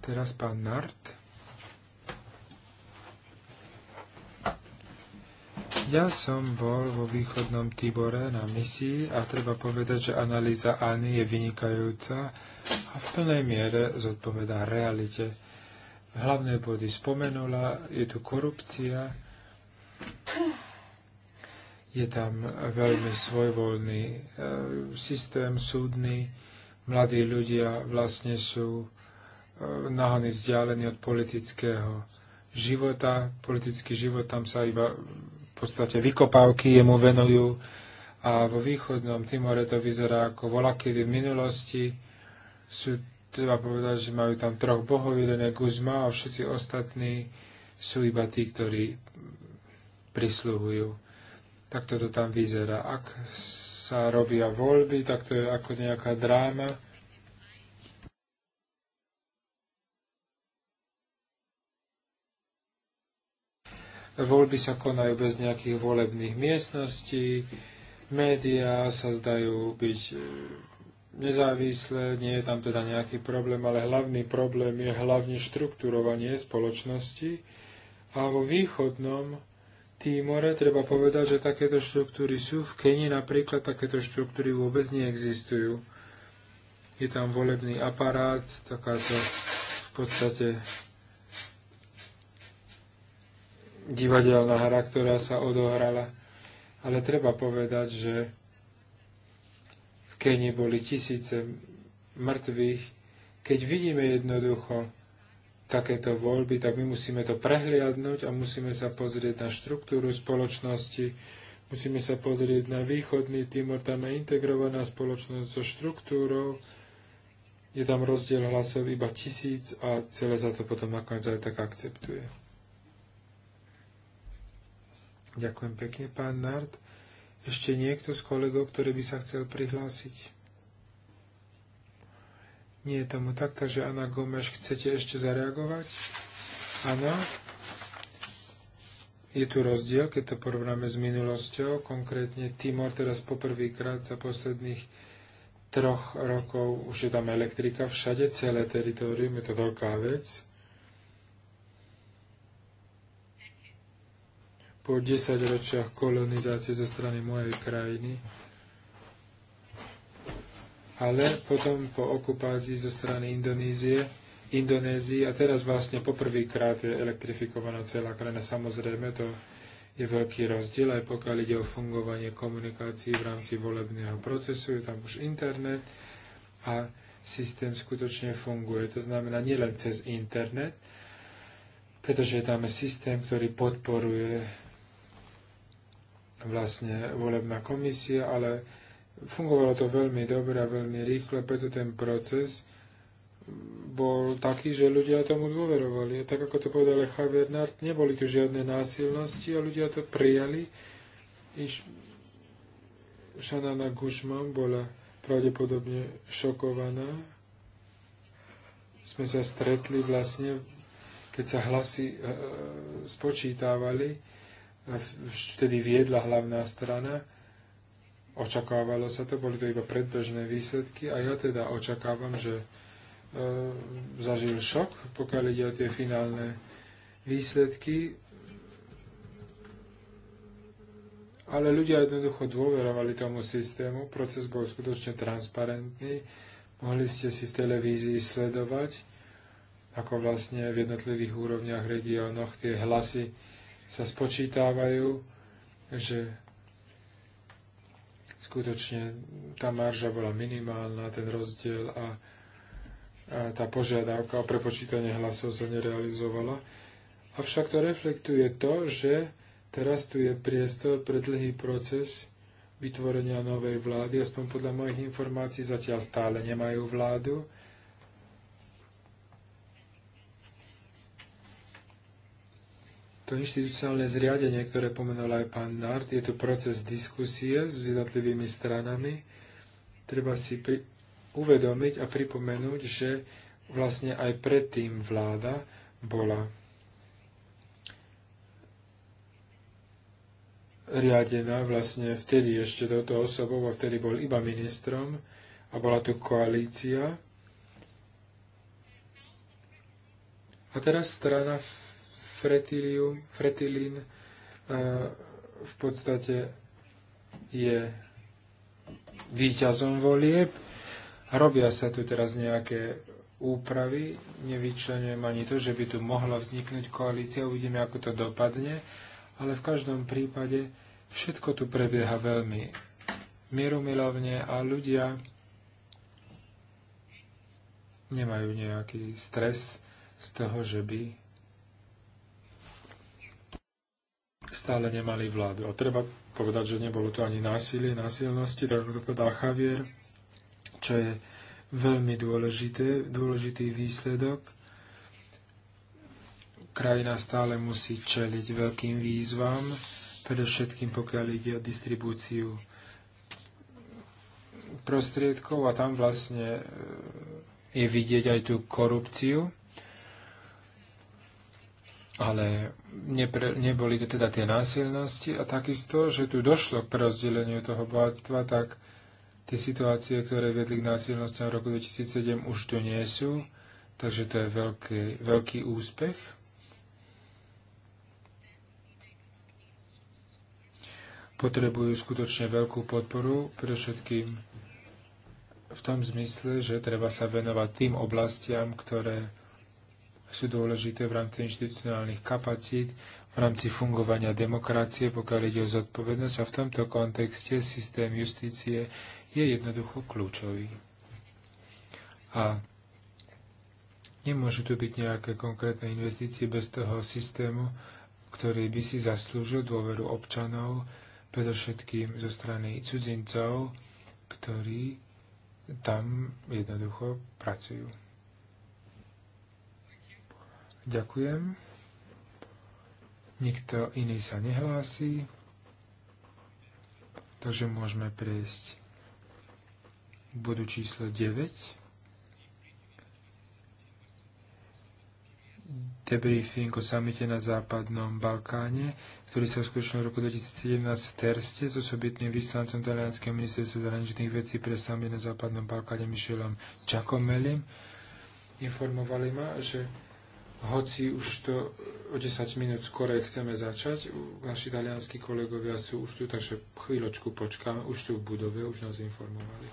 Teraz pán Nart. Ja som bol vo východnom Tibore na misii a treba povedať, že analýza Ani je vynikajúca a v plnej miere zodpovedá realite. Hlavné body spomenula, je tu korupcia, je tam veľmi svojvoľný e, systém súdny, mladí ľudia vlastne sú e, nahony vzdialení od politického života. Politický život tam sa iba podstate vykopávky jemu venujú a vo východnom Timore to vyzerá ako volakedy v minulosti. Sú, treba povedať, že majú tam troch bohov, jeden je Guzma a všetci ostatní sú iba tí, ktorí prisluhujú. Tak toto tam vyzerá. Ak sa robia voľby, tak to je ako nejaká dráma voľby sa konajú bez nejakých volebných miestností, médiá sa zdajú byť e, nezávislé, nie je tam teda nejaký problém, ale hlavný problém je hlavne štrukturovanie spoločnosti. A vo východnom Týmore treba povedať, že takéto štruktúry sú. V Kenii napríklad takéto štruktúry vôbec neexistujú. Je tam volebný aparát, takáto v podstate divadelná hra, ktorá sa odohrala. Ale treba povedať, že v Keni boli tisíce mŕtvych. Keď vidíme jednoducho takéto voľby, tak my musíme to prehliadnúť a musíme sa pozrieť na štruktúru spoločnosti, musíme sa pozrieť na východný Timor, tam je integrovaná spoločnosť so štruktúrou, je tam rozdiel hlasov iba tisíc a celé sa to potom nakoniec aj tak akceptuje. Ďakujem pekne, pán Nard. Ešte niekto z kolegov, ktorý by sa chcel prihlásiť? Nie je tomu tak, takže Anna Gomeš, chcete ešte zareagovať? Áno. Je tu rozdiel, keď to porovnáme s minulosťou. Konkrétne Timor teraz poprvýkrát za posledných troch rokov už je tam elektrika všade, celé teritorium, je to veľká vec. po 10 ročiach kolonizácie zo strany mojej krajiny, ale potom po okupácii zo strany Indonézie, Indonézii a teraz vlastne poprvýkrát je elektrifikovaná celá krajina. Samozrejme, to je veľký rozdiel, aj pokiaľ ide o fungovanie komunikácií v rámci volebného procesu, je tam už internet a systém skutočne funguje. To znamená nielen cez internet, pretože je tam systém, ktorý podporuje vlastne volebná komisia, ale fungovalo to veľmi dobre a veľmi rýchle, preto ten proces bol taký, že ľudia tomu dôverovali. A tak ako to povedal Javier Nart, neboli tu žiadne násilnosti a ľudia to prijali. Iš... Šanana Gušman bola pravdepodobne šokovaná. Sme sa stretli vlastne, keď sa hlasy e, e spočítavali vtedy viedla hlavná strana. Očakávalo sa to, boli to iba predbežné výsledky a ja teda očakávam, že e, zažil šok, pokiaľ ide o tie finálne výsledky. Ale ľudia jednoducho dôverovali tomu systému, proces bol skutočne transparentný, mohli ste si v televízii sledovať, ako vlastne v jednotlivých úrovniach regiónoch tie hlasy sa spočítavajú, že skutočne tá marža bola minimálna, ten rozdiel a, a tá požiadavka o prepočítanie hlasov sa nerealizovala. Avšak to reflektuje to, že teraz tu je priestor pre dlhý proces vytvorenia novej vlády, aspoň podľa mojich informácií zatiaľ stále nemajú vládu to inštitucionálne zriadenie, ktoré pomenul aj pán Nart, je tu proces diskusie s jednotlivými stranami. Treba si pri, uvedomiť a pripomenúť, že vlastne aj predtým vláda bola riadená vlastne vtedy ešte touto osobou a vtedy bol iba ministrom a bola tu koalícia. A teraz strana fretilium, fretilín eh, v podstate je výťazom volieb. Robia sa tu teraz nejaké úpravy, nevyčlenujem ani to, že by tu mohla vzniknúť koalícia, uvidíme, ako to dopadne, ale v každom prípade všetko tu prebieha veľmi mierumilovne a ľudia nemajú nejaký stres z toho, že by stále nemali vládu. A treba povedať, že nebolo to ani násilie, násilnosti, tak ako to povedal Javier, čo je veľmi dôležité, dôležitý výsledok. Krajina stále musí čeliť veľkým výzvam, predovšetkým pokiaľ ide o distribúciu prostriedkov a tam vlastne e, je vidieť aj tú korupciu ale nepre, neboli to teda tie násilnosti a takisto, že tu došlo k prerozdeleniu toho bohatstva, tak tie situácie, ktoré viedli k násilnostiam v roku 2007 už tu nie sú, takže to je veľký, veľký úspech. Potrebujú skutočne veľkú podporu, pre všetkým v tom zmysle, že treba sa venovať tým oblastiam, ktoré sú dôležité v rámci inštitucionálnych kapacít, v rámci fungovania demokracie, pokiaľ ide o zodpovednosť a v tomto kontexte systém justície je jednoducho kľúčový. A nemôžu tu byť nejaké konkrétne investície bez toho systému, ktorý by si zaslúžil dôveru občanov, predovšetkým zo strany cudzincov, ktorí tam jednoducho pracujú. Ďakujem. Nikto iný sa nehlási, takže môžeme prejsť k bodu číslo 9. debriefing o samite na Západnom Balkáne, ktorý sa uskutočnil v roku 2017 v Terste s osobitným vyslancom Talianského ministerstva zahraničných vecí pre samit na Západnom Balkáne Michelom Giacomelim. Informovali ma, že hoci už to o 10 minút skorej chceme začať, naši italianskí kolegovia sú už tu, takže chvíľočku počkáme, už sú v budove, už nás informovali.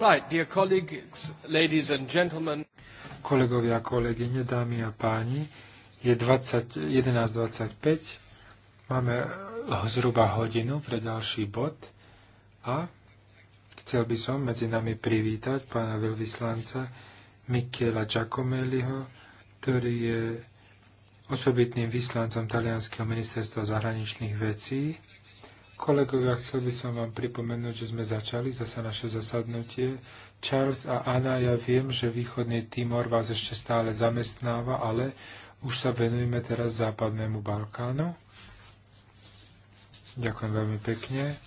Right, dear colleagues, ladies and gentlemen. Kolegovia, kolegyne, dámy a páni, je 11.25, máme eh, zhruba hodinu pre ďalší bod a chcel by som medzi nami privítať pána veľvyslanca Michela Giacomelliho, ktorý je osobitným vyslancom Talianského ministerstva zahraničných vecí Kolegovia, chcel by som vám pripomenúť, že sme začali zase naše zasadnutie. Charles a Anna, ja viem, že východný Timor vás ešte stále zamestnáva, ale už sa venujeme teraz západnému Balkánu. Ďakujem veľmi pekne.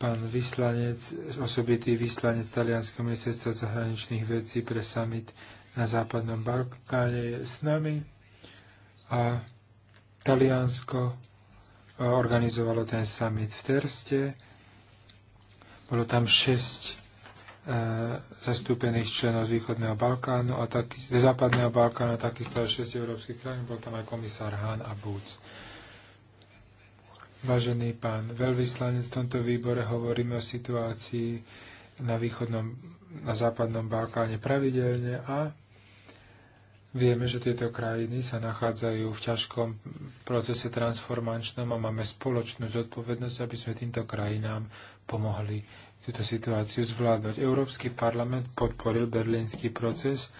Pán vyslanec, osobitý vyslanec Talianského ministerstva zahraničných vecí pre summit na západnom Balkáne je s nami a Taliansko organizovalo ten summit v Terste. Bolo tam šesť e, zastúpených členov z východného Balkánu a tak, z západného Balkánu, takisto aj šesť európskych krajín, bol tam aj komisár Hahn a Búc. Vážený pán veľvyslanec, v tomto výbore hovoríme o situácii na východnom, na západnom Balkáne pravidelne a Vieme, že tieto krajiny sa nachádzajú v ťažkom procese transformačnom a máme spoločnú zodpovednosť, aby sme týmto krajinám pomohli túto situáciu zvládať. Európsky parlament podporil berlínsky proces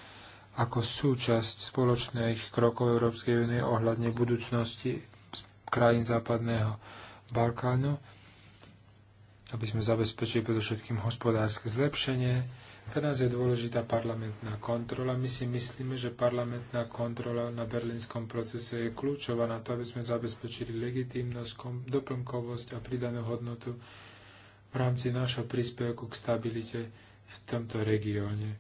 ako súčasť spoločných krokov Európskej únie ohľadne budúcnosti krajín západného Balkánu, aby sme zabezpečili predovšetkým hospodárske zlepšenie, pre nás je dôležitá parlamentná kontrola. My si myslíme, že parlamentná kontrola na berlínskom procese je kľúčová na to, aby sme zabezpečili legitímnosť, doplnkovosť a pridanú hodnotu v rámci nášho príspevku k stabilite v tomto regióne.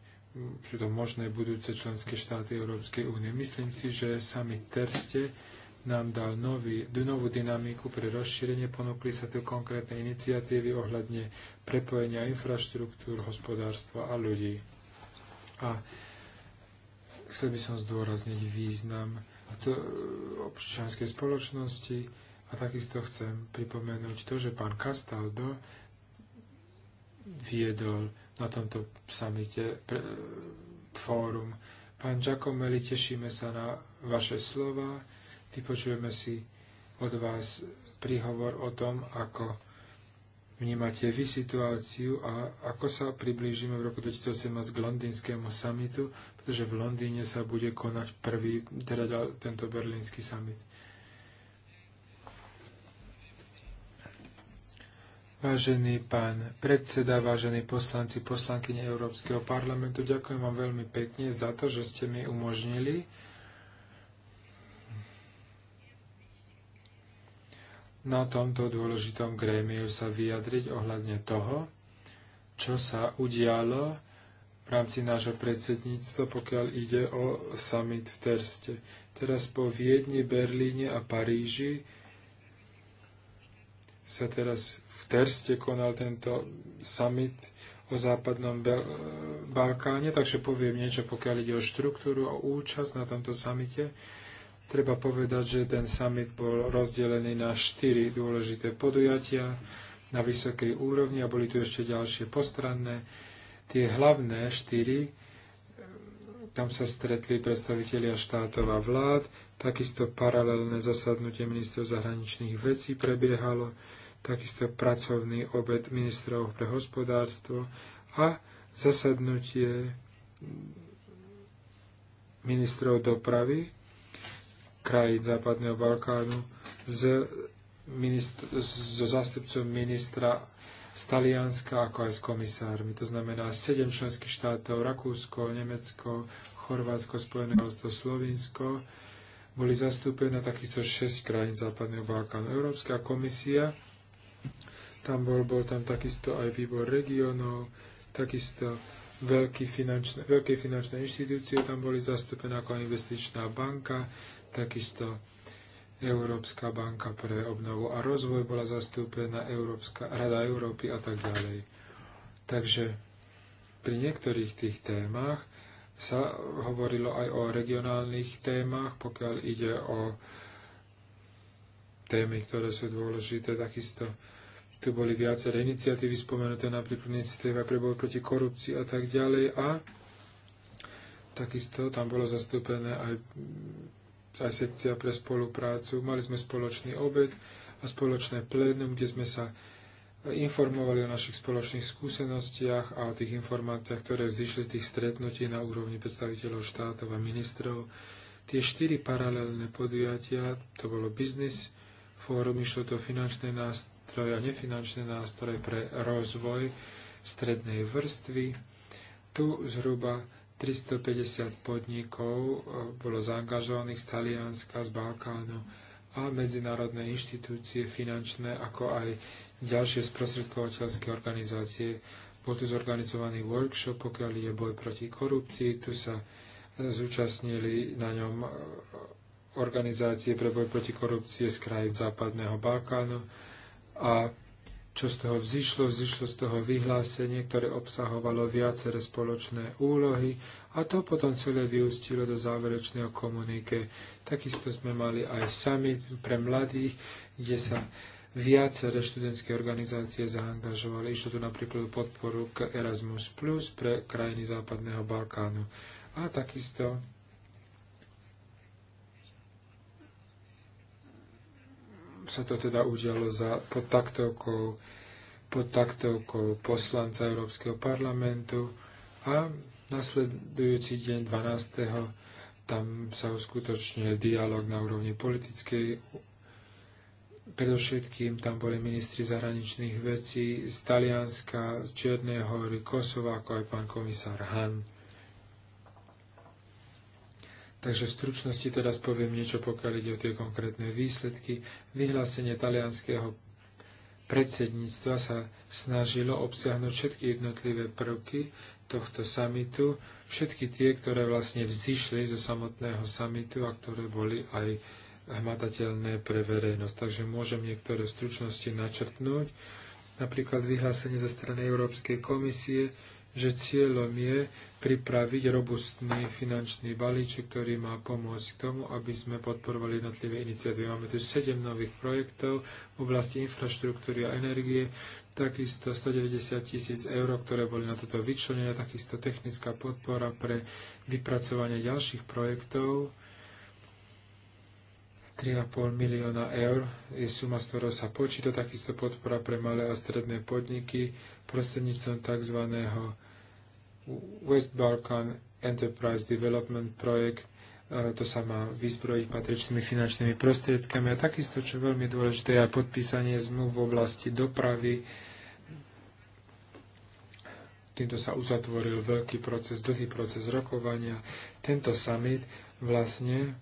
Sú to možné budúce členské štáty Európskej únie. Myslím si, že sami Terste nám dal nový, novú dynamiku pre rozšírenie. Ponúkli sa tu konkrétne iniciatívy ohľadne prepojenia infraštruktúr, hospodárstva a ľudí. A chcel by som zdôrazniť význam to, e, občianskej spoločnosti a takisto chcem pripomenúť to, že pán Castaldo viedol na tomto samite pre, e, fórum. Pán Giacomelli, tešíme sa na vaše slova Vypočujeme si od vás príhovor o tom, ako vnímate vy situáciu a ako sa priblížime v roku 2018 k londýnskému samitu, pretože v Londýne sa bude konať prvý, teda tento berlínsky summit. Vážený pán predseda, vážení poslanci, poslankyne Európskeho parlamentu, ďakujem vám veľmi pekne za to, že ste mi umožnili na tomto dôležitom grémiu sa vyjadriť ohľadne toho, čo sa udialo v rámci nášho predsedníctva, pokiaľ ide o summit v Terste. Teraz po Viedni, Berlíne a Paríži sa teraz v Terste konal tento summit o západnom Balkáne, takže poviem niečo, pokiaľ ide o štruktúru, o účasť na tomto samite Treba povedať, že ten summit bol rozdelený na štyri dôležité podujatia na vysokej úrovni a boli tu ešte ďalšie postranné. Tie hlavné štyri, tam sa stretli predstavitelia štátov a vlád, takisto paralelné zasadnutie ministrov zahraničných vecí prebiehalo, takisto pracovný obed ministrov pre hospodárstvo a zasadnutie ministrov dopravy krajín Západného Balkánu s ministr- so zástupcom ministra z Talianska, ako aj s komisármi. To znamená sedem členských štátov, Rakúsko, Nemecko, Chorvátsko, Spojené kráľovstvo, Slovinsko, boli zastúpené takisto 6 krajín Západného Balkánu. Európska komisia, tam bol, bol tam takisto aj výbor regionov, takisto veľké finančné, veľké finančné inštitúcie tam boli zastúpené ako investičná banka, takisto Európska banka pre obnovu a rozvoj bola zastúpená, Európska rada Európy a tak ďalej. Takže pri niektorých tých témach sa hovorilo aj o regionálnych témach, pokiaľ ide o témy, ktoré sú dôležité, takisto tu boli viaceré iniciatívy spomenuté, napríklad iniciatíva pre boj proti korupcii a tak ďalej. A takisto tam bolo zastúpené aj aj sekcia pre spoluprácu. Mali sme spoločný obed a spoločné plénum, kde sme sa informovali o našich spoločných skúsenostiach a o tých informáciách, ktoré vzýšli tých stretnutí na úrovni predstaviteľov štátov a ministrov. Tie štyri paralelné podujatia, to bolo biznis, fórum, išlo to finančné nástroje a nefinančné nástroje pre rozvoj strednej vrstvy. Tu zhruba 350 podnikov e, bolo zaangažovaných z Talianska, z Balkánu a medzinárodné inštitúcie finančné, ako aj ďalšie sprostredkovateľské organizácie. Bol tu zorganizovaný workshop, pokiaľ je boj proti korupcii. Tu sa e, zúčastnili na ňom e, organizácie pre boj proti korupcie z krajín Západného Balkánu a čo z toho vzýšlo, vzýšlo z toho vyhlásenie, ktoré obsahovalo viaceré spoločné úlohy a to potom celé vyústilo do záverečného komunike. Takisto sme mali aj summit pre mladých, kde sa viaceré študentské organizácie zaangažovali. Išlo tu napríklad podporu k Erasmus Plus pre krajiny Západného Balkánu. A takisto sa to teda udialo za, pod taktovkou pod taktovkou poslanca Európskeho parlamentu a nasledujúci deň 12. tam sa uskutočnil dialog na úrovni politickej. Predovšetkým tam boli ministri zahraničných vecí z Talianska, z Čiernej hory, Kosova, ako aj pán komisár Han. Takže v stručnosti teraz poviem niečo, pokiaľ ide o tie konkrétne výsledky. Vyhlásenie talianského predsedníctva sa snažilo obsiahnuť všetky jednotlivé prvky tohto samitu, všetky tie, ktoré vlastne vzýšli zo samotného samitu a ktoré boli aj hmatateľné pre verejnosť. Takže môžem niektoré stručnosti načrtnúť. Napríklad vyhlásenie zo strany Európskej komisie, že cieľom je pripraviť robustný finančný balíček, ktorý má pomôcť k tomu, aby sme podporovali jednotlivé iniciatívy. Máme tu 7 nových projektov v oblasti infraštruktúry a energie, takisto 190 tisíc eur, ktoré boli na toto vyčlenené, takisto technická podpora pre vypracovanie ďalších projektov. 3,5 milióna eur je suma, z ktorou sa počíta, takisto podpora pre malé a stredné podniky prostredníctvom tzv. West Balkan Enterprise Development projekt, to sa má vyzbrojiť patričnými finančnými prostriedkami a takisto, čo je veľmi dôležité, je aj podpísanie zmluv v oblasti dopravy. Týmto sa uzatvoril veľký proces, dlhý proces rokovania. Tento summit vlastne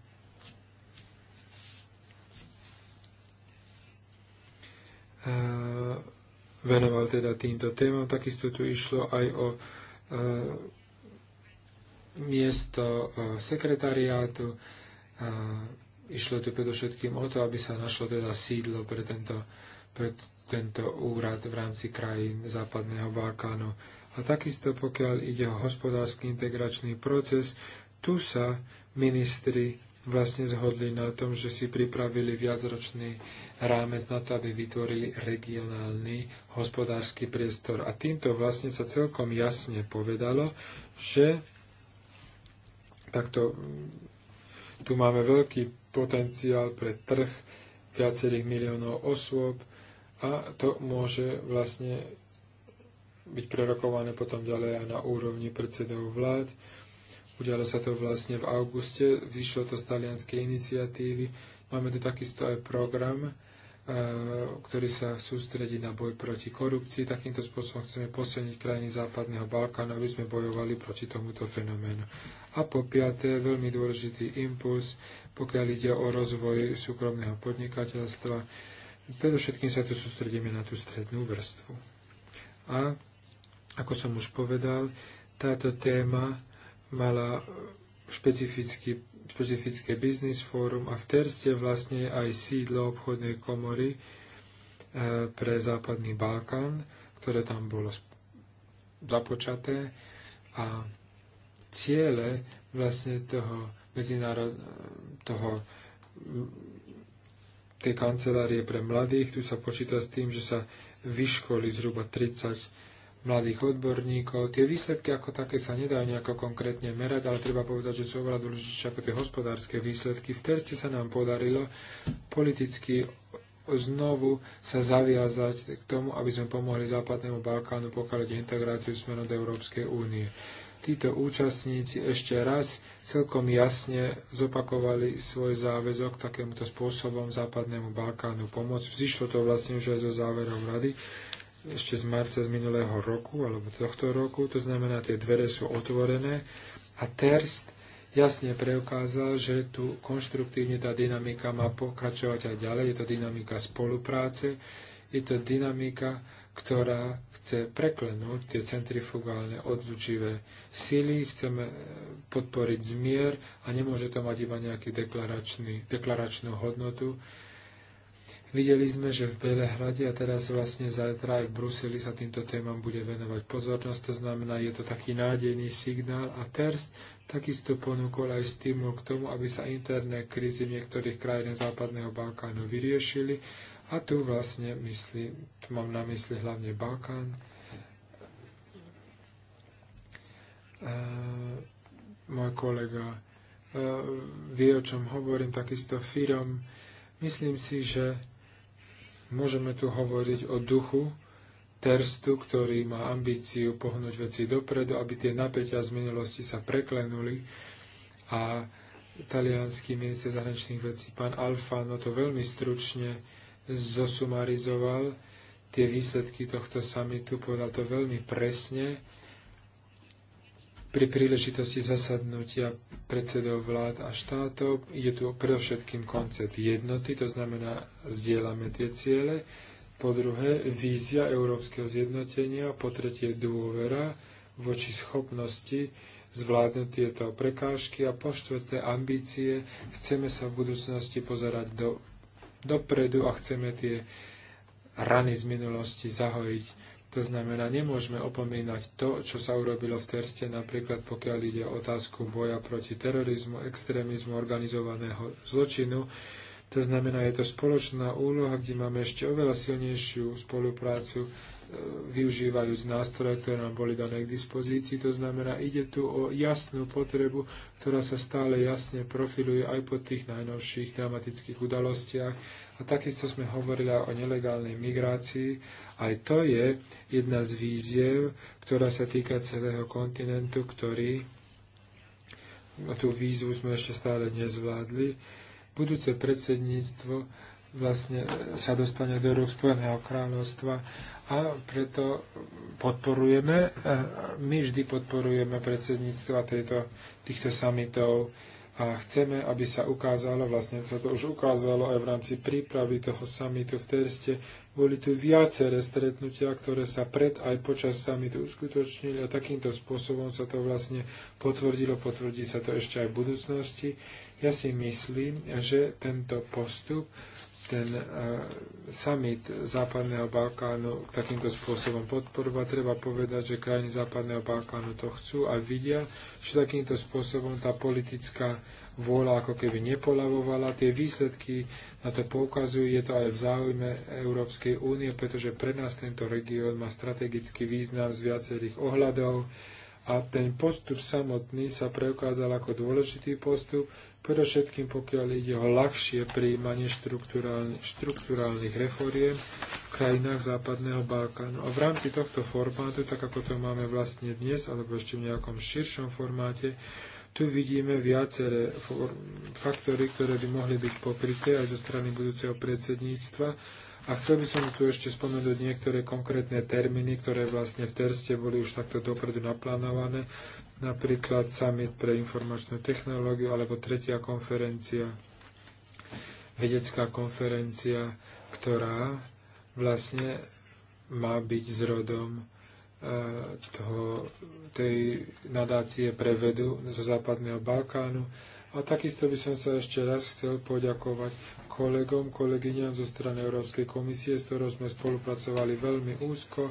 venoval teda týmto témam. Takisto tu išlo aj o E, miesto e, sekretariátu. E, išlo tu predovšetkým o to, aby sa našlo teda sídlo pre tento, pre tento úrad v rámci krajín Západného Balkánu. A takisto, pokiaľ ide o hospodársky integračný proces, tu sa ministri vlastne zhodli na tom, že si pripravili viacročný rámec na to, aby vytvorili regionálny hospodársky priestor. A týmto vlastne sa celkom jasne povedalo, že takto mm, tu máme veľký potenciál pre trh viacerých miliónov osôb a to môže vlastne byť prerokované potom ďalej aj na úrovni predsedov vlád Udialo sa to vlastne v auguste, vyšlo to z talianskej iniciatívy. Máme tu takisto aj program, e, ktorý sa sústredí na boj proti korupcii. Takýmto spôsobom chceme posilniť krajiny Západného Balkánu, aby sme bojovali proti tomuto fenoménu. A po piaté, veľmi dôležitý impuls, pokiaľ ide o rozvoj súkromného podnikateľstva. Predovšetkým sa tu sústredíme na tú strednú vrstvu. A, ako som už povedal, táto téma mala špecifický, špecifické biznis fórum a v Terste vlastne aj sídlo obchodnej komory e, pre západný Balkán, ktoré tam bolo započaté a ciele vlastne toho medzinárodného toho tej kancelárie pre mladých, tu sa počíta s tým, že sa vyškolí zhruba 30 mladých odborníkov. Tie výsledky ako také sa nedajú nejako konkrétne merať, ale treba povedať, že sú oveľa dôležitejšie ako tie hospodárske výsledky. V teste sa nám podarilo politicky znovu sa zaviazať k tomu, aby sme pomohli Západnému Balkánu, pokaliť integráciu smerom do Európskej únie. Títo účastníci ešte raz celkom jasne zopakovali svoj záväzok takémuto spôsobom Západnému Balkánu pomôcť. Vzýšlo to vlastne už aj zo záverov rady ešte z marca z minulého roku alebo tohto roku, to znamená, tie dvere sú otvorené a terst jasne preukázal, že tu konštruktívne tá dynamika má pokračovať aj ďalej. Je to dynamika spolupráce, je to dynamika, ktorá chce preklenúť tie centrifugálne odlučivé síly, chceme podporiť zmier a nemôže to mať iba nejakú deklaračnú hodnotu, Videli sme, že v Belehrade a teraz vlastne zajtra aj v Bruseli sa týmto témam bude venovať pozornosť, to znamená, je to taký nádejný signál a terst takisto ponúkol aj stimul k tomu, aby sa interné krízy v niektorých krajinách Západného Balkánu vyriešili a tu vlastne myslí, tu mám na mysli hlavne Balkán. E, môj kolega e, vie, o čom hovorím, takisto Firom. Myslím si, že Môžeme tu hovoriť o duchu terstu, ktorý má ambíciu pohnúť veci dopredu, aby tie napätia z minulosti sa preklenuli a talianský minister zahraničných vecí pán Alfano to veľmi stručne zosumarizoval tie výsledky tohto samitu, povedal to veľmi presne pri príležitosti zasadnutia predsedov vlád a štátov. Je tu predovšetkým koncept jednoty, to znamená, zdieľame tie ciele. Po druhé, vízia európskeho zjednotenia. Po tretie, dôvera voči schopnosti zvládnuť tieto prekážky. A po štvrté, ambície. Chceme sa v budúcnosti pozerať do, dopredu a chceme tie rany z minulosti zahojiť to znamená, nemôžeme opomínať to, čo sa urobilo v Terste, napríklad pokiaľ ide o otázku boja proti terorizmu, extrémizmu, organizovaného zločinu. To znamená, je to spoločná úloha, kde máme ešte oveľa silnejšiu spoluprácu E, využívajúc nástroje, ktoré nám boli dané k dispozícii. To znamená, ide tu o jasnú potrebu, ktorá sa stále jasne profiluje aj po tých najnovších dramatických udalostiach. A takisto sme hovorili o nelegálnej migrácii. Aj to je jedna z víziev, ktorá sa týka celého kontinentu, ktorý a no, tú vízu sme ešte stále nezvládli. Budúce predsedníctvo vlastne sa dostane do rúk Spojeného kráľovstva a preto podporujeme, my vždy podporujeme predsedníctva tejto, týchto samitov a chceme, aby sa ukázalo, vlastne sa to už ukázalo aj v rámci prípravy toho samitu v Terste, boli tu viaceré stretnutia, ktoré sa pred aj počas samitu uskutočnili a takýmto spôsobom sa to vlastne potvrdilo, potvrdí sa to ešte aj v budúcnosti. Ja si myslím, že tento postup ten eh, summit Západného Balkánu takýmto spôsobom podporovať. Treba povedať, že krajiny Západného Balkánu to chcú a vidia, že takýmto spôsobom tá politická vôľa ako keby nepolavovala. Tie výsledky na to poukazujú, je to aj v záujme Európskej únie, pretože pre nás tento región má strategický význam z viacerých ohľadov a ten postup samotný sa preukázal ako dôležitý postup, predovšetkým pokiaľ ide o ľahšie príjmanie štruktúrálnych reforiem v krajinách Západného Balkánu. A v rámci tohto formátu, tak ako to máme vlastne dnes, alebo ešte v nejakom širšom formáte, tu vidíme viaceré faktory, ktoré by mohli byť pokryté aj zo strany budúceho predsedníctva. A chcel by som tu ešte spomenúť niektoré konkrétne termíny, ktoré vlastne v Terste boli už takto dopredu naplánované napríklad summit pre informačnú technológiu alebo tretia konferencia, vedecká konferencia, ktorá vlastne má byť zrodom e, toho, tej nadácie pre vedu zo západného Balkánu. A takisto by som sa ešte raz chcel poďakovať kolegom, kolegyňam zo strany Európskej komisie, s ktorou sme spolupracovali veľmi úzko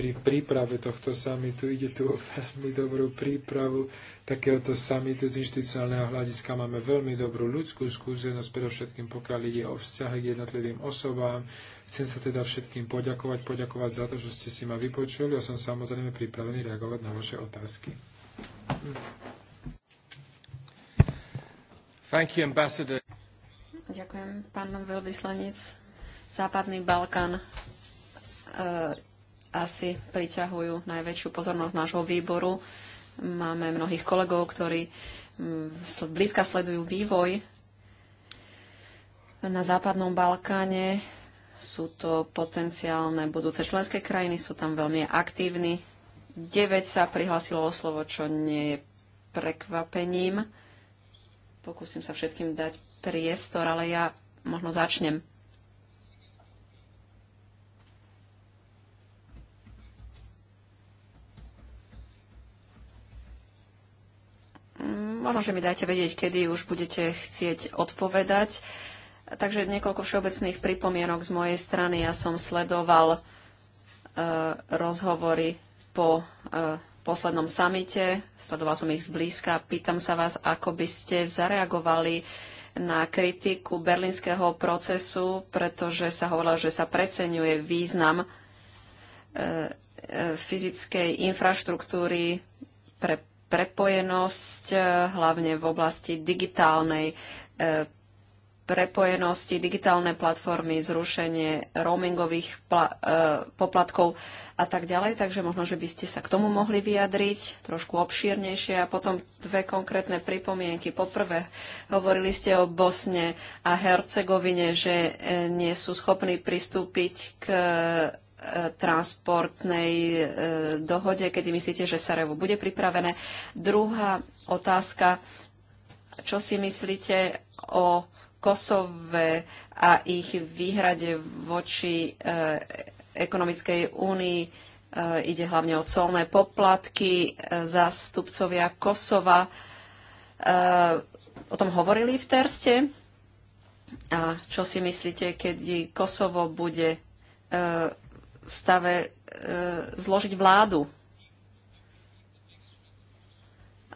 pri príprave tohto samitu. Ide tu o veľmi dobrú prípravu takéhoto samitu z institucionálneho hľadiska. Máme veľmi dobrú ľudskú skúsenosť, predovšetkým pokiaľ ide o vzťahy k jednotlivým osobám. Chcem sa teda všetkým poďakovať, poďakovať za to, že ste si ma vypočuli a som samozrejme pripravený reagovať na vaše otázky. Thank you, ambassador. Ďakujem, pán veľvyslanec. Západný Balkán. E asi priťahujú najväčšiu pozornosť nášho výboru. Máme mnohých kolegov, ktorí mm, blízka sledujú vývoj na západnom Balkáne. Sú to potenciálne budúce členské krajiny, sú tam veľmi aktívni. 9 sa prihlásilo o slovo, čo nie je prekvapením. Pokúsim sa všetkým dať priestor, ale ja možno začnem. Možno, že mi dáte vedieť, kedy už budete chcieť odpovedať. Takže niekoľko všeobecných pripomienok z mojej strany. Ja som sledoval e, rozhovory po e, poslednom samite, sledoval som ich zblízka. Pýtam sa vás, ako by ste zareagovali na kritiku berlínskeho procesu, pretože sa hovorilo, že sa preceňuje význam e, fyzickej infraštruktúry pre prepojenosť, eh, hlavne v oblasti digitálnej eh, prepojenosti, digitálne platformy, zrušenie roamingových eh, poplatkov a tak ďalej. Takže možno, že by ste sa k tomu mohli vyjadriť trošku obšírnejšie. A potom dve konkrétne pripomienky. Poprvé, hovorili ste o Bosne a Hercegovine, že nie sú schopní pristúpiť k transportnej e, dohode, kedy myslíte, že Sarajevo bude pripravené. Druhá otázka, čo si myslíte o Kosove a ich výhrade voči e, ekonomickej únii. E, ide hlavne o colné poplatky, zástupcovia Kosova. O tom hovorili v Terste. A čo si myslíte, keď Kosovo bude v stave e, zložiť vládu.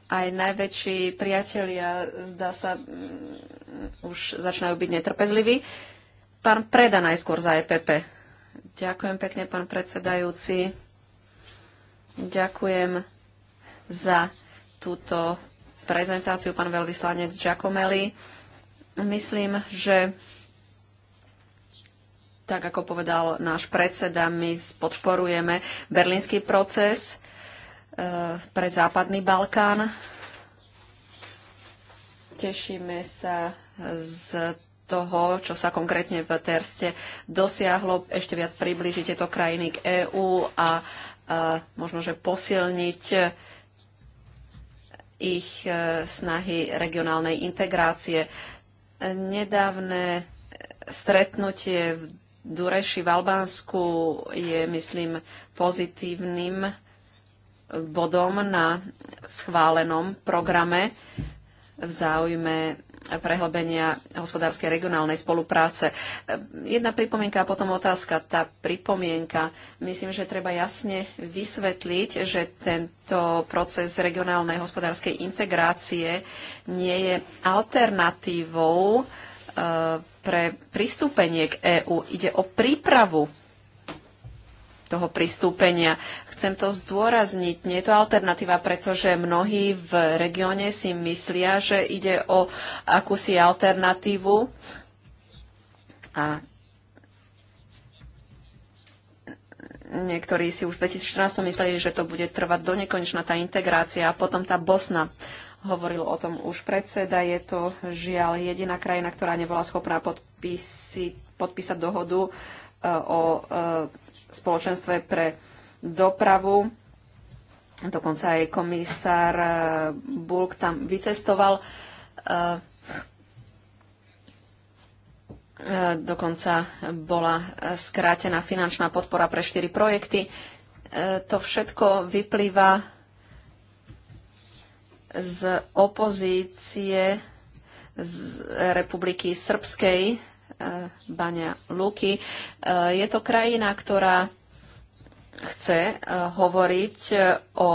Aj najväčší priatelia, zdá sa, už začínajú byť netrpezliví. Pán Preda najskôr za EPP. Ďakujem pekne, pán predsedajúci. Ďakujem za túto prezentáciu, pán veľvyslanec Giacomelli. Myslím, že tak ako povedal náš predseda, my podporujeme berlínsky proces e, pre západný Balkán. Tešíme sa z toho, čo sa konkrétne v Terste dosiahlo, ešte viac približiť tieto krajiny k EÚ a, a možno, že posilniť ich e, snahy regionálnej integrácie. Nedávne stretnutie v Dureši v Albánsku je, myslím, pozitívnym bodom na schválenom programe v záujme prehlbenia hospodárskej regionálnej spolupráce. Jedna pripomienka a potom otázka. Tá pripomienka, myslím, že treba jasne vysvetliť, že tento proces regionálnej hospodárskej integrácie nie je alternatívou eh, pre pristúpenie k EÚ. Ide o prípravu toho pristúpenia. Chcem to zdôrazniť, nie je to alternatíva, pretože mnohí v regióne si myslia, že ide o akúsi alternatívu a niektorí si už v 2014 mysleli, že to bude trvať do nekonečna tá integrácia a potom tá Bosna. Hovoril o tom už predseda. Je to žiaľ jediná krajina, ktorá nebola schopná podpísi, podpísať dohodu e, o e, spoločenstve pre dopravu. Dokonca aj komisár e, Bulk tam vycestoval. Dokonca bola skrátená finančná podpora pre štyri projekty. To všetko vyplýva z opozície z Republiky Srbskej, e, Bania Luky. E, je to krajina, ktorá chce e, hovoriť o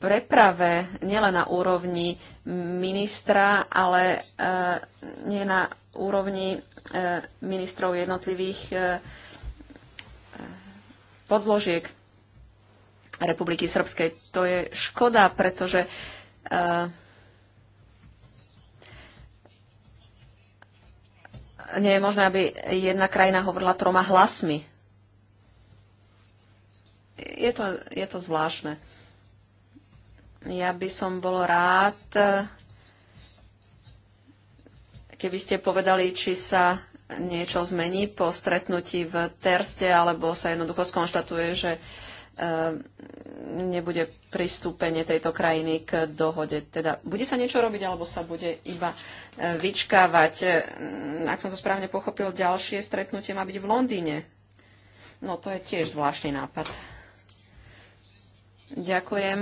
preprave nielen na úrovni ministra, ale nie na úrovni ministrov jednotlivých podložiek Republiky Srbskej. To je škoda, pretože uh, nie je možné, aby jedna krajina hovorila troma hlasmi. Je to, je to zvláštne. Ja by som bol rád, keby ste povedali, či sa niečo zmení po stretnutí v Terste, alebo sa jednoducho skonštatuje, že uh, Ehm, nebude pristúpenie tejto krajiny k dohode. Teda bude sa niečo robiť, alebo sa bude iba e, vyčkávať. Ehm, ak som to správne pochopil, ďalšie stretnutie má byť v Londýne. No to je tiež zvláštny nápad. Ďakujem.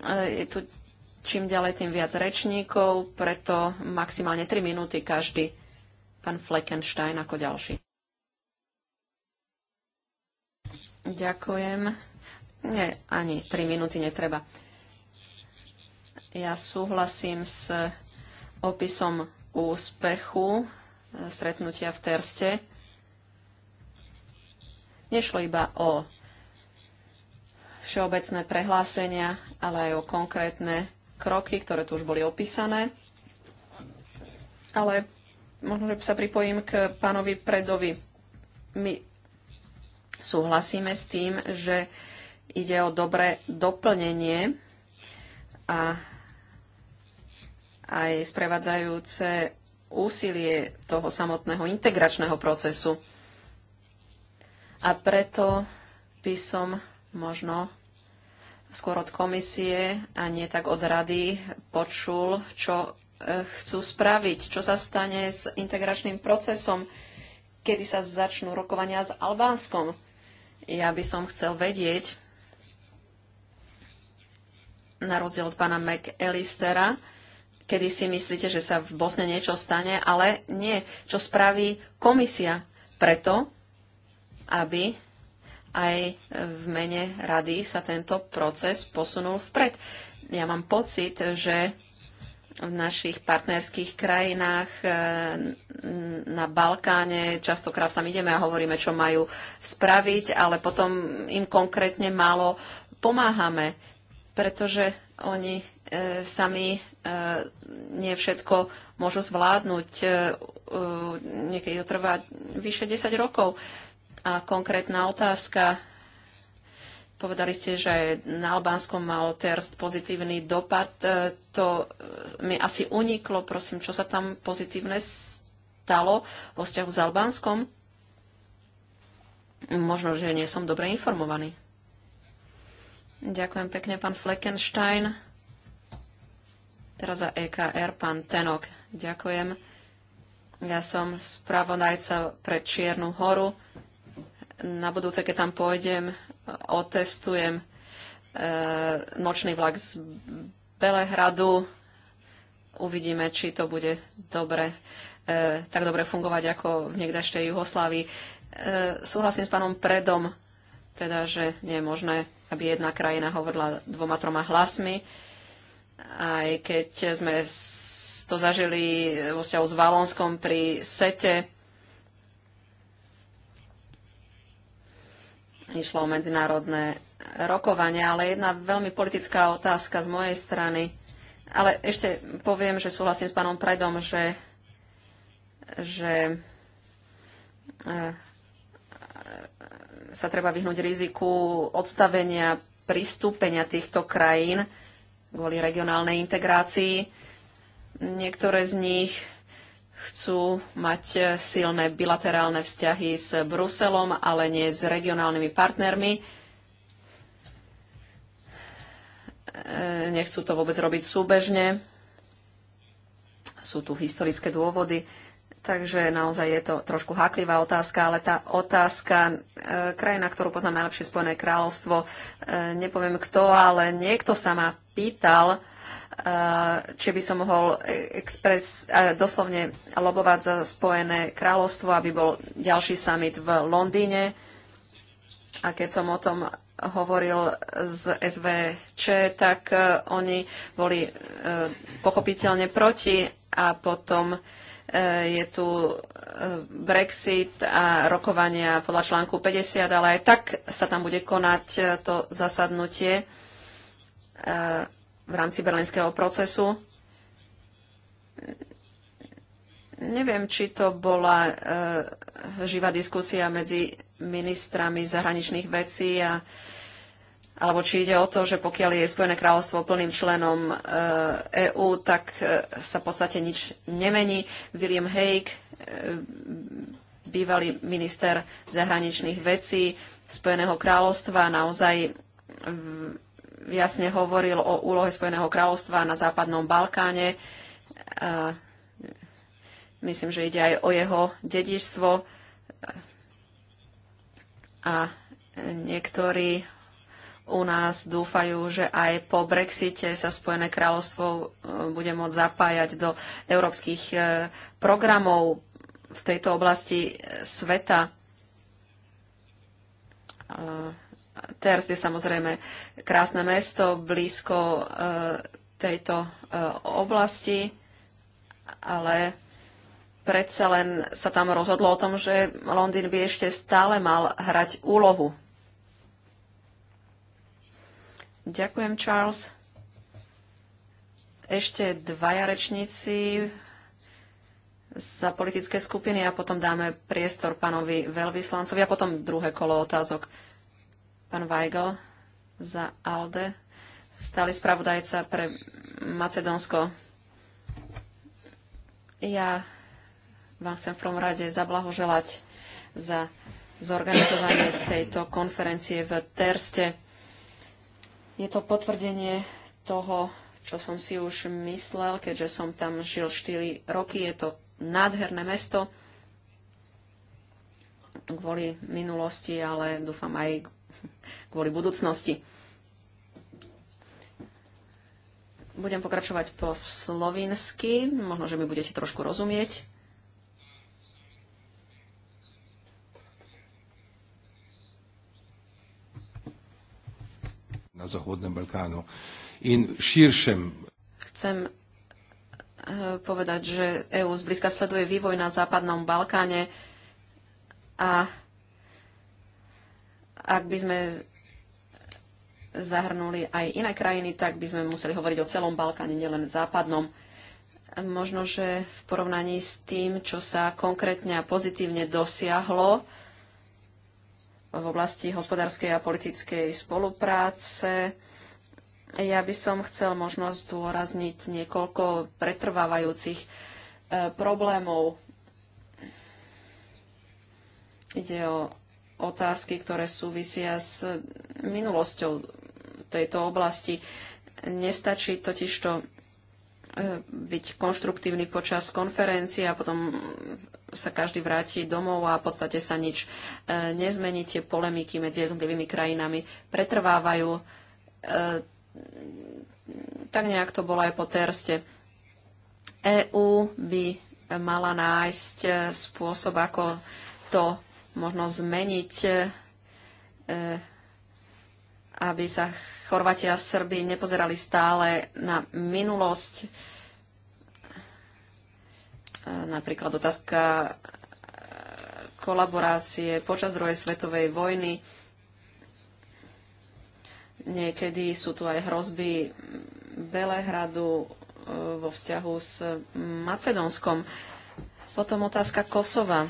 E, je tu čím ďalej, tým viac rečníkov, preto maximálne 3 minúty každý. Pán Fleckenstein ako ďalší. Ďakujem. Nie, ani 3 minúty netreba. Ja súhlasím s opisom úspechu e, stretnutia v Terste. Nešlo iba o všeobecné prehlásenia, ale aj o konkrétne kroky, ktoré tu už boli opísané. Ale možno, že sa pripojím k pánovi Predovi. My Súhlasíme s tým, že ide o dobré doplnenie a aj sprevádzajúce úsilie toho samotného integračného procesu. A preto by som možno skôr od komisie a nie tak od rady počul, čo e, chcú spraviť, čo sa stane s integračným procesom, kedy sa začnú rokovania s Albánskom. Ja by som chcel vedieť, na rozdiel od pána McAllistera, kedy si myslíte, že sa v Bosne niečo stane, ale nie, čo spraví komisia preto, aby aj v mene rady sa tento proces posunul vpred. Ja mám pocit, že v našich partnerských krajinách e, na Balkáne. Častokrát tam ideme a hovoríme, čo majú spraviť, ale potom im konkrétne málo pomáhame, pretože oni e, sami e, nie všetko môžu zvládnuť. Niekedy to trvá vyše 10 rokov. A konkrétna otázka, Povedali ste, že na Albánsko mal terst pozitívny dopad. E, to e, mi asi uniklo, prosím, čo sa tam pozitívne stalo vo vzťahu s Albánskom. Možno, že nie som dobre informovaný. Ďakujem pekne, pán Fleckenstein. Teraz za EKR, pán Tenok. Ďakujem. Ja som spravodajca pre Čiernu horu. Na budúce, keď tam pôjdem, otestujem eh, nočný vlak z Belehradu. Uvidíme, či to bude dobre, eh, tak dobre fungovať ako v niekdašej Juhoslávii. Eh, súhlasím s pánom Predom, teda, že nie je možné, aby jedna krajina hovorila dvoma, troma hlasmi. Aj keď sme to zažili vo vzťahu s Valonskom pri sete, Išlo o medzinárodné rokovania, ale jedna veľmi politická otázka z mojej strany. Ale ešte poviem, že súhlasím s pánom Predom, že, že eh, sa treba vyhnúť riziku odstavenia pristúpenia týchto krajín kvôli regionálnej integrácii. Niektoré z nich chcú mať eh, silné bilaterálne vzťahy s Bruselom, ale nie s regionálnymi partnermi. Eh, nechcú to vôbec robiť súbežne. Sú tu historické dôvody. Takže naozaj je to trošku háklivá otázka, ale tá otázka, e, krajina, ktorú poznám najlepšie Spojené kráľovstvo, e, nepoviem kto, ale niekto sa ma pýtal, e, či by som mohol express, doslovne lobovať za Spojené kráľovstvo, aby bol ďalší summit v Londýne. A keď som o tom hovoril z SVČ, tak e, oni boli e, pochopiteľne proti a potom e, je tu Brexit a rokovania podľa článku 50, ale aj tak sa tam bude konať to zasadnutie v rámci berlínskeho procesu. Neviem, či to bola e, živá diskusia medzi ministrami zahraničných vecí a alebo či ide o to, že pokiaľ je Spojené kráľovstvo plným členom EÚ, e tak e, sa v podstate nič nemení. William Hague, e, bývalý minister zahraničných vecí Spojeného kráľovstva, naozaj jasne hovoril o úlohe Spojeného kráľovstva na Západnom Balkáne. A myslím, že ide aj o jeho dedičstvo. A niektorí u nás dúfajú, že aj po Brexite sa Spojené kráľovstvo e, bude môcť zapájať do európskych e, programov v tejto oblasti sveta. Terst je samozrejme krásne mesto blízko eh, tejto eh, oblasti, ale predsa len sa tam rozhodlo o tom, že Londýn by ešte stále mal hrať úlohu. Ďakujem, Charles. Ešte dvaja rečníci za politické skupiny a potom dáme priestor pánovi veľvyslancovi a potom druhé kolo otázok pán Weigl za ALDE, stály spravodajca pre Macedónsko. Ja vám chcem v prvom rade zablahoželať za zorganizovanie tejto konferencie v Terste. Je to potvrdenie toho, čo som si už myslel, keďže som tam žil 4 roky. Je to nádherné mesto kvôli minulosti, ale dúfam aj kvôli budúcnosti. Budem pokračovať po slovinsky, možno, že mi budete trošku rozumieť. Na zahodnom Balkánu. In širšem... Chcem eh, povedať, že EÚ zblízka sleduje vývoj na západnom Balkáne a ak by sme zahrnuli aj iné krajiny, tak by sme museli hovoriť o celom Balkáne, nielen západnom. Možno, že v porovnaní s tým, čo sa konkrétne a pozitívne dosiahlo v oblasti hospodárskej a politickej spolupráce, ja by som chcel možno zdôrazniť niekoľko pretrvávajúcich e, problémov. Ide o otázky, ktoré súvisia s minulosťou tejto oblasti. Nestačí totiž to e, byť konštruktívny počas konferencie a potom sa každý vráti domov a v podstate sa nič e, nezmení. Tie polemiky medzi jednotlivými krajinami pretrvávajú. E, tak nejak to bolo aj po terste. EÚ by mala nájsť spôsob, ako to možno zmeniť, e, e, aby sa Chorvatia a Srby nepozerali stále na minulosť. E, napríklad otázka kolaborácie počas druhej svetovej vojny. Niekedy sú tu aj hrozby Belehradu vo vzťahu s Macedónskom. Potom otázka Kosova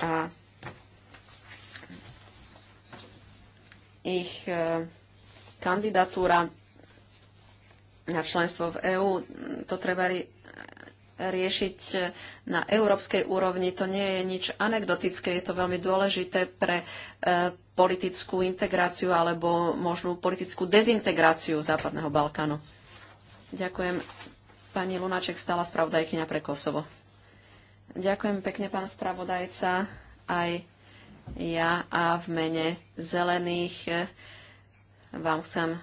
a ich e, kandidatúra na členstvo v EÚ, to treba riešiť e, na európskej úrovni. To nie je nič anekdotické, je to veľmi dôležité pre e, politickú integráciu alebo možnú politickú dezintegráciu Západného Balkánu. Ďakujem. Pani Lunaček stala spravodajkyňa pre Kosovo. Ďakujem pekne, pán spravodajca. Aj ja a v mene zelených eh, vám chcem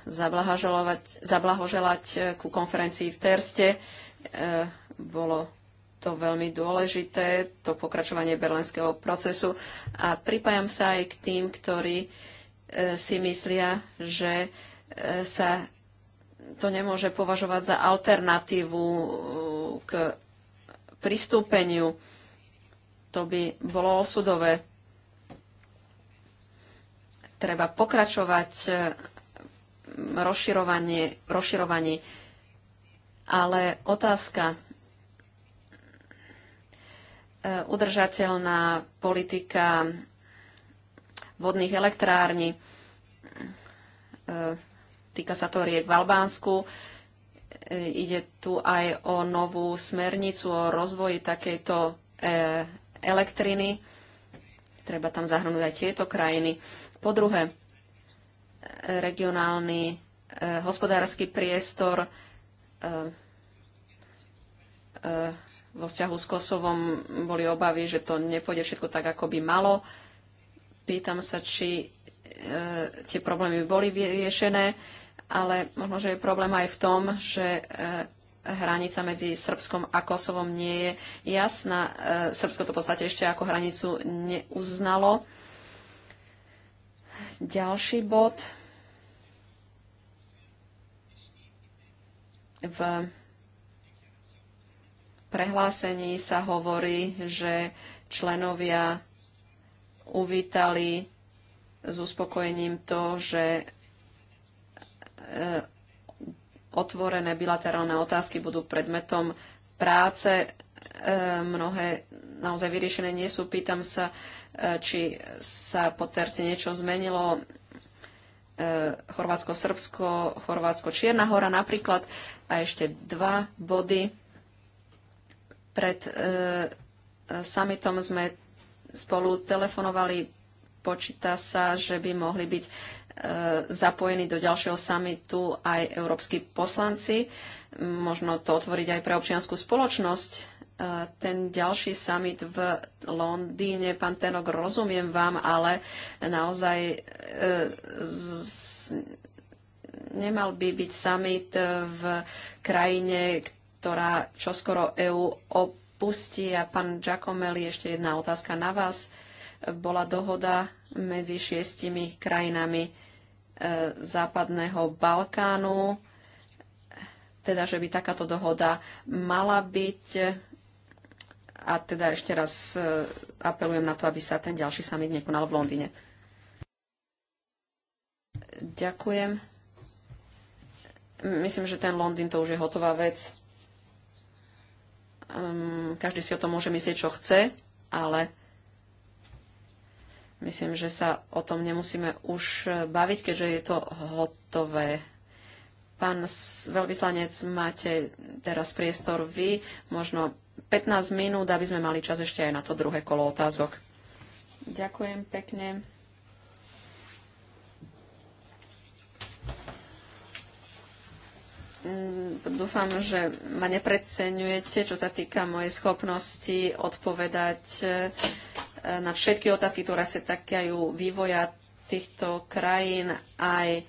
zablahoželať eh, ku konferencii v Terste. Eh, bolo to veľmi dôležité, to pokračovanie berlenského procesu. A pripájam sa aj k tým, ktorí si myslia, že sa to nemôže považovať za alternatívu k pristúpeniu. To by bolo osudové. Treba pokračovať eh, rozširovanie, rozširovaní. Ale otázka. Eh, udržateľná politika vodných elektrární. Eh, týka sa to riek v Albánsku. E, ide tu aj o novú smernicu o rozvoji takejto e, elektriny. Treba tam zahrnúť aj tieto krajiny. Po druhé, e, regionálny hospodársky priestor vo vzťahu s Kosovom boli obavy, že to nepôjde všetko tak, ako by malo. Pýtam sa, či tie problémy boli vyriešené ale možno, že je problém aj v tom, že e, hranica medzi Srbskom a Kosovom nie je jasná. E, Srbsko to v podstate ešte ako hranicu neuznalo. Ďalší bod. V prehlásení sa hovorí, že členovia uvítali s uspokojením to, že E, otvorené bilaterálne otázky budú predmetom práce. E, mnohé naozaj vyriešené nie sú. Pýtam sa, e, či sa po terci niečo zmenilo. Chorvátsko, Srbsko, Chorvátsko, Čierna hora napríklad. A ešte dva body. Pred summitom sme spolu telefonovali. Počíta sa, že by mohli byť E, zapojení do ďalšieho samitu aj európsky poslanci. Možno to otvoriť aj pre občianskú spoločnosť. E, ten ďalší summit v Londýne, pán Tenok, rozumiem vám, ale naozaj e, z... nemal by byť summit v krajine, ktorá čoskoro EÚ opustí. A pán Giacomelli, ešte jedna otázka na vás bola dohoda medzi šiestimi krajinami západného Balkánu, teda že by takáto dohoda mala byť. A teda ešte raz e, apelujem na to, aby sa ten ďalší summit nekonal v Londýne. Ďakujem. Myslím, že ten Londýn to už je hotová vec. Ehm, každý si o tom môže myslieť, čo chce, ale Myslím, že sa o tom nemusíme už e, baviť, keďže je to hotové. Pán veľvyslanec, máte teraz priestor vy, možno 15 minút, aby sme mali čas ešte aj na to druhé kolo otázok. Ďakujem pekne. Mm, dúfam, že ma nepreceňujete, čo sa týka mojej schopnosti odpovedať e, na všetky otázky, ktoré sa takajú vývoja týchto krajín aj e,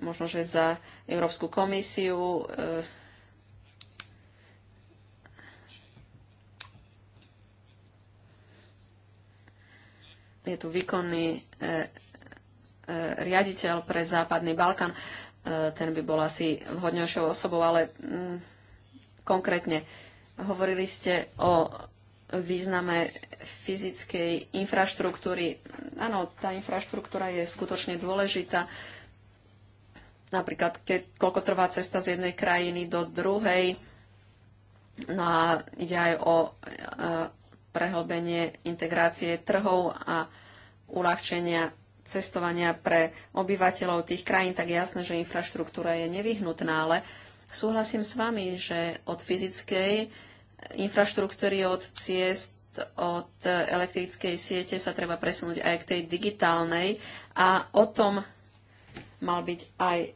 možno, že za Európsku komisiu. E, je tu výkonný e, riaditeľ pre Západný Balkán. Ten by bol asi vhodnejšou osobou, ale mm, konkrétne hovorili ste o význame fyzickej infraštruktúry. Áno, tá infraštruktúra je skutočne dôležitá. Napríklad, keď, koľko trvá cesta z jednej krajiny do druhej. No a ide aj o e, prehlbenie integrácie trhov a uľahčenia cestovania pre obyvateľov tých krajín, tak jasné, že infraštruktúra je nevyhnutná, ale súhlasím s vami, že od fyzickej infraštruktúry, od ciest od elektrickej siete sa treba presunúť aj k tej digitálnej a o tom mal byť aj e,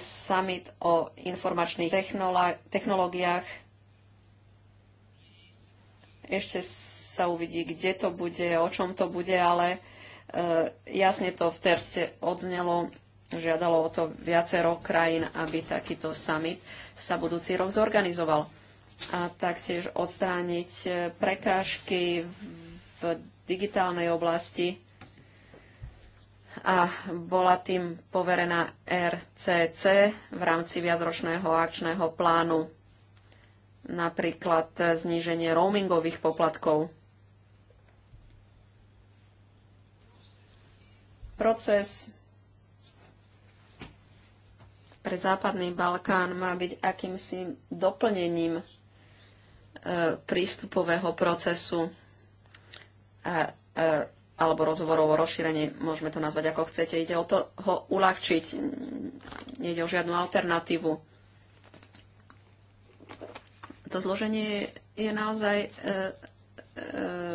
summit o informačných technológiách. Ešte sa uvidí, kde to bude, o čom to bude, ale e, jasne to v Terste odznelo, žiadalo o to viacero krajín, aby takýto summit sa budúci rok zorganizoval a taktiež odstrániť e, prekážky v digitálnej oblasti. A bola tým poverená RCC v rámci viacročného akčného plánu, napríklad zníženie roamingových poplatkov. Proces pre Západný Balkán má byť akýmsi doplnením prístupového procesu a, a, alebo rozhovorov o rozšírení, môžeme to nazvať ako chcete, ide o to ho uľahčiť, nejde o žiadnu alternatívu. To zloženie je naozaj e, e,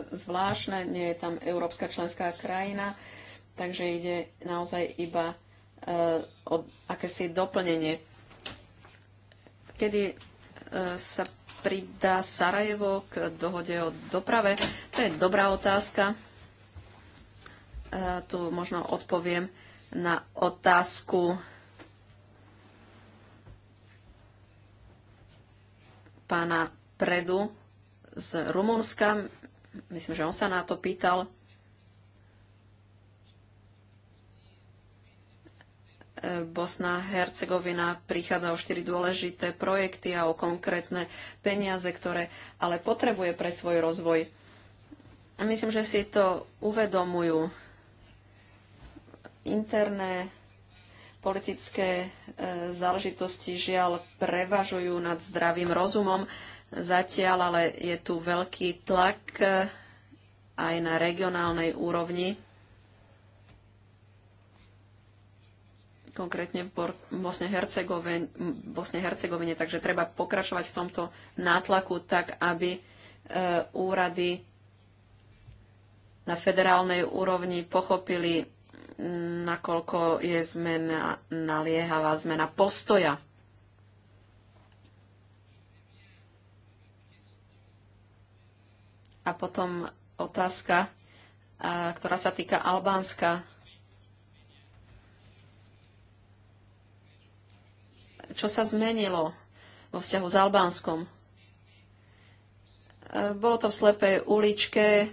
zvláštne, nie je tam európska členská krajina, takže ide naozaj iba e, o akési doplnenie. Kedy e, sa pridá Sarajevo k dohode o doprave? To je dobrá otázka. E, tu možno odpoviem na otázku pána Predu z Rumunska. Myslím, že on sa na to pýtal. Bosna Hercegovina prichádza o štyri dôležité projekty a o konkrétne peniaze, ktoré ale potrebuje pre svoj rozvoj. Myslím, že si to uvedomujú interné politické e, záležitosti žiaľ prevažujú nad zdravým rozumom. Zatiaľ ale je tu veľký tlak e, aj na regionálnej úrovni konkrétne v Bosne Hercegovine, takže treba pokračovať v tomto nátlaku tak, aby e, úrady na federálnej úrovni pochopili, mm, nakoľko je zmena naliehavá zmena postoja. A potom otázka, ktorá sa týka Albánska čo sa zmenilo vo vzťahu s Albánskom. E, bolo to v slepej uličke.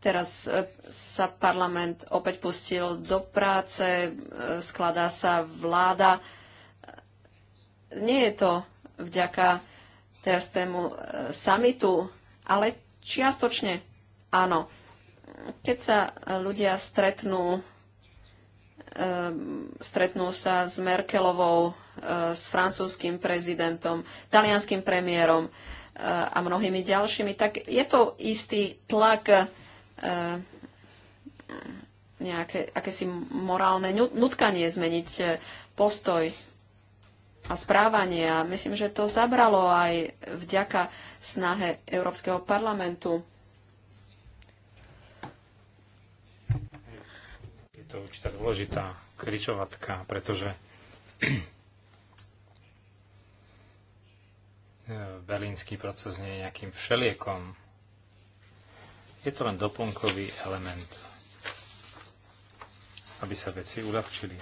Teraz e, sa parlament opäť pustil do práce, e, skladá sa vláda. Nie je to vďaka teraz tému samitu, ale čiastočne áno. Keď sa ľudia stretnú Ehm, stretnú sa s Merkelovou, e, s francúzským prezidentom, talianským premiérom e, a mnohými ďalšími, tak je to istý tlak e, nejaké akési morálne nutkanie zmeniť postoj a správanie. A myslím, že to zabralo aj vďaka snahe Európskeho parlamentu to určitá dôležitá kričovatka, pretože berlínsky proces nie je nejakým všeliekom. Je to len doplnkový element, aby sa veci uľahčili.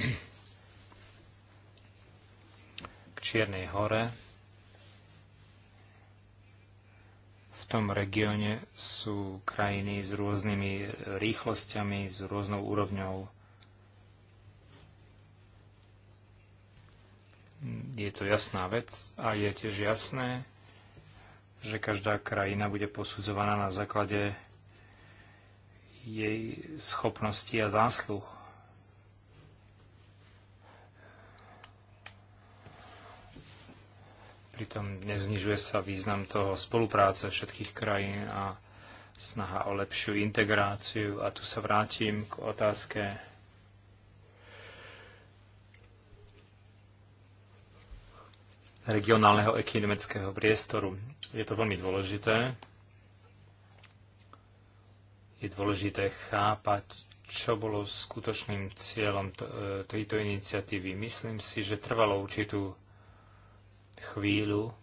K Čiernej hore tom regióne sú krajiny s rôznymi rýchlosťami, s rôznou úrovňou. Je to jasná vec a je tiež jasné, že každá krajina bude posudzovaná na základe jej schopnosti a zásluh. Pritom neznižuje sa význam toho spolupráce všetkých krajín a snaha o lepšiu integráciu. A tu sa vrátim k otázke regionálneho ekonomického priestoru. Je to veľmi dôležité. Je dôležité chápať, čo bolo skutočným cieľom e, tejto iniciatívy. Myslím si, že trvalo určitú chvíľu,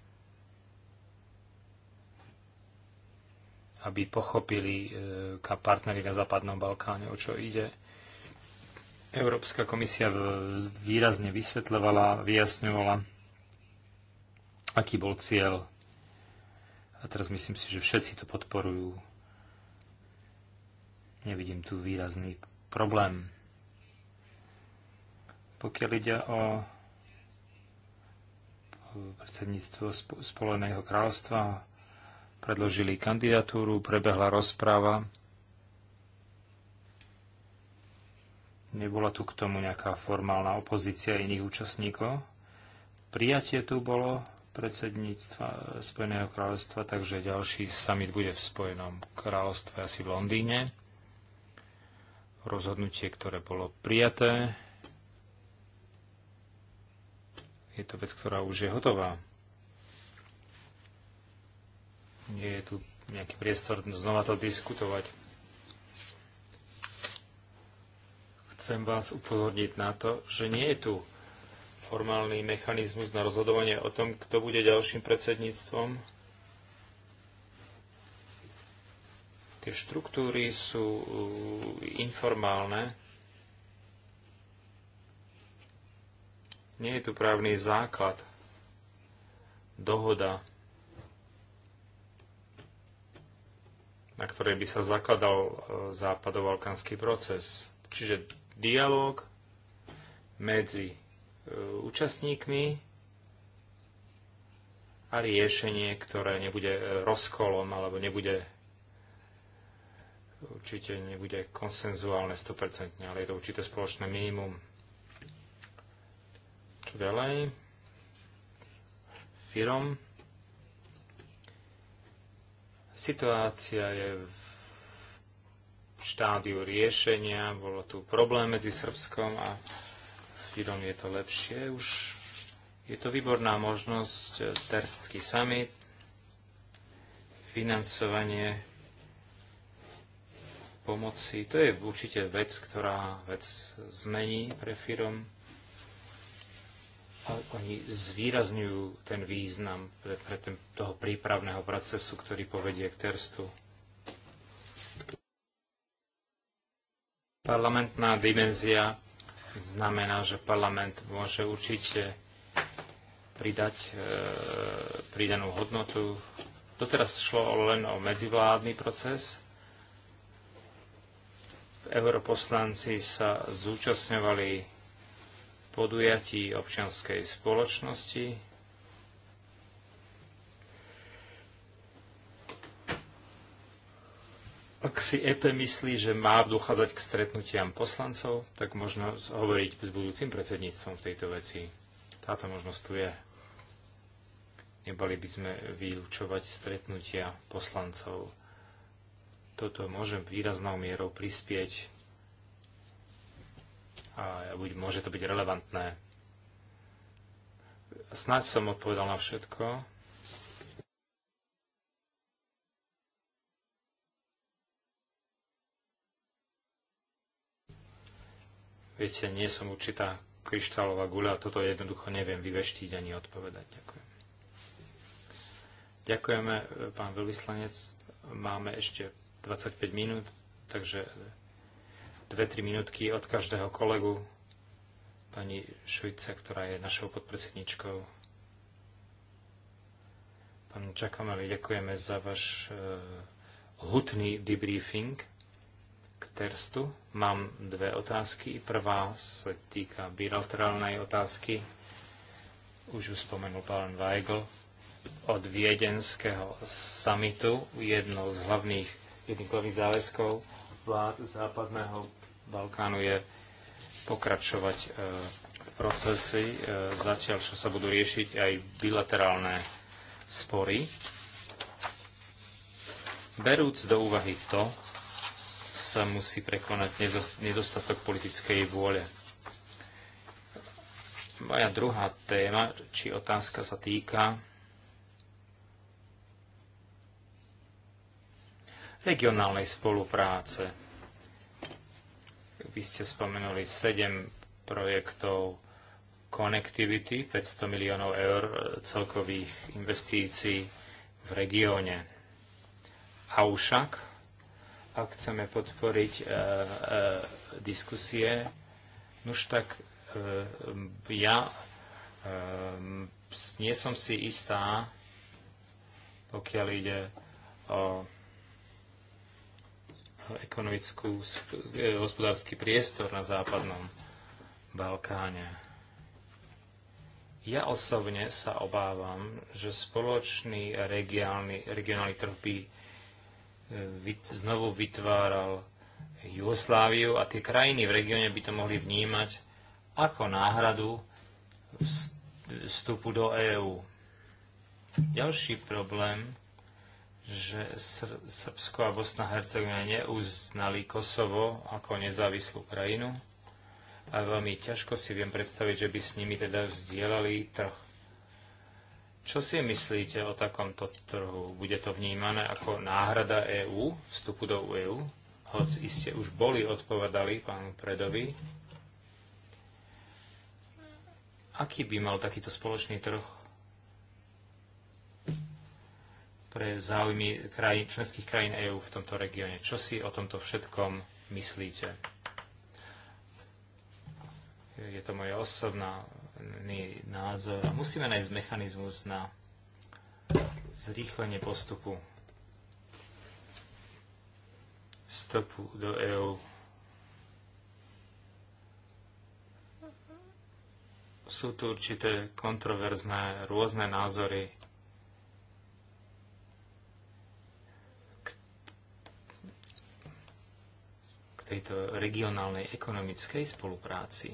aby pochopili e, partnery na Západnom Balkáne, o čo ide. Európska komisia výrazne vysvetľovala, vyjasňovala, aký bol cieľ. A teraz myslím si, že všetci to podporujú. Nevidím tu výrazný problém. Pokiaľ ide o predsedníctvo Spoleného kráľstva. predložili kandidatúru, prebehla rozpráva. Nebola tu k tomu nejaká formálna opozícia iných účastníkov. Prijatie tu bolo predsedníctva eh, Spojeného kráľovstva, takže ďalší summit bude v Spojenom kráľovstve asi v Londýne. Rozhodnutie, ktoré bolo prijaté, Je to vec, ktorá už je hotová. Nie je tu nejaký priestor znova to diskutovať. Chcem vás upozorniť na to, že nie je tu formálny mechanizmus na rozhodovanie o tom, kto bude ďalším predsedníctvom. Tie štruktúry sú uh, informálne Nie je tu právny základ. Dohoda, na ktorej by sa zakladal e, západovalkanský proces. Čiže dialog medzi e, účastníkmi a riešenie, ktoré nebude e, rozkolom alebo nebude určite nebude konsenzuálne 100%, ale je to určité spoločné minimum ďalej. Firom. Situácia je v štádiu riešenia. Bolo tu problém medzi Srbskom a Firom je to lepšie už. Je to výborná možnosť, e, Terstský summit, financovanie pomoci. To je určite vec, ktorá vec zmení pre firom oni zvýrazňujú ten význam pre, pre ten, toho prípravného procesu, ktorý povedie k terstu. Parlamentná dimenzia znamená, že parlament môže určite pridať e, pridanú hodnotu. Doteraz šlo len o medzivládny proces. Europoslanci sa zúčastňovali podujatí občianskej spoločnosti. Ak si EPE myslí, že má dochádzať k stretnutiam poslancov, tak možno hovoriť s budúcim predsedníctvom v tejto veci. Táto možnosť tu je. Nebali by sme vylúčovať stretnutia poslancov. Toto môžem výraznou mierou prispieť a môže to byť relevantné. Snaď som odpovedal na všetko. Viete, nie som určitá kryštálová guľa, toto jednoducho neviem vyveštiť ani odpovedať. Ďakujem. Ďakujeme, pán veľvyslanec. Máme ešte 25 minút, takže 2-3 minútky od každého kolegu. Pani Šujca, ktorá je našou podpredsedničkou. Pán Čakamali, ďakujeme za váš uh, hutný debriefing k terstu. Mám dve otázky. Prvá sa týka bilaterálnej otázky. Už ju spomenul pán Weigl. Od viedenského samitu jednou z hlavných, jedných hlavných záväzkov vlád západného Balkánu je pokračovať e, v procesy, e, zatiaľ čo sa budú riešiť aj bilaterálne spory. Berúc do úvahy to, sa musí prekonať nedostatok politickej vôle. Moja druhá téma, či otázka sa týka regionálnej spolupráce. Vy ste spomenuli 7 projektov Connectivity, 500 miliónov eur celkových investícií v regióne. ušak, ak chceme podporiť e, e, diskusie, nuž tak e, ja e, nie som si istá, pokiaľ ide o ekonomickú, e, hospodársky priestor na západnom Balkáne. Ja osobne sa obávam, že spoločný regionálny, regionálny trh by e, znovu vytváral Jugosláviu a tie krajiny v regióne by to mohli vnímať ako náhradu vstupu do EÚ. Ďalší problém že Sr- Srbsko a Bosna Hercegovina neuznali Kosovo ako nezávislú krajinu a veľmi ťažko si viem predstaviť, že by s nimi teda vzdielali trh. Čo si myslíte o takomto trhu? Bude to vnímané ako náhrada EÚ, vstupu do EÚ? Hoc iste už boli odpovedali pánu Predovi. Aký by mal takýto spoločný trh pre záujmy krajín, členských krajín EÚ v tomto regióne. Čo si o tomto všetkom myslíte? Je to môj osobný názor. Musíme nájsť mechanizmus na zrýchlenie postupu vstupu do EÚ. Sú tu určité kontroverzné, rôzne názory tejto regionálnej ekonomickej spolupráci.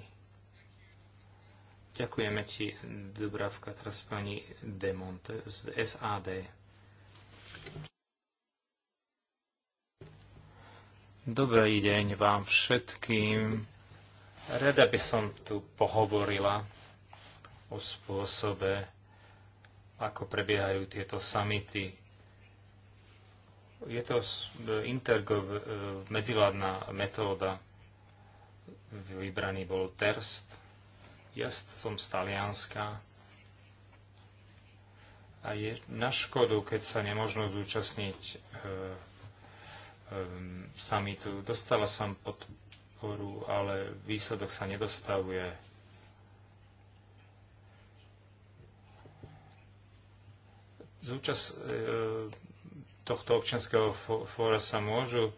Ďakujeme ti, Dubravka, teraz pani Demonte z SAD. Dobrý deň vám všetkým. Rada by som tu pohovorila o spôsobe, ako prebiehajú tieto samity je to e, intergov e, medzivládna metóda. Vybraný bol Terst. Ja som z Talianska. A je na škodu, keď sa nemožno zúčastniť e, e, samitu. Dostala som podporu, ale výsledok sa nedostavuje. Zúčast, e, tohto občianského fóra sa môžu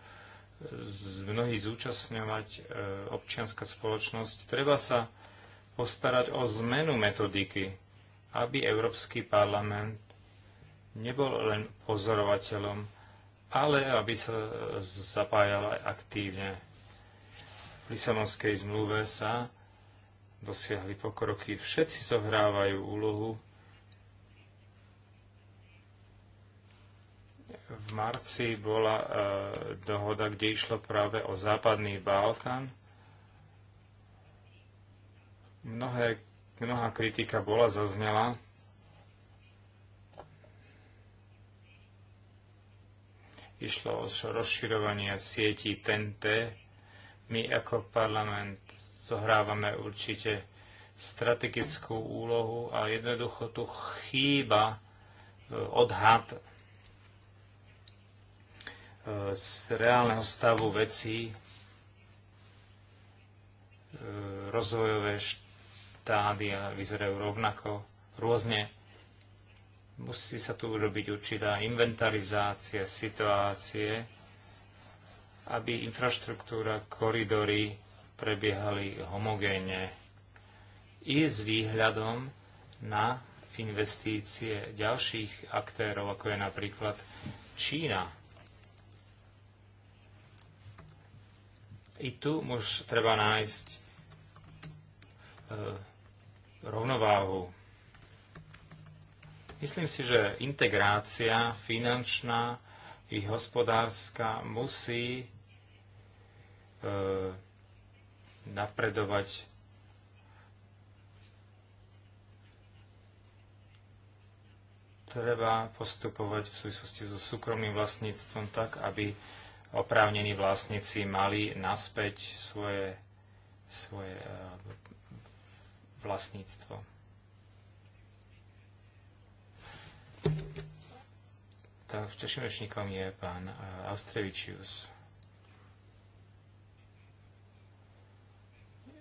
mnohí zúčastňovať, e, občianská spoločnosť. Treba sa postarať o zmenu metodiky, aby Európsky parlament nebol len pozorovateľom, ale aby sa zapájal aj aktívne. V Lisabonskej zmluve sa dosiahli pokroky. Všetci zohrávajú úlohu v marci bola e, dohoda, kde išlo práve o západný Balkán. Mnohé, mnohá kritika bola zaznela. Išlo o rozširovanie sieti TNT. My ako parlament zohrávame určite strategickú úlohu a jednoducho tu chýba e, odhad z reálneho stavu vecí e, rozvojové štádia vyzerajú rovnako, rôzne. Musí sa tu urobiť určitá inventarizácia situácie, aby infraštruktúra, koridory prebiehali homogénne i s výhľadom na investície ďalších aktérov, ako je napríklad Čína. I tu môž treba nájsť e, rovnováhu. Myslím si, že integrácia finančná i hospodárska musí e, napredovať treba postupovať v súvislosti so súkromným vlastníctvom tak, aby oprávnení vlastníci mali naspäť svoje, svoje e, vlastníctvo. Tak ďalším rečníkom je pán e, Austrevičius.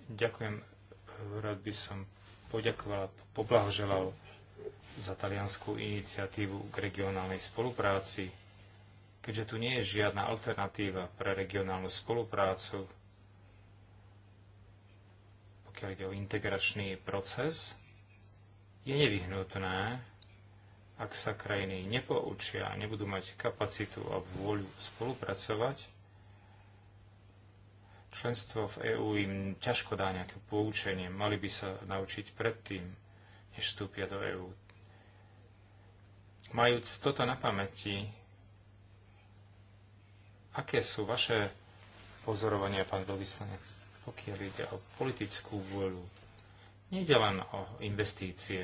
Ďakujem, rád by som poďakoval, poblahoželal za talianskú iniciatívu k regionálnej spolupráci keďže tu nie je žiadna alternatíva pre regionálnu spoluprácu, pokiaľ ide o integračný proces, je nevyhnutné, ak sa krajiny nepoučia a nebudú mať kapacitu a vôľu spolupracovať, členstvo v EÚ im ťažko dá nejaké poučenie. Mali by sa naučiť predtým, než vstúpia do EÚ. Majúc toto na pamäti, Aké sú vaše pozorovania, pán Dovyslanec, pokiaľ ide o politickú vôľu? nede len o investície.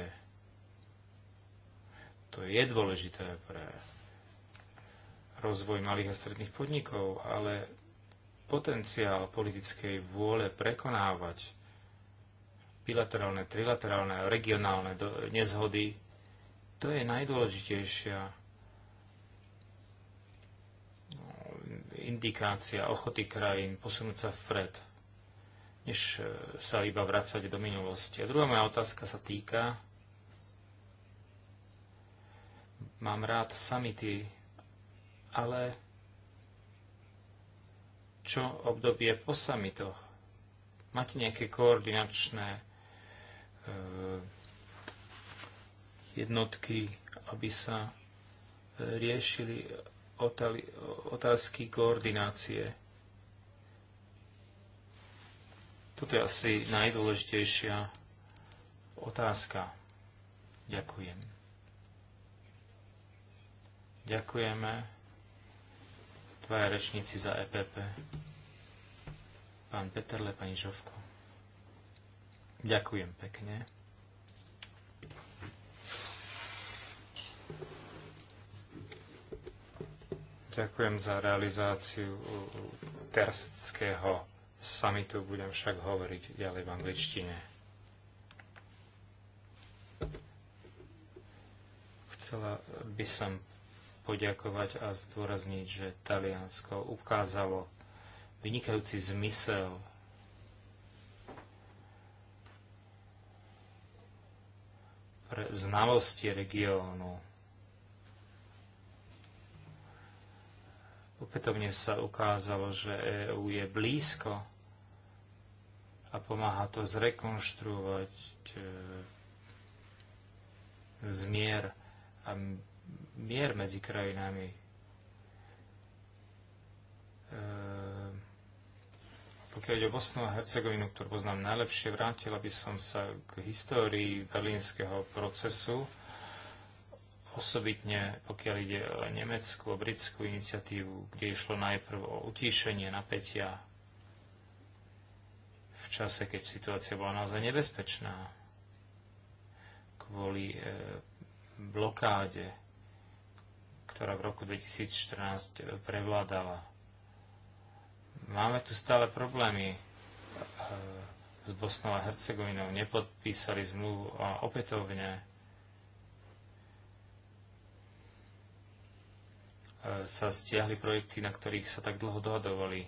To je dôležité pre rozvoj malých a stredných podnikov, ale potenciál politickej vôle prekonávať bilaterálne, trilaterálne a regionálne nezhody, to je najdôležitejšia indikácia ochoty krajín posunúť sa vpred, než e, sa iba vracať do minulosti. A druhá moja otázka sa týka, mám rád samity, ale čo obdobie po samitoch? Máte nejaké koordinačné e, jednotky, aby sa e, riešili otázky koordinácie. Toto je asi najdôležitejšia otázka. Ďakujem. Ďakujeme. tvoje rečníci za EPP. Pán Peterle, pani Žovko. Ďakujem pekne. Ďakujem za realizáciu terstského samitu. Budem však hovoriť ďalej v angličtine. Chcela by som poďakovať a zdôrazniť, že Taliansko ukázalo vynikajúci zmysel pre znalosti regiónu Opätovne sa ukázalo, že EÚ je blízko a pomáha to zrekonštruovať e, zmier a mier medzi krajinami. E, pokiaľ ide o Bosnu a Hercegovinu, ktorú poznám najlepšie, vrátila by som sa k histórii berlínskeho procesu osobitne pokiaľ ide o nemeckú a britskú iniciatívu, kde išlo najprv o utíšenie napätia v čase, keď situácia bola naozaj nebezpečná kvôli e, blokáde, ktorá v roku 2014 e, prevládala. Máme tu stále problémy e, s Bosnou a Hercegovinou. Nepodpísali zmluvu a opätovne sa stiahli projekty, na ktorých sa tak dlho dohadovali.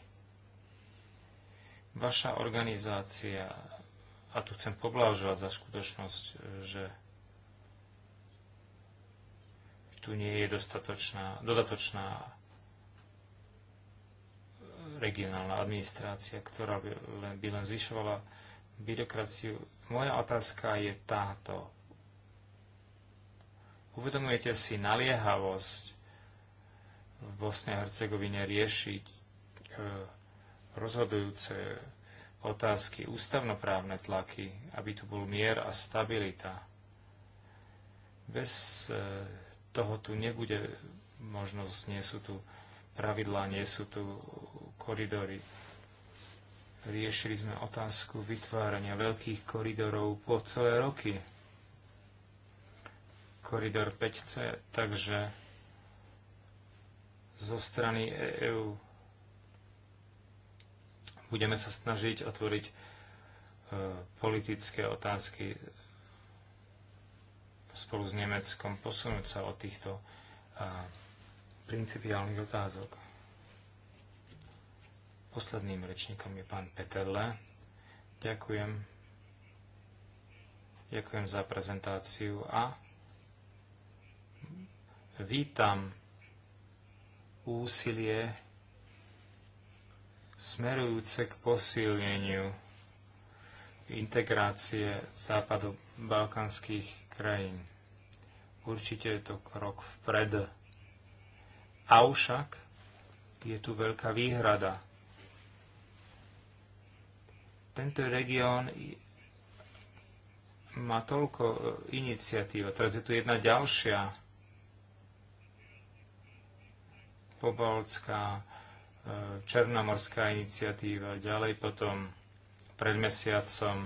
Vaša organizácia, a tu chcem poblážovať za skutočnosť, že tu nie je dostatočná, dodatočná regionálna administrácia, ktorá by len, by len zvyšovala byrokraciu. Moja otázka je táto. Uvedomujete si naliehavosť v Bosne a Hercegovine riešiť e, rozhodujúce otázky, ústavnoprávne tlaky, aby tu bol mier a stabilita. Bez e, toho tu nebude možnosť, nie sú tu pravidlá, nie sú tu koridory. Riešili sme otázku vytvárania veľkých koridorov po celé roky. Koridor 5C, takže zo strany EÚ. E Budeme sa snažiť otvoriť e, politické otázky spolu s Nemeckom, posunúť sa od týchto e, principiálnych otázok. Posledným rečníkom je pán Peterle. Ďakujem. Ďakujem za prezentáciu a vítam úsilie smerujúce k posilneniu integrácie západo-balkanských krajín. Určite je to krok vpred. Avšak je tu veľká výhrada. Tento región má toľko iniciatív. Teraz je tu jedna ďalšia Pobaltská, e, Černomorská iniciatíva, ďalej potom pred mesiacom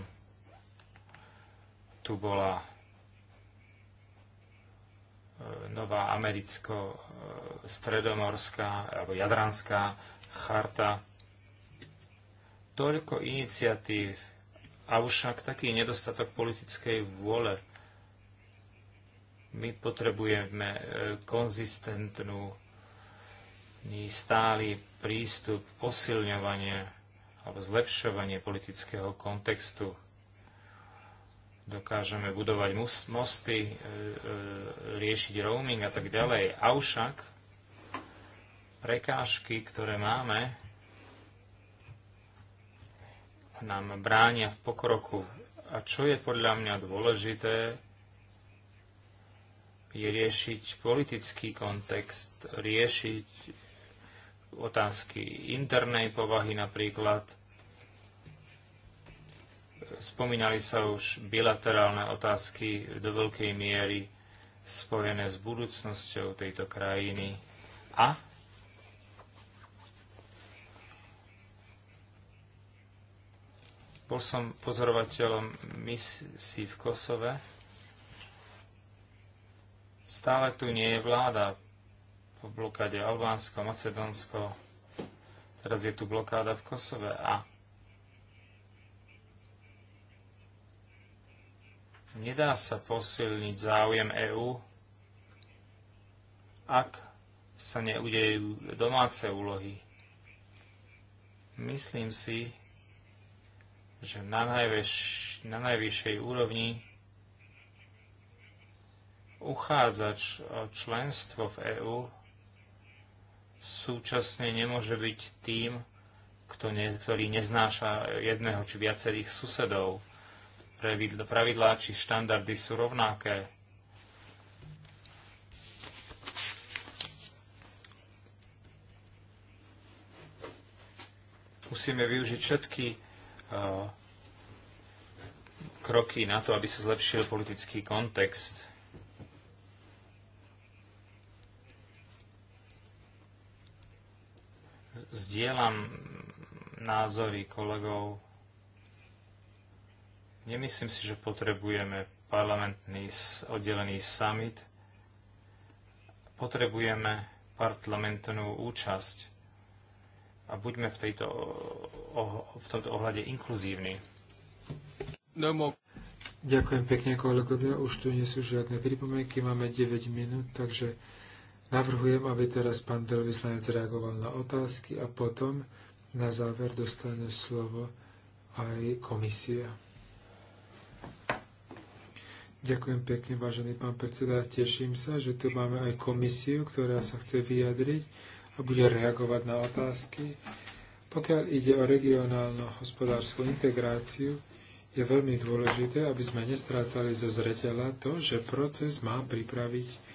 tu bola e, nová americko-stredomorská e, alebo jadranská charta. Toľko iniciatív a však taký nedostatok politickej vôle. My potrebujeme konzistentnú stály prístup, posilňovanie alebo zlepšovanie politického kontextu. Dokážeme budovať mosty, e, e, riešiť roaming a tak ďalej. Avšak prekážky, ktoré máme, nám bránia v pokroku. A čo je podľa mňa dôležité, je riešiť politický kontext, riešiť otázky internej povahy napríklad. Spomínali sa už bilaterálne otázky do veľkej miery spojené s budúcnosťou tejto krajiny a Bol som pozorovateľom misií v Kosove. Stále tu nie je vláda po blokáde Albánsko, Macedónsko, teraz je tu blokáda v Kosove a nedá sa posilniť záujem EÚ, ak sa neudejú domáce úlohy. Myslím si, že na, najväž, na najvyššej úrovni uchádzač o členstvo v EÚ súčasne nemôže byť tým, kto ne, ktorý neznáša jedného či viacerých susedov. Pravidlá či štandardy sú rovnaké. Musíme využiť všetky uh, kroky na to, aby sa zlepšil politický kontext zdieľam názory kolegov. Nemyslím si, že potrebujeme parlamentný oddelený summit. Potrebujeme parlamentnú účasť a buďme v, tejto, v tomto ohľade inkluzívni. No, mo- Ďakujem pekne kolegovia, už tu nie sú žiadne pripomienky, máme 9 minút, takže Navrhujem, aby teraz pán veľvyslanec reagoval na otázky a potom na záver dostane slovo aj komisia. Ďakujem pekne, vážený pán predseda. Teším sa, že tu máme aj komisiu, ktorá sa chce vyjadriť a bude reagovať na otázky. Pokiaľ ide o regionálnu hospodárskú integráciu, je veľmi dôležité, aby sme nestrácali zo zreteľa to, že proces má pripraviť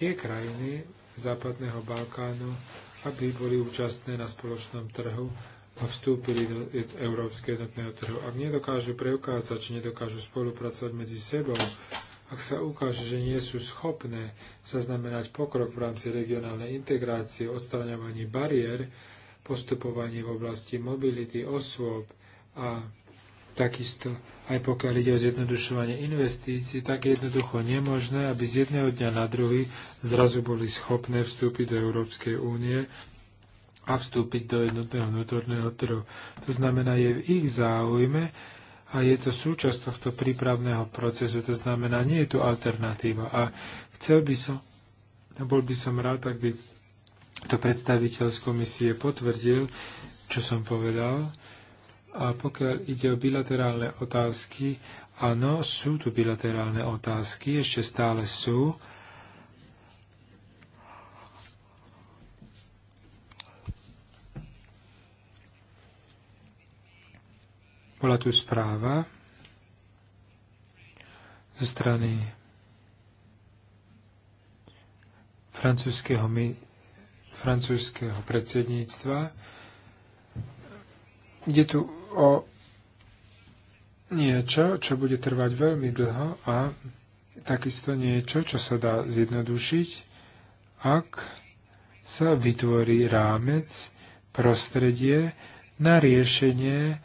tie krajiny Západného Balkánu, aby boli účastné na spoločnom trhu a vstúpili do európskeho jednotného trhu. Ak nedokážu preukázať, či nedokážu spolupracovať medzi sebou, ak sa ukáže, že nie sú schopné zaznamenať pokrok v rámci regionálnej integrácie, odstraňovanie bariér, postupovanie v oblasti mobility osôb a Takisto aj pokiaľ ide o zjednodušovanie investícií, tak je jednoducho nemožné, aby z jedného dňa na druhý zrazu boli schopné vstúpiť do Európskej únie a vstúpiť do jednotného vnútorného trhu. To znamená, je v ich záujme a je to súčasť tohto prípravného procesu. To znamená, nie je tu alternatíva. A chcel by som, bol by som rád, ak by to predstaviteľ z komisie potvrdil, čo som povedal, a pokiaľ ide o bilaterálne otázky, áno, sú tu bilaterálne otázky, ešte stále sú. Bola tu správa zo strany francúzského, francúzského predsedníctva, Ide tu o niečo, čo bude trvať veľmi dlho a takisto niečo, čo sa dá zjednodušiť, ak sa vytvorí rámec, prostredie na riešenie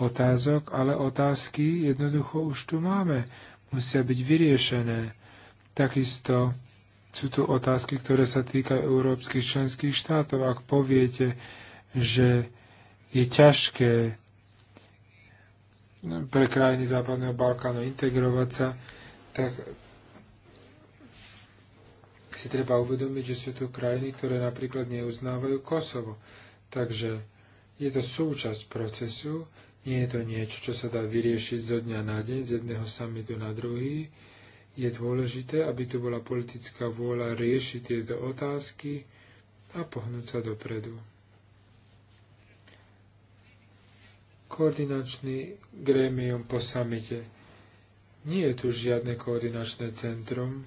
otázok, ale otázky jednoducho už tu máme. Musia byť vyriešené. Takisto sú tu otázky, ktoré sa týkajú európskych členských štátov. Ak poviete, že je ťažké pre krajiny Západného Balkánu integrovať sa, tak si treba uvedomiť, že sú tu krajiny, ktoré napríklad neuznávajú Kosovo. Takže je to súčasť procesu, nie je to niečo, čo sa dá vyriešiť zo dňa na deň, z jedného samitu na druhý. Je dôležité, aby tu bola politická vôľa riešiť tieto otázky a pohnúť sa dopredu. Koordinačný grémium po samite. Nie je tu žiadne koordinačné centrum.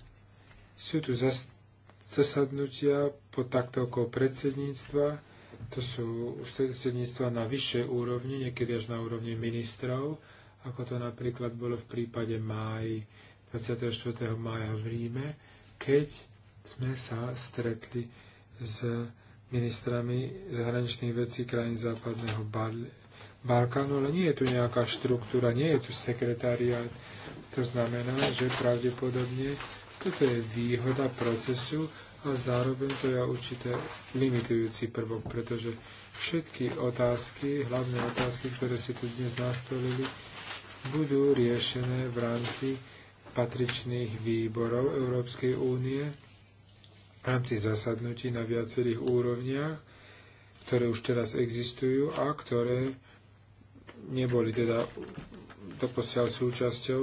Sú tu zasadnutia pod taktovkou predsedníctva. To sú predsedníctva na vyššej úrovni, niekedy až na úrovni ministrov, ako to napríklad bolo v prípade máj 24. mája v Ríme, keď sme sa stretli s ministrami zahraničných vecí krajín západného Balkánu, ale nie je tu nejaká štruktúra, nie je tu sekretariát. To znamená, že pravdepodobne toto je výhoda procesu a zároveň to je určité limitujúci prvok, pretože všetky otázky, hlavné otázky, ktoré si tu dnes nastolili, budú riešené v rámci patričných výborov Európskej únie, v rámci zasadnutí na viacerých úrovniach, ktoré už teraz existujú a ktoré neboli teda doposiaľ súčasťou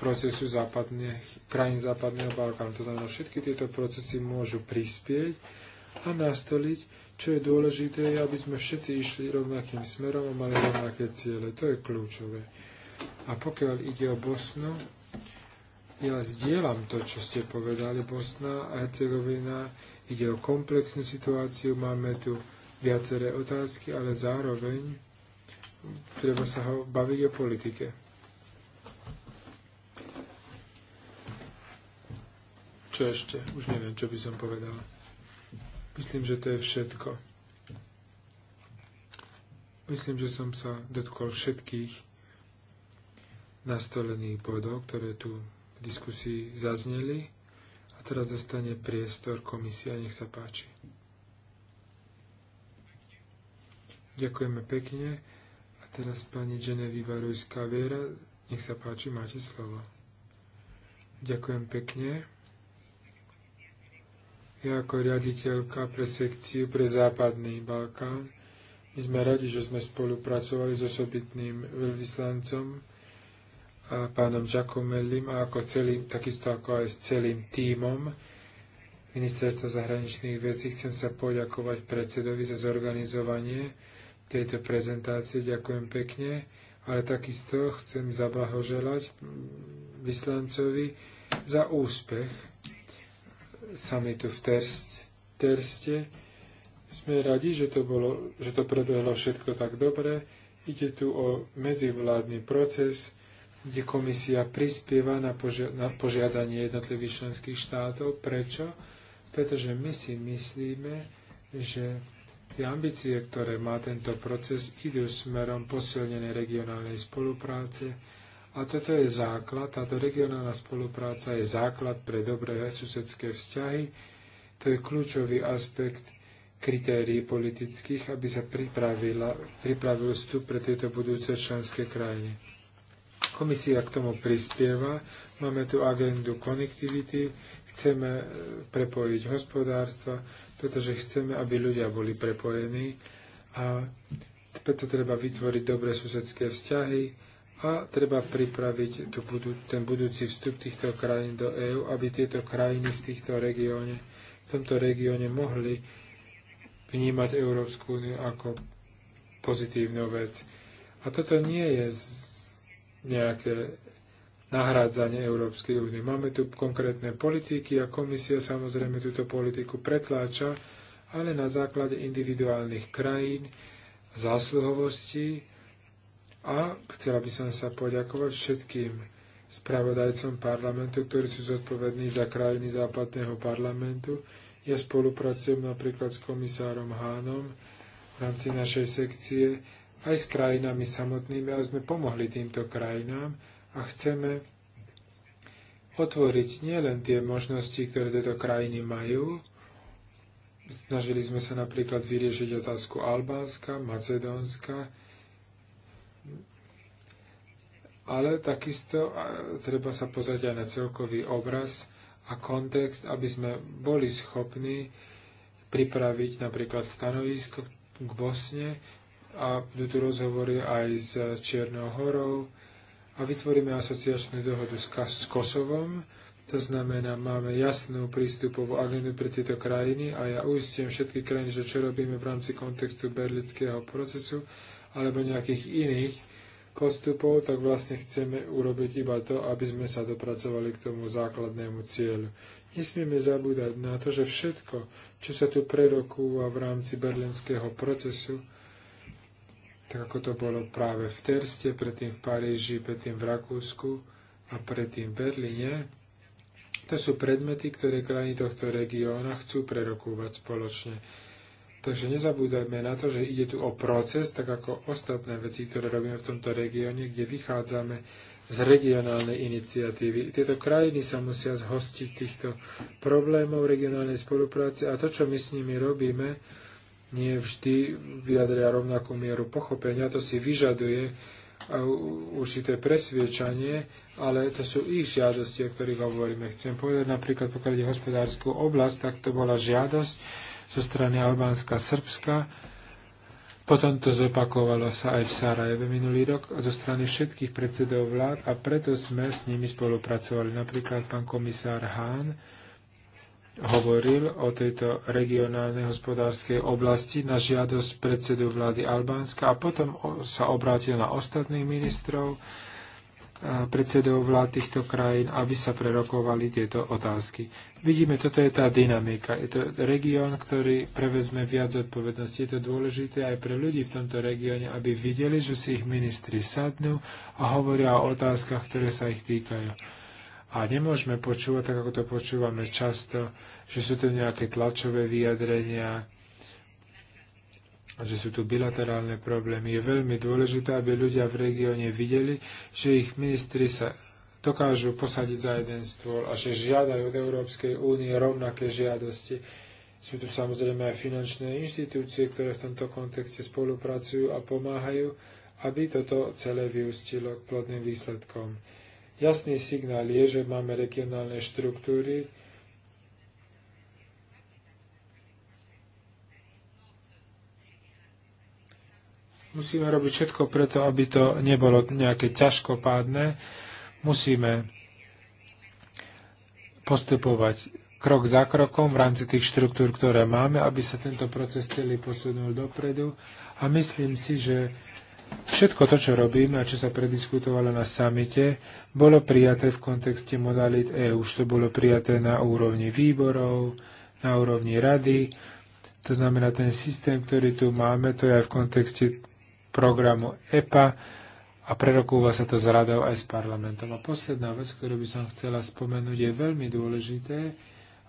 procesu západných, krajín západného Balkánu. To znamená, všetky tieto procesy môžu prispieť a nastoliť, čo je dôležité, aby sme všetci išli rovnakým smerom a mali rovnaké ciele. To je kľúčové. A pokiaľ ide o Bosnu, ja zdieľam to, čo ste povedali. Bosna a Hercegovina ide o komplexnú situáciu, máme tu viaceré otázky, ale zároveň treba sa ho baviť o politike. Čo ešte? Už neviem, čo by som povedal. Myslím, že to je všetko. Myslím, že som sa dotkol všetkých nastolených bodov, ktoré tu v diskusii zazneli. A teraz dostane priestor komisia, nech sa páči. Ďakujeme pekne. Teraz pani Genevieva Rujská Viera, nech sa páči, máte slovo. Ďakujem pekne. Ja ako riaditeľka pre sekciu pre Západný Balkán, my sme radi, že sme spolupracovali s osobitným veľvyslancom, a pánom Giacomellim a ako celým, takisto ako aj s celým tímom Ministerstva zahraničných vecí. Chcem sa poďakovať predsedovi za zorganizovanie tejto prezentácie. Ďakujem pekne, ale takisto chcem zablahoželať vyslancovi za úspech samitu v Terst, Terste. Sme radi, že to, bolo, že to prebehlo všetko tak dobre. Ide tu o medzivládny proces, kde komisia prispieva na, požia- na požiadanie jednotlivých členských štátov. Prečo? Pretože my si myslíme, že Tie ambície, ktoré má tento proces, idú smerom posilnenej regionálnej spolupráce a toto je základ, táto regionálna spolupráca je základ pre dobré susedské vzťahy, to je kľúčový aspekt kritérií politických, aby sa pripravil vstup pre tieto budúce členské krajiny. Komisia k tomu prispieva. Máme tu agendu connectivity, chceme eh, prepojiť hospodárstva, pretože chceme, aby ľudia boli prepojení a preto treba vytvoriť dobré susedské vzťahy, a treba pripraviť budú, ten budúci vstup týchto krajín do EÚ, aby tieto krajiny v, týchto regióne, v tomto regióne mohli vnímať Európsku úniu ako pozitívnu vec. A toto nie je nejaké nahrádzanie Európskej únie. Máme tu konkrétne politiky a komisia samozrejme túto politiku pretláča, ale na základe individuálnych krajín, zásluhovosti a chcela by som sa poďakovať všetkým spravodajcom parlamentu, ktorí sú zodpovední za krajiny západného parlamentu. Ja spolupracujem napríklad s komisárom Hánom v rámci našej sekcie aj s krajinami samotnými, aby sme pomohli týmto krajinám a chceme otvoriť nielen tie možnosti, ktoré tieto krajiny majú. Snažili sme sa napríklad vyriešiť otázku Albánska, Macedónska, ale takisto treba sa pozrieť aj na celkový obraz a kontext, aby sme boli schopní pripraviť napríklad stanovisko k Bosne a budú tu rozhovory aj s Čiernou horou, a vytvoríme asociačnú dohodu s, s Kosovom. To znamená, máme jasnú prístupovú agendu pre tieto krajiny a ja uistím všetky krajiny, že čo robíme v rámci kontextu berlického procesu alebo nejakých iných postupov, tak vlastne chceme urobiť iba to, aby sme sa dopracovali k tomu základnému cieľu. Nesmieme zabúdať na to, že všetko, čo sa tu prerokúva v rámci berlínskeho procesu, tak ako to bolo práve v Terste, predtým v Paríži, predtým v Rakúsku a predtým v Berlíne. To sú predmety, ktoré krajiny tohto regióna chcú prerokúvať spoločne. Takže nezabúdajme na to, že ide tu o proces, tak ako ostatné veci, ktoré robíme v tomto regióne, kde vychádzame z regionálnej iniciatívy. Tieto krajiny sa musia zhostiť týchto problémov regionálnej spolupráce a to, čo my s nimi robíme, nie vždy vyjadria rovnakú mieru pochopenia. To si vyžaduje e, určité presviečanie, ale to sú ich žiadosti, o ktorých hovoríme. Chcem povedať napríklad, pokiaľ ide hospodárskú oblasť, tak to bola žiadosť zo strany Albánska Srbska. Potom to zopakovalo sa aj v Sarajeve minulý rok zo strany všetkých predsedov vlád a preto sme s nimi spolupracovali. Napríklad pán komisár Hahn, hovoril o tejto regionálnej hospodárskej oblasti na žiadosť predsedu vlády Albánska a potom sa obrátil na ostatných ministrov, e, predsedov vlád týchto krajín, aby sa prerokovali tieto otázky. Vidíme, toto je tá dynamika. Je to región, ktorý prevezme viac odpovednosti. Je to dôležité aj pre ľudí v tomto regióne, aby videli, že si ich ministri sadnú a hovoria o otázkach, ktoré sa ich týkajú. A nemôžeme počúvať, tak ako to počúvame často, že sú tu nejaké tlačové vyjadrenia, že sú tu bilaterálne problémy. Je veľmi dôležité, aby ľudia v regióne videli, že ich ministri sa dokážu posadiť za jeden stôl a že žiadajú od Európskej únie rovnaké žiadosti. Sú tu samozrejme aj finančné inštitúcie, ktoré v tomto kontexte spolupracujú a pomáhajú, aby toto celé vyústilo k plodným výsledkom. Jasný signál je, že máme regionálne štruktúry, Musíme robiť všetko preto, aby to nebolo nejaké ťažkopádne. Musíme postupovať krok za krokom v rámci tých štruktúr, ktoré máme, aby sa tento proces celý posunul dopredu. A myslím si, že všetko to, čo robíme a čo sa prediskutovalo na samite, bolo prijaté v kontexte modalit EU. Už to bolo prijaté na úrovni výborov, na úrovni rady. To znamená, ten systém, ktorý tu máme, to je aj v kontexte programu EPA a prerokúva sa to s radou aj s parlamentom. A posledná vec, ktorú by som chcela spomenúť, je veľmi dôležité,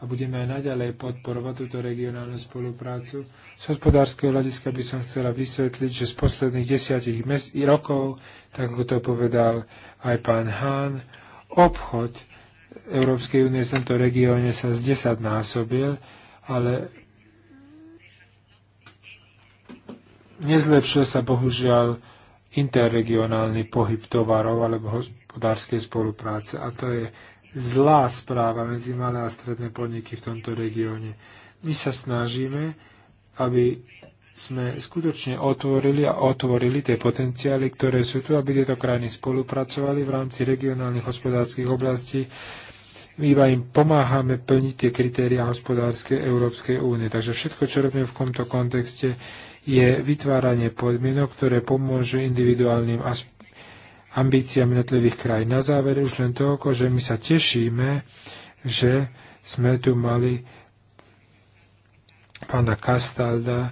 a budeme aj naďalej podporovať túto regionálnu spoluprácu. Z hospodárskeho hľadiska by som chcela vysvetliť, že z posledných desiatich mes- rokov, tak ako to povedal aj pán Hán, obchod Európskej únie v tomto regióne sa z 10 násobil, ale nezlepšil sa bohužiaľ interregionálny pohyb tovarov alebo hospodárskej spolupráce. A to je zlá správa medzi malé a stredné podniky v tomto regióne. My sa snažíme, aby sme skutočne otvorili a otvorili tie potenciály, ktoré sú tu, aby tieto krajiny spolupracovali v rámci regionálnych hospodárskych oblastí. My iba im pomáhame plniť tie kritéria hospodárskej Európskej únie. Takže všetko, čo robíme v tomto kontexte, je vytváranie podmienok, ktoré pomôžu individuálnym as- ambíciám jednotlivých krajín. Na záver už len toľko, že my sa tešíme, že sme tu mali pána Kastalda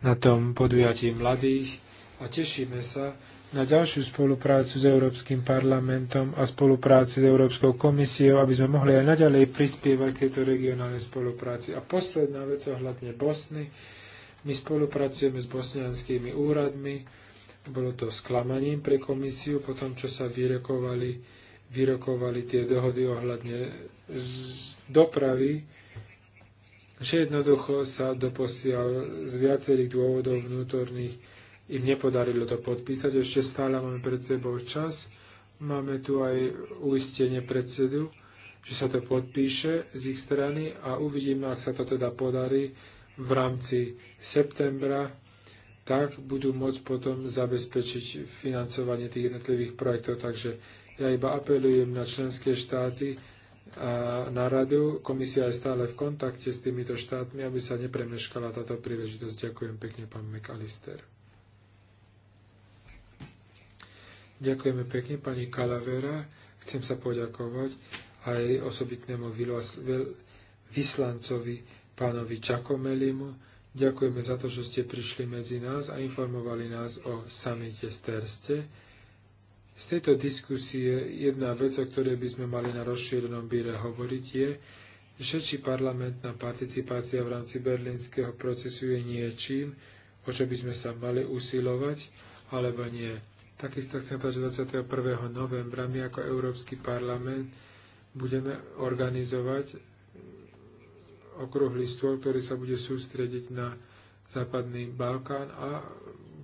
na tom podujatí mladých a tešíme sa na ďalšiu spoluprácu s Európskym parlamentom a spolupráci s Európskou komisiou, aby sme mohli aj naďalej prispievať k tejto regionálnej spolupráci. A posledná vec ohľadne Bosny. My spolupracujeme s bosnianskými úradmi, bolo to sklamaním pre komisiu po tom, čo sa vyrokovali, vyrokovali tie dohody ohľadne z dopravy, že jednoducho sa doposiaľ z viacerých dôvodov vnútorných im nepodarilo to podpísať. Ešte stále máme pred sebou čas. Máme tu aj uistenie predsedu, že sa to podpíše z ich strany a uvidíme, ak sa to teda podarí v rámci septembra tak budú môcť potom zabezpečiť financovanie tých jednotlivých projektov. Takže ja iba apelujem na členské štáty a na radu. Komisia je stále v kontakte s týmito štátmi, aby sa nepremeškala táto príležitosť. Ďakujem pekne, pán McAllister. Ďakujeme pekne, pani Calavera. Chcem sa poďakovať aj osobitnému vyslancovi, pánovi Čakomelimu, Ďakujeme za to, že ste prišli medzi nás a informovali nás o samite Sterste. Terste. Z tejto diskusie jedna vec, o ktorej by sme mali na rozšírenom bíre hovoriť, je, že či parlamentná participácia v rámci berlínskeho procesu je niečím, o čo by sme sa mali usilovať, alebo nie. Takisto chcem povedať, že 21. novembra my ako Európsky parlament budeme organizovať okrúhly stôl, ktorý sa bude sústrediť na Západný Balkán a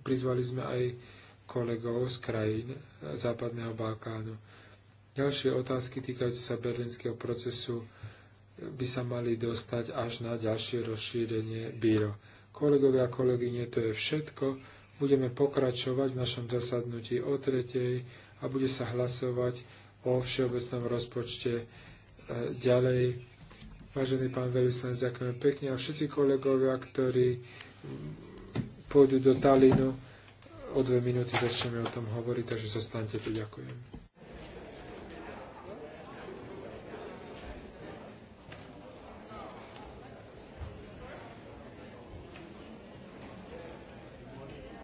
prizvali sme aj kolegov z krajín Západného Balkánu. Ďalšie otázky týkajúce sa berlínskeho procesu by sa mali dostať až na ďalšie rozšírenie bíro. Kolegovia a kolegyne, to je všetko. Budeme pokračovať v našom zasadnutí o tretej a bude sa hlasovať o všeobecnom rozpočte eh, ďalej Vážený pán veľvyslanec, ďakujem pekne a všetci kolegovia, ktorí pôjdu do Talínu, o dve minúty začneme o tom hovoriť, takže zostaňte tu. Ďakujem.